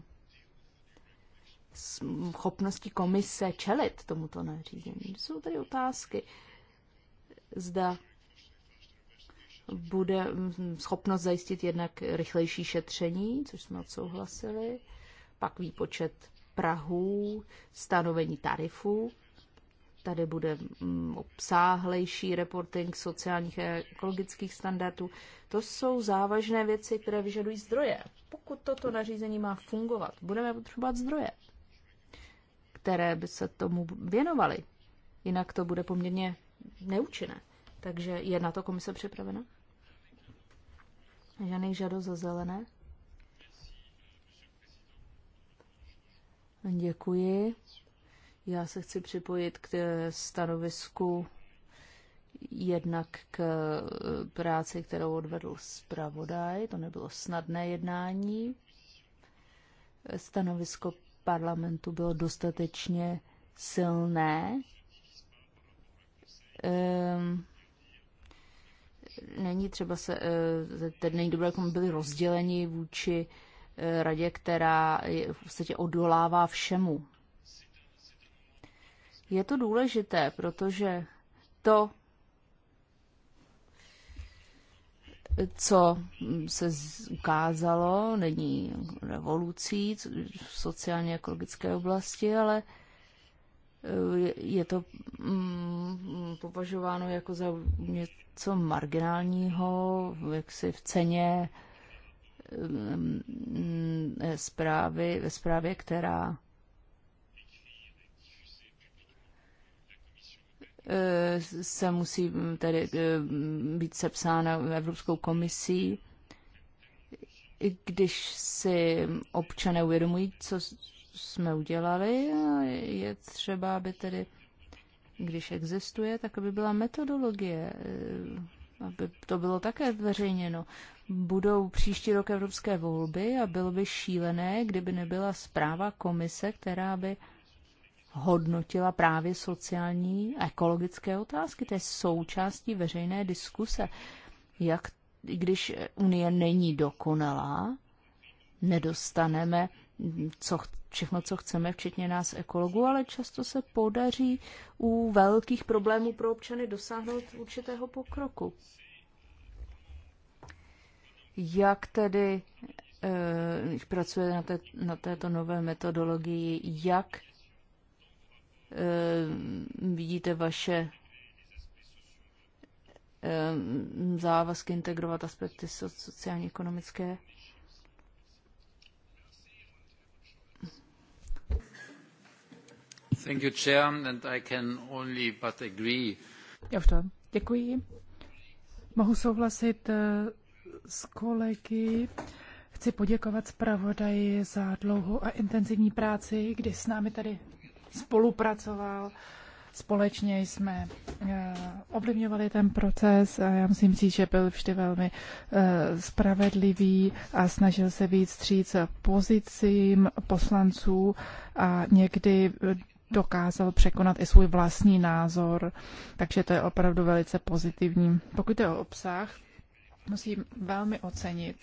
schopnosti komise čelit tomuto nařízení. Jsou tady otázky, zda bude mm, schopnost zajistit jednak rychlejší šetření, což jsme odsouhlasili, pak výpočet Prahů, stanovení tarifů, tady bude mm, obsáhlejší reporting sociálních a ekologických standardů. To jsou závažné věci, které vyžadují zdroje. Pokud toto nařízení má fungovat, budeme potřebovat zdroje, které by se tomu věnovaly. Jinak to bude poměrně neúčinné. Takže je na to komise připravena? Žádný žado za zelené. Děkuji. Já se chci připojit k stanovisku jednak k eh, práci, kterou odvedl zpravodaj. To nebylo snadné jednání. Stanovisko parlamentu bylo dostatečně silné. Um, není třeba se, eh, tedy není dobré, abychom byli rozděleni vůči eh, radě, která je, v podstatě odolává všemu. Je to důležité, protože to, co se ukázalo, není revolucí v sociálně ekologické oblasti, ale eh, je to mm, považováno jako za něco marginálního, jaksi v ceně eh, zprávy, ve zprávě, která eh, se musí tedy eh, být sepsána Evropskou komisí, i když si občané uvědomují, co jsme udělali, je třeba, aby tedy když existuje, tak aby byla metodologie, eh, aby to bylo také zveřejněno. Budou příští rok evropské volby a bylo by šílené, kdyby nebyla zpráva komise, která by hodnotila právě sociální a ekologické otázky. To je součástí veřejné diskuse. Jak, když Unie není dokonalá, nedostaneme co, všechno, co chceme, včetně nás ekologů, ale často se podaří u velkých problémů pro občany dosáhnout určitého pokroku. Jak tedy, eh, když pracuje na, té, na této nové metodologii, jak eh, vidíte vaše eh, závazky integrovat aspekty sociálně-ekonomické Děkuji. Mohu souhlasit eh, s kolegy. Chci poděkovat zpravodaji za dlouhou a intenzivní práci, kdy s námi tady spolupracoval. Společně jsme eh, ovlivňovali ten proces a já musím říct, že byl vždy velmi eh, spravedlivý a snažil se víc stříc pozicím poslanců a někdy dokázal překonat i svůj vlastní názor, takže to je opravdu velice pozitivní. Pokud je o obsah, musím velmi ocenit,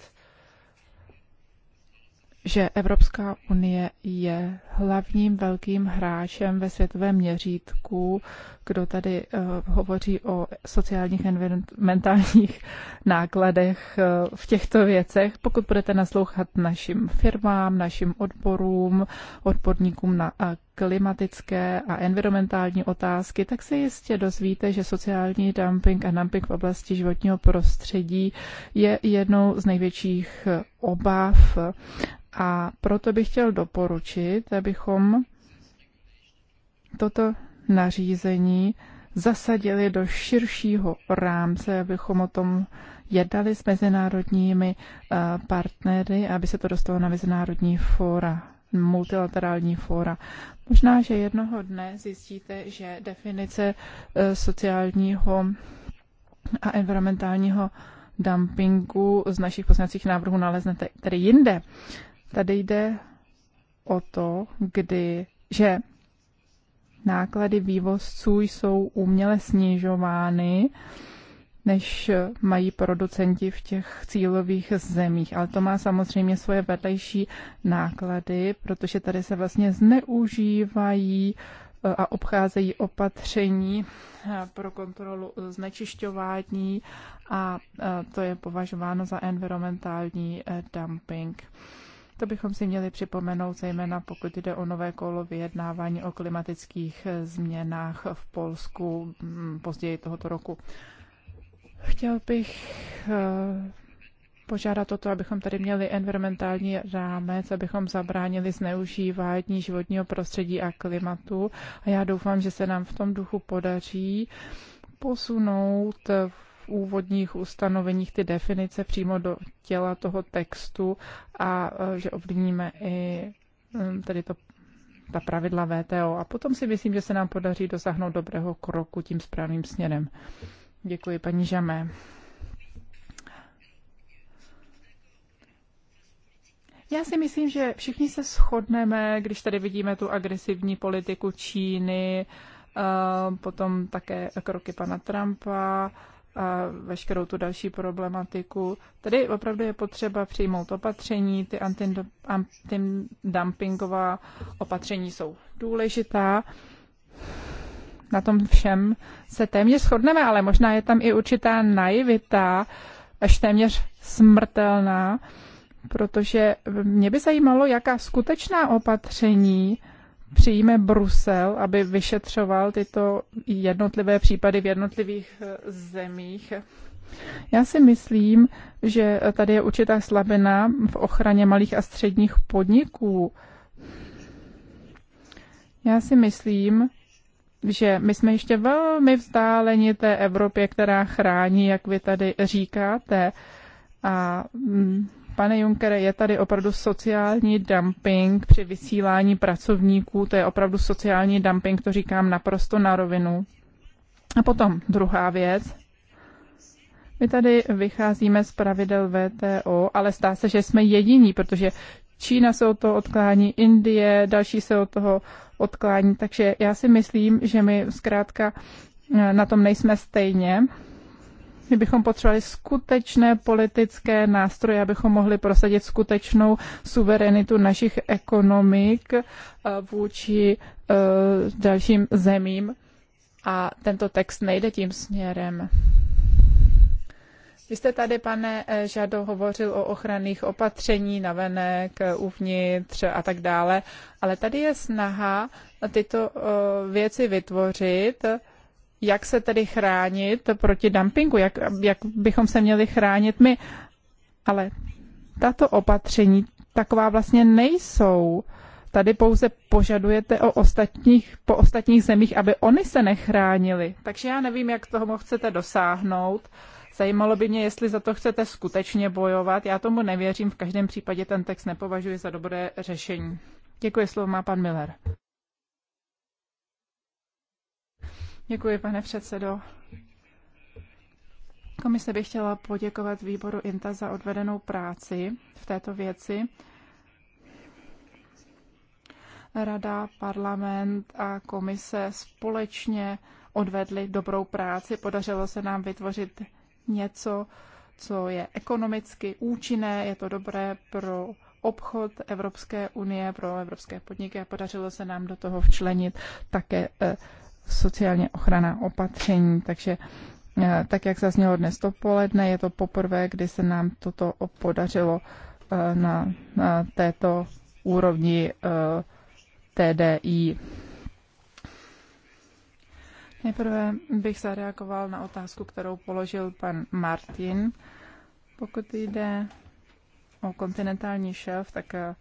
že Evropská unie je hlavním velkým hráčem ve světovém měřítku, kdo tady uh, hovoří o sociálních environmentálních nákladech uh, v těchto věcech. Pokud budete naslouchat našim firmám, našim odborům, odborníkům na uh, klimatické a environmentální otázky, tak se jistě dozvíte, že sociální dumping a dumping v oblasti životního prostředí je jednou z největších obav. A proto bych chtěl doporučit, abychom toto nařízení zasadili do širšího rámce, abychom o tom jednali s mezinárodními eh, partnery, aby se to dostalo na mezinárodní fóra multilaterální fóra. Možná, že jednoho dne zjistíte, že definice e, sociálního a environmentálního dumpingu z našich poznacích návrhů naleznete tedy jinde. Tady jde o to, kdy, že náklady vývozců jsou uměle snižovány, než eh, mají producenti v těch cílových zemích. Ale to má samozřejmě svoje vedlejší náklady, protože tady se vlastně zneužívají eh, a obcházejí opatření eh, pro kontrolu znečišťování a to je považováno za environmentální dumping. To bychom si měli připomenout, zejména pokud jde o nové kolo vyjednávání o klimatických změnách v Polsku mm, později tohoto roku. Chtěl bych eh, požádat o to, abychom tady měli environmentální rámec, abychom zabránili zneužívání životního prostředí a klimatu. A já doufám, že se nám v tom duchu podaří posunout v úvodních ustanoveních ty definice přímo do těla toho textu a eh, že ovlivníme i hm, tady to ta pravidla VTO a potom si myslím, že se nám podaří dosáhnout dobrého kroku tím správným směrem. Děkuji, paní Žamé. Já si myslím, že všichni se shodneme, když tady vidíme tu agresivní politiku Číny, eh, potom také kroky pana Trumpa a veškerou tu další problematiku. Tady opravdu je potřeba přijmout opatření, ty antidumpingová opatření jsou důležitá na tom všem se téměř shodneme, ale možná je tam i určitá naivita, až téměř smrtelná, protože mě by zajímalo, jaká skutečná opatření přijme Brusel, aby vyšetřoval tyto jednotlivé případy v jednotlivých eh, zemích. Já si myslím, že tady je určitá slabina v ochraně malých a středních podniků. Já si myslím, že my jsme ještě velmi vzdáleni té Evropě, která chrání, jak vy tady říkáte. A mm, pane Junkere, je tady opravdu sociální dumping při vysílání pracovníků, to je opravdu sociální dumping, to říkám naprosto na rovinu. A potom druhá věc. My tady vycházíme z pravidel VTO, ale stá se, že jsme jediní, protože Čína se od toho odklání, Indie, další se od toho odklání. Takže já si myslím, že my zkrátka eh, na tom nejsme stejně. My bychom potřebovali skutečné politické nástroje, abychom mohli prosadit skutečnou suverenitu našich ekonomik eh, vůči eh, dalším zemím. A tento text nejde tím směrem. Vy jste tady, pane eh, Žado, hovořil o ochranných opatření na venek, uvnitř a tak dále, ale tady je snaha tyto eh, věci vytvořit, jak se tedy chránit proti dumpingu, jak, jak bychom se měli chránit my. Ale tato opatření taková vlastně nejsou. Tady pouze požadujete o ostatních, po ostatních zemích, aby oni se nechránili. Takže já nevím, jak toho chcete dosáhnout. Zajímalo by mě, jestli za to chcete skutečně bojovat. Já tomu nevěřím, v každém případě ten text nepovažuji za dobré řešení. Děkuji, slovo má pan Miller. Děkuji, pane předsedo. Komise bych chtěla poděkovat výboru INTA za odvedenou práci v této věci. Rada, parlament a komise společně odvedli dobrou práci. Podařilo se nám vytvořit něco, co je ekonomicky účinné, je to dobré pro obchod Evropské unie, pro evropské podniky a podařilo se nám do toho včlenit také eh, sociálně ochranná opatření. Takže eh, tak, jak zaznělo dnes dopoledne, je to poprvé, kdy se nám toto podařilo eh, na, na této úrovni TDI. Nejprve bych zareagoval na otázku, kterou položil pan Martin. Pokud jde o kontinentální šelf, tak eh,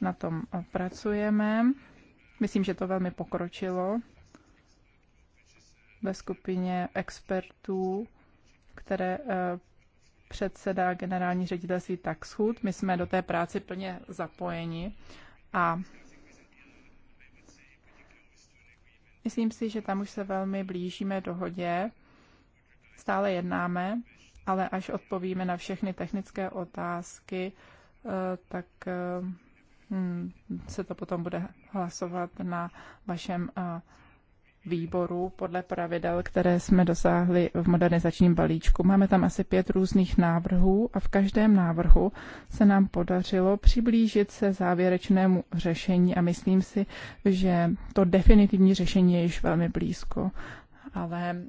na tom eh, pracujeme. Myslím, že to velmi pokročilo ve skupině expertů, které eh, předsedá generální ředitelství Taxhut. My jsme do té práce plně zapojeni a Myslím si, že tam už se velmi blížíme dohodě. Stále jednáme, ale až odpovíme na všechny technické otázky, eh, tak eh, hmm, se to potom bude hlasovat na vašem eh, výboru podle pravidel, které jsme dosáhli v modernizačním balíčku. Máme tam asi pět různých návrhů a v každém návrhu se nám podařilo přiblížit se závěrečnému řešení a myslím si, že to definitivní řešení je již velmi blízko. Ale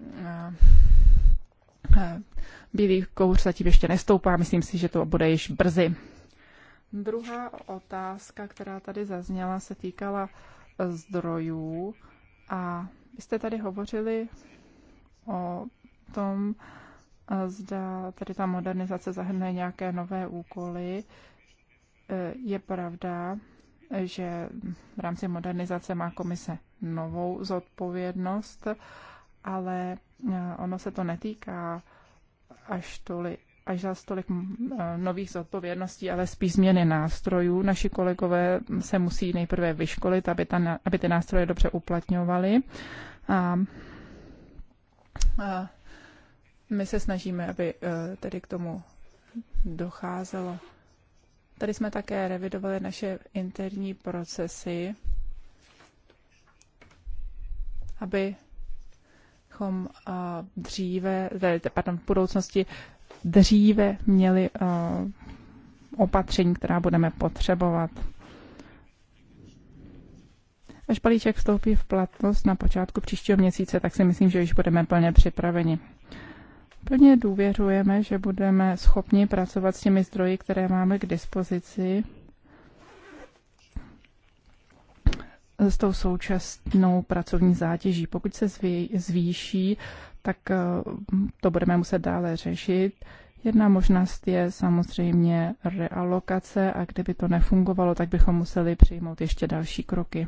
bílý kouř zatím ještě nestoupá, myslím si, že to bude již brzy. Druhá otázka, která tady zazněla, se týkala zdrojů a vy jste tady hovořili o tom, zda tady ta modernizace zahrne nějaké nové úkoly. E, je pravda, že v rámci modernizace má komise novou zodpovědnost, ale e, ono se to netýká až tolik až za tolik e, nových zodpovědností, ale spíš změny nástrojů. Naši kolegové se musí nejprve vyškolit, aby, ta, aby ty nástroje dobře uplatňovali. A, a my se snažíme, aby e, tedy k tomu docházelo. Tady jsme také revidovali naše interní procesy, abychom dříve, pardon, v budoucnosti dříve měli eh, opatření, která budeme potřebovat. Až balíček vstoupí v platnost na počátku příštího měsíce, tak si myslím, že již budeme plně připraveni. Plně důvěřujeme, že budeme schopni pracovat s těmi zdroji, které máme k dispozici, s tou současnou pracovní zátěží. Pokud se zvýší, tak eh, to budeme muset dále řešit. Jedna možnost je samozřejmě realokace a kdyby to nefungovalo, tak bychom museli přijmout ještě další kroky.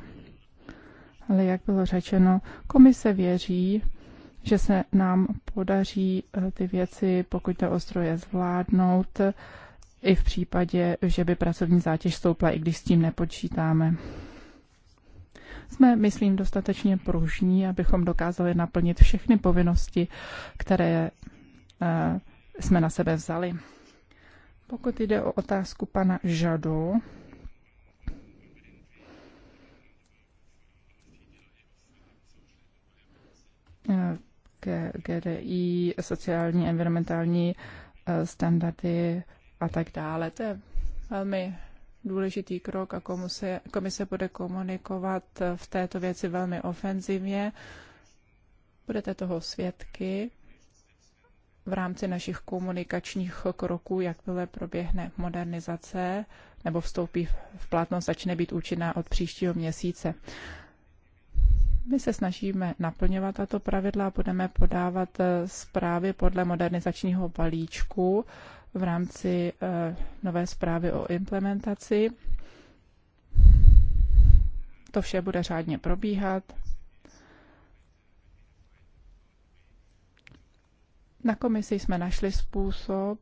Ale jak bylo řečeno, komise věří, že se nám podaří eh, ty věci, pokud to ostroje zvládnout, i v případě, že by pracovní zátěž stoupla, i když s tím nepočítáme jsme, myslím, dostatečně pružní, abychom dokázali naplnit všechny povinnosti, které eh, jsme na sebe vzali. Pokud jde o otázku pana Žadu, eh, GDI, sociální, environmentální eh, standardy a tak dále. To je velmi důležitý krok a komu se, komise bude komunikovat v této věci velmi ofenzivně. Budete toho svědky v rámci našich komunikačních kroků, jakmile proběhne modernizace nebo vstoupí v platnost, začne být účinná od příštího měsíce. My se snažíme naplňovat tato pravidla a budeme podávat eh, zprávy podle modernizačního balíčku v rámci eh, nové zprávy o implementaci. To vše bude řádně probíhat. Na komisi jsme našli způsob,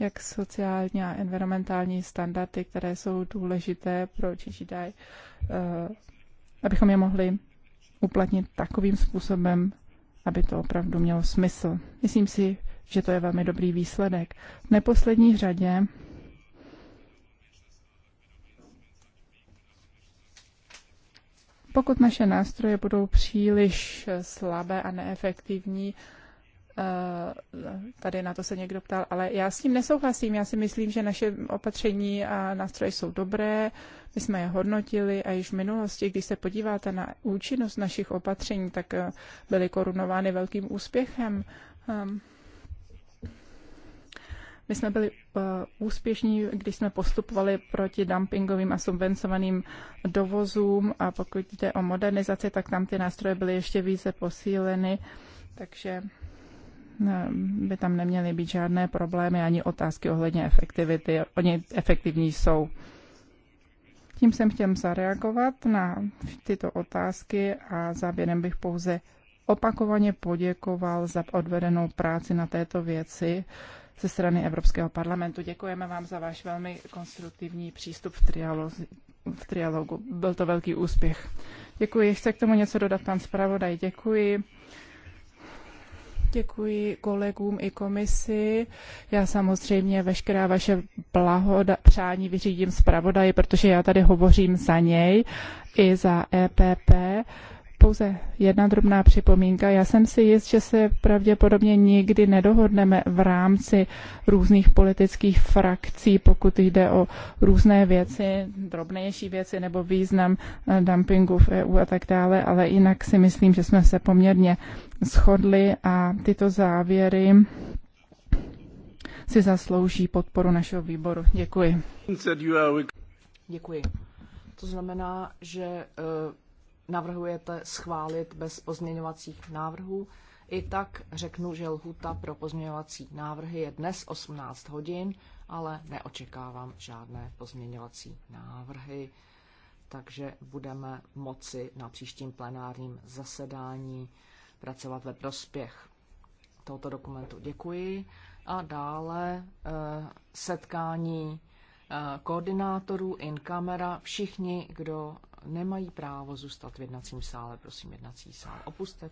jak sociální a environmentální standardy, které jsou důležité pro GGDI, eh, abychom je mohli uplatnit takovým způsobem, aby to opravdu mělo smysl. Myslím si, že to je velmi dobrý výsledek. V neposlední řadě Pokud naše nástroje budou příliš slabé a neefektivní, eh, tady na to se někdo ptal, ale já s tím nesouhlasím. Já si myslím, že naše opatření a nástroje jsou dobré, my jsme je hodnotili a již v minulosti, když se podíváte na účinnost našich opatření, tak eh, byly korunovány velkým úspěchem. Ehm, my jsme byli eh, úspěšní, když jsme postupovali proti dumpingovým a subvencovaným dovozům a pokud jde o modernizaci, tak tam ty nástroje byly ještě více posíleny, takže eh, by tam neměly být žádné problémy ani otázky ohledně efektivity. Oni efektivní jsou. Tím jsem chtěl zareagovat na tyto otázky a závěrem bych pouze opakovaně poděkoval za odvedenou práci na této věci ze strany Evropského parlamentu. Děkujeme vám za váš velmi konstruktivní přístup v trialo- V trialogu. Byl to velký úspěch. Děkuji. Chce k tomu něco dodat pan zpravodaj? Děkuji. Děkuji kolegům i komisi. Já samozřejmě veškerá vaše blahoda, přání vyřídím zpravodaji, protože já tady hovořím za něj i za EPP pouze jedna drobná připomínka. Já jsem si jist, že se pravděpodobně nikdy nedohodneme v rámci různých politických frakcí, pokud jde o různé věci, drobnější věci nebo význam eh, dumpingu v EU a tak dále, ale jinak si myslím, že jsme se poměrně shodli a tyto závěry si zaslouží podporu našeho výboru. Děkuji. Děkuji. To znamená, že eh, navrhujete schválit bez pozměňovacích návrhů. I tak řeknu, že lhuta pro pozměňovací návrhy je dnes 18 hodin, ale neočekávám žádné pozměňovací návrhy, takže budeme moci na příštím plenárním zasedání pracovat ve prospěch tohoto dokumentu. Děkuji. A dále eh, setkání eh, koordinátorů in camera. Všichni, kdo nemají právo zůstat v jednacím sále. Prosím, jednací sál opuste.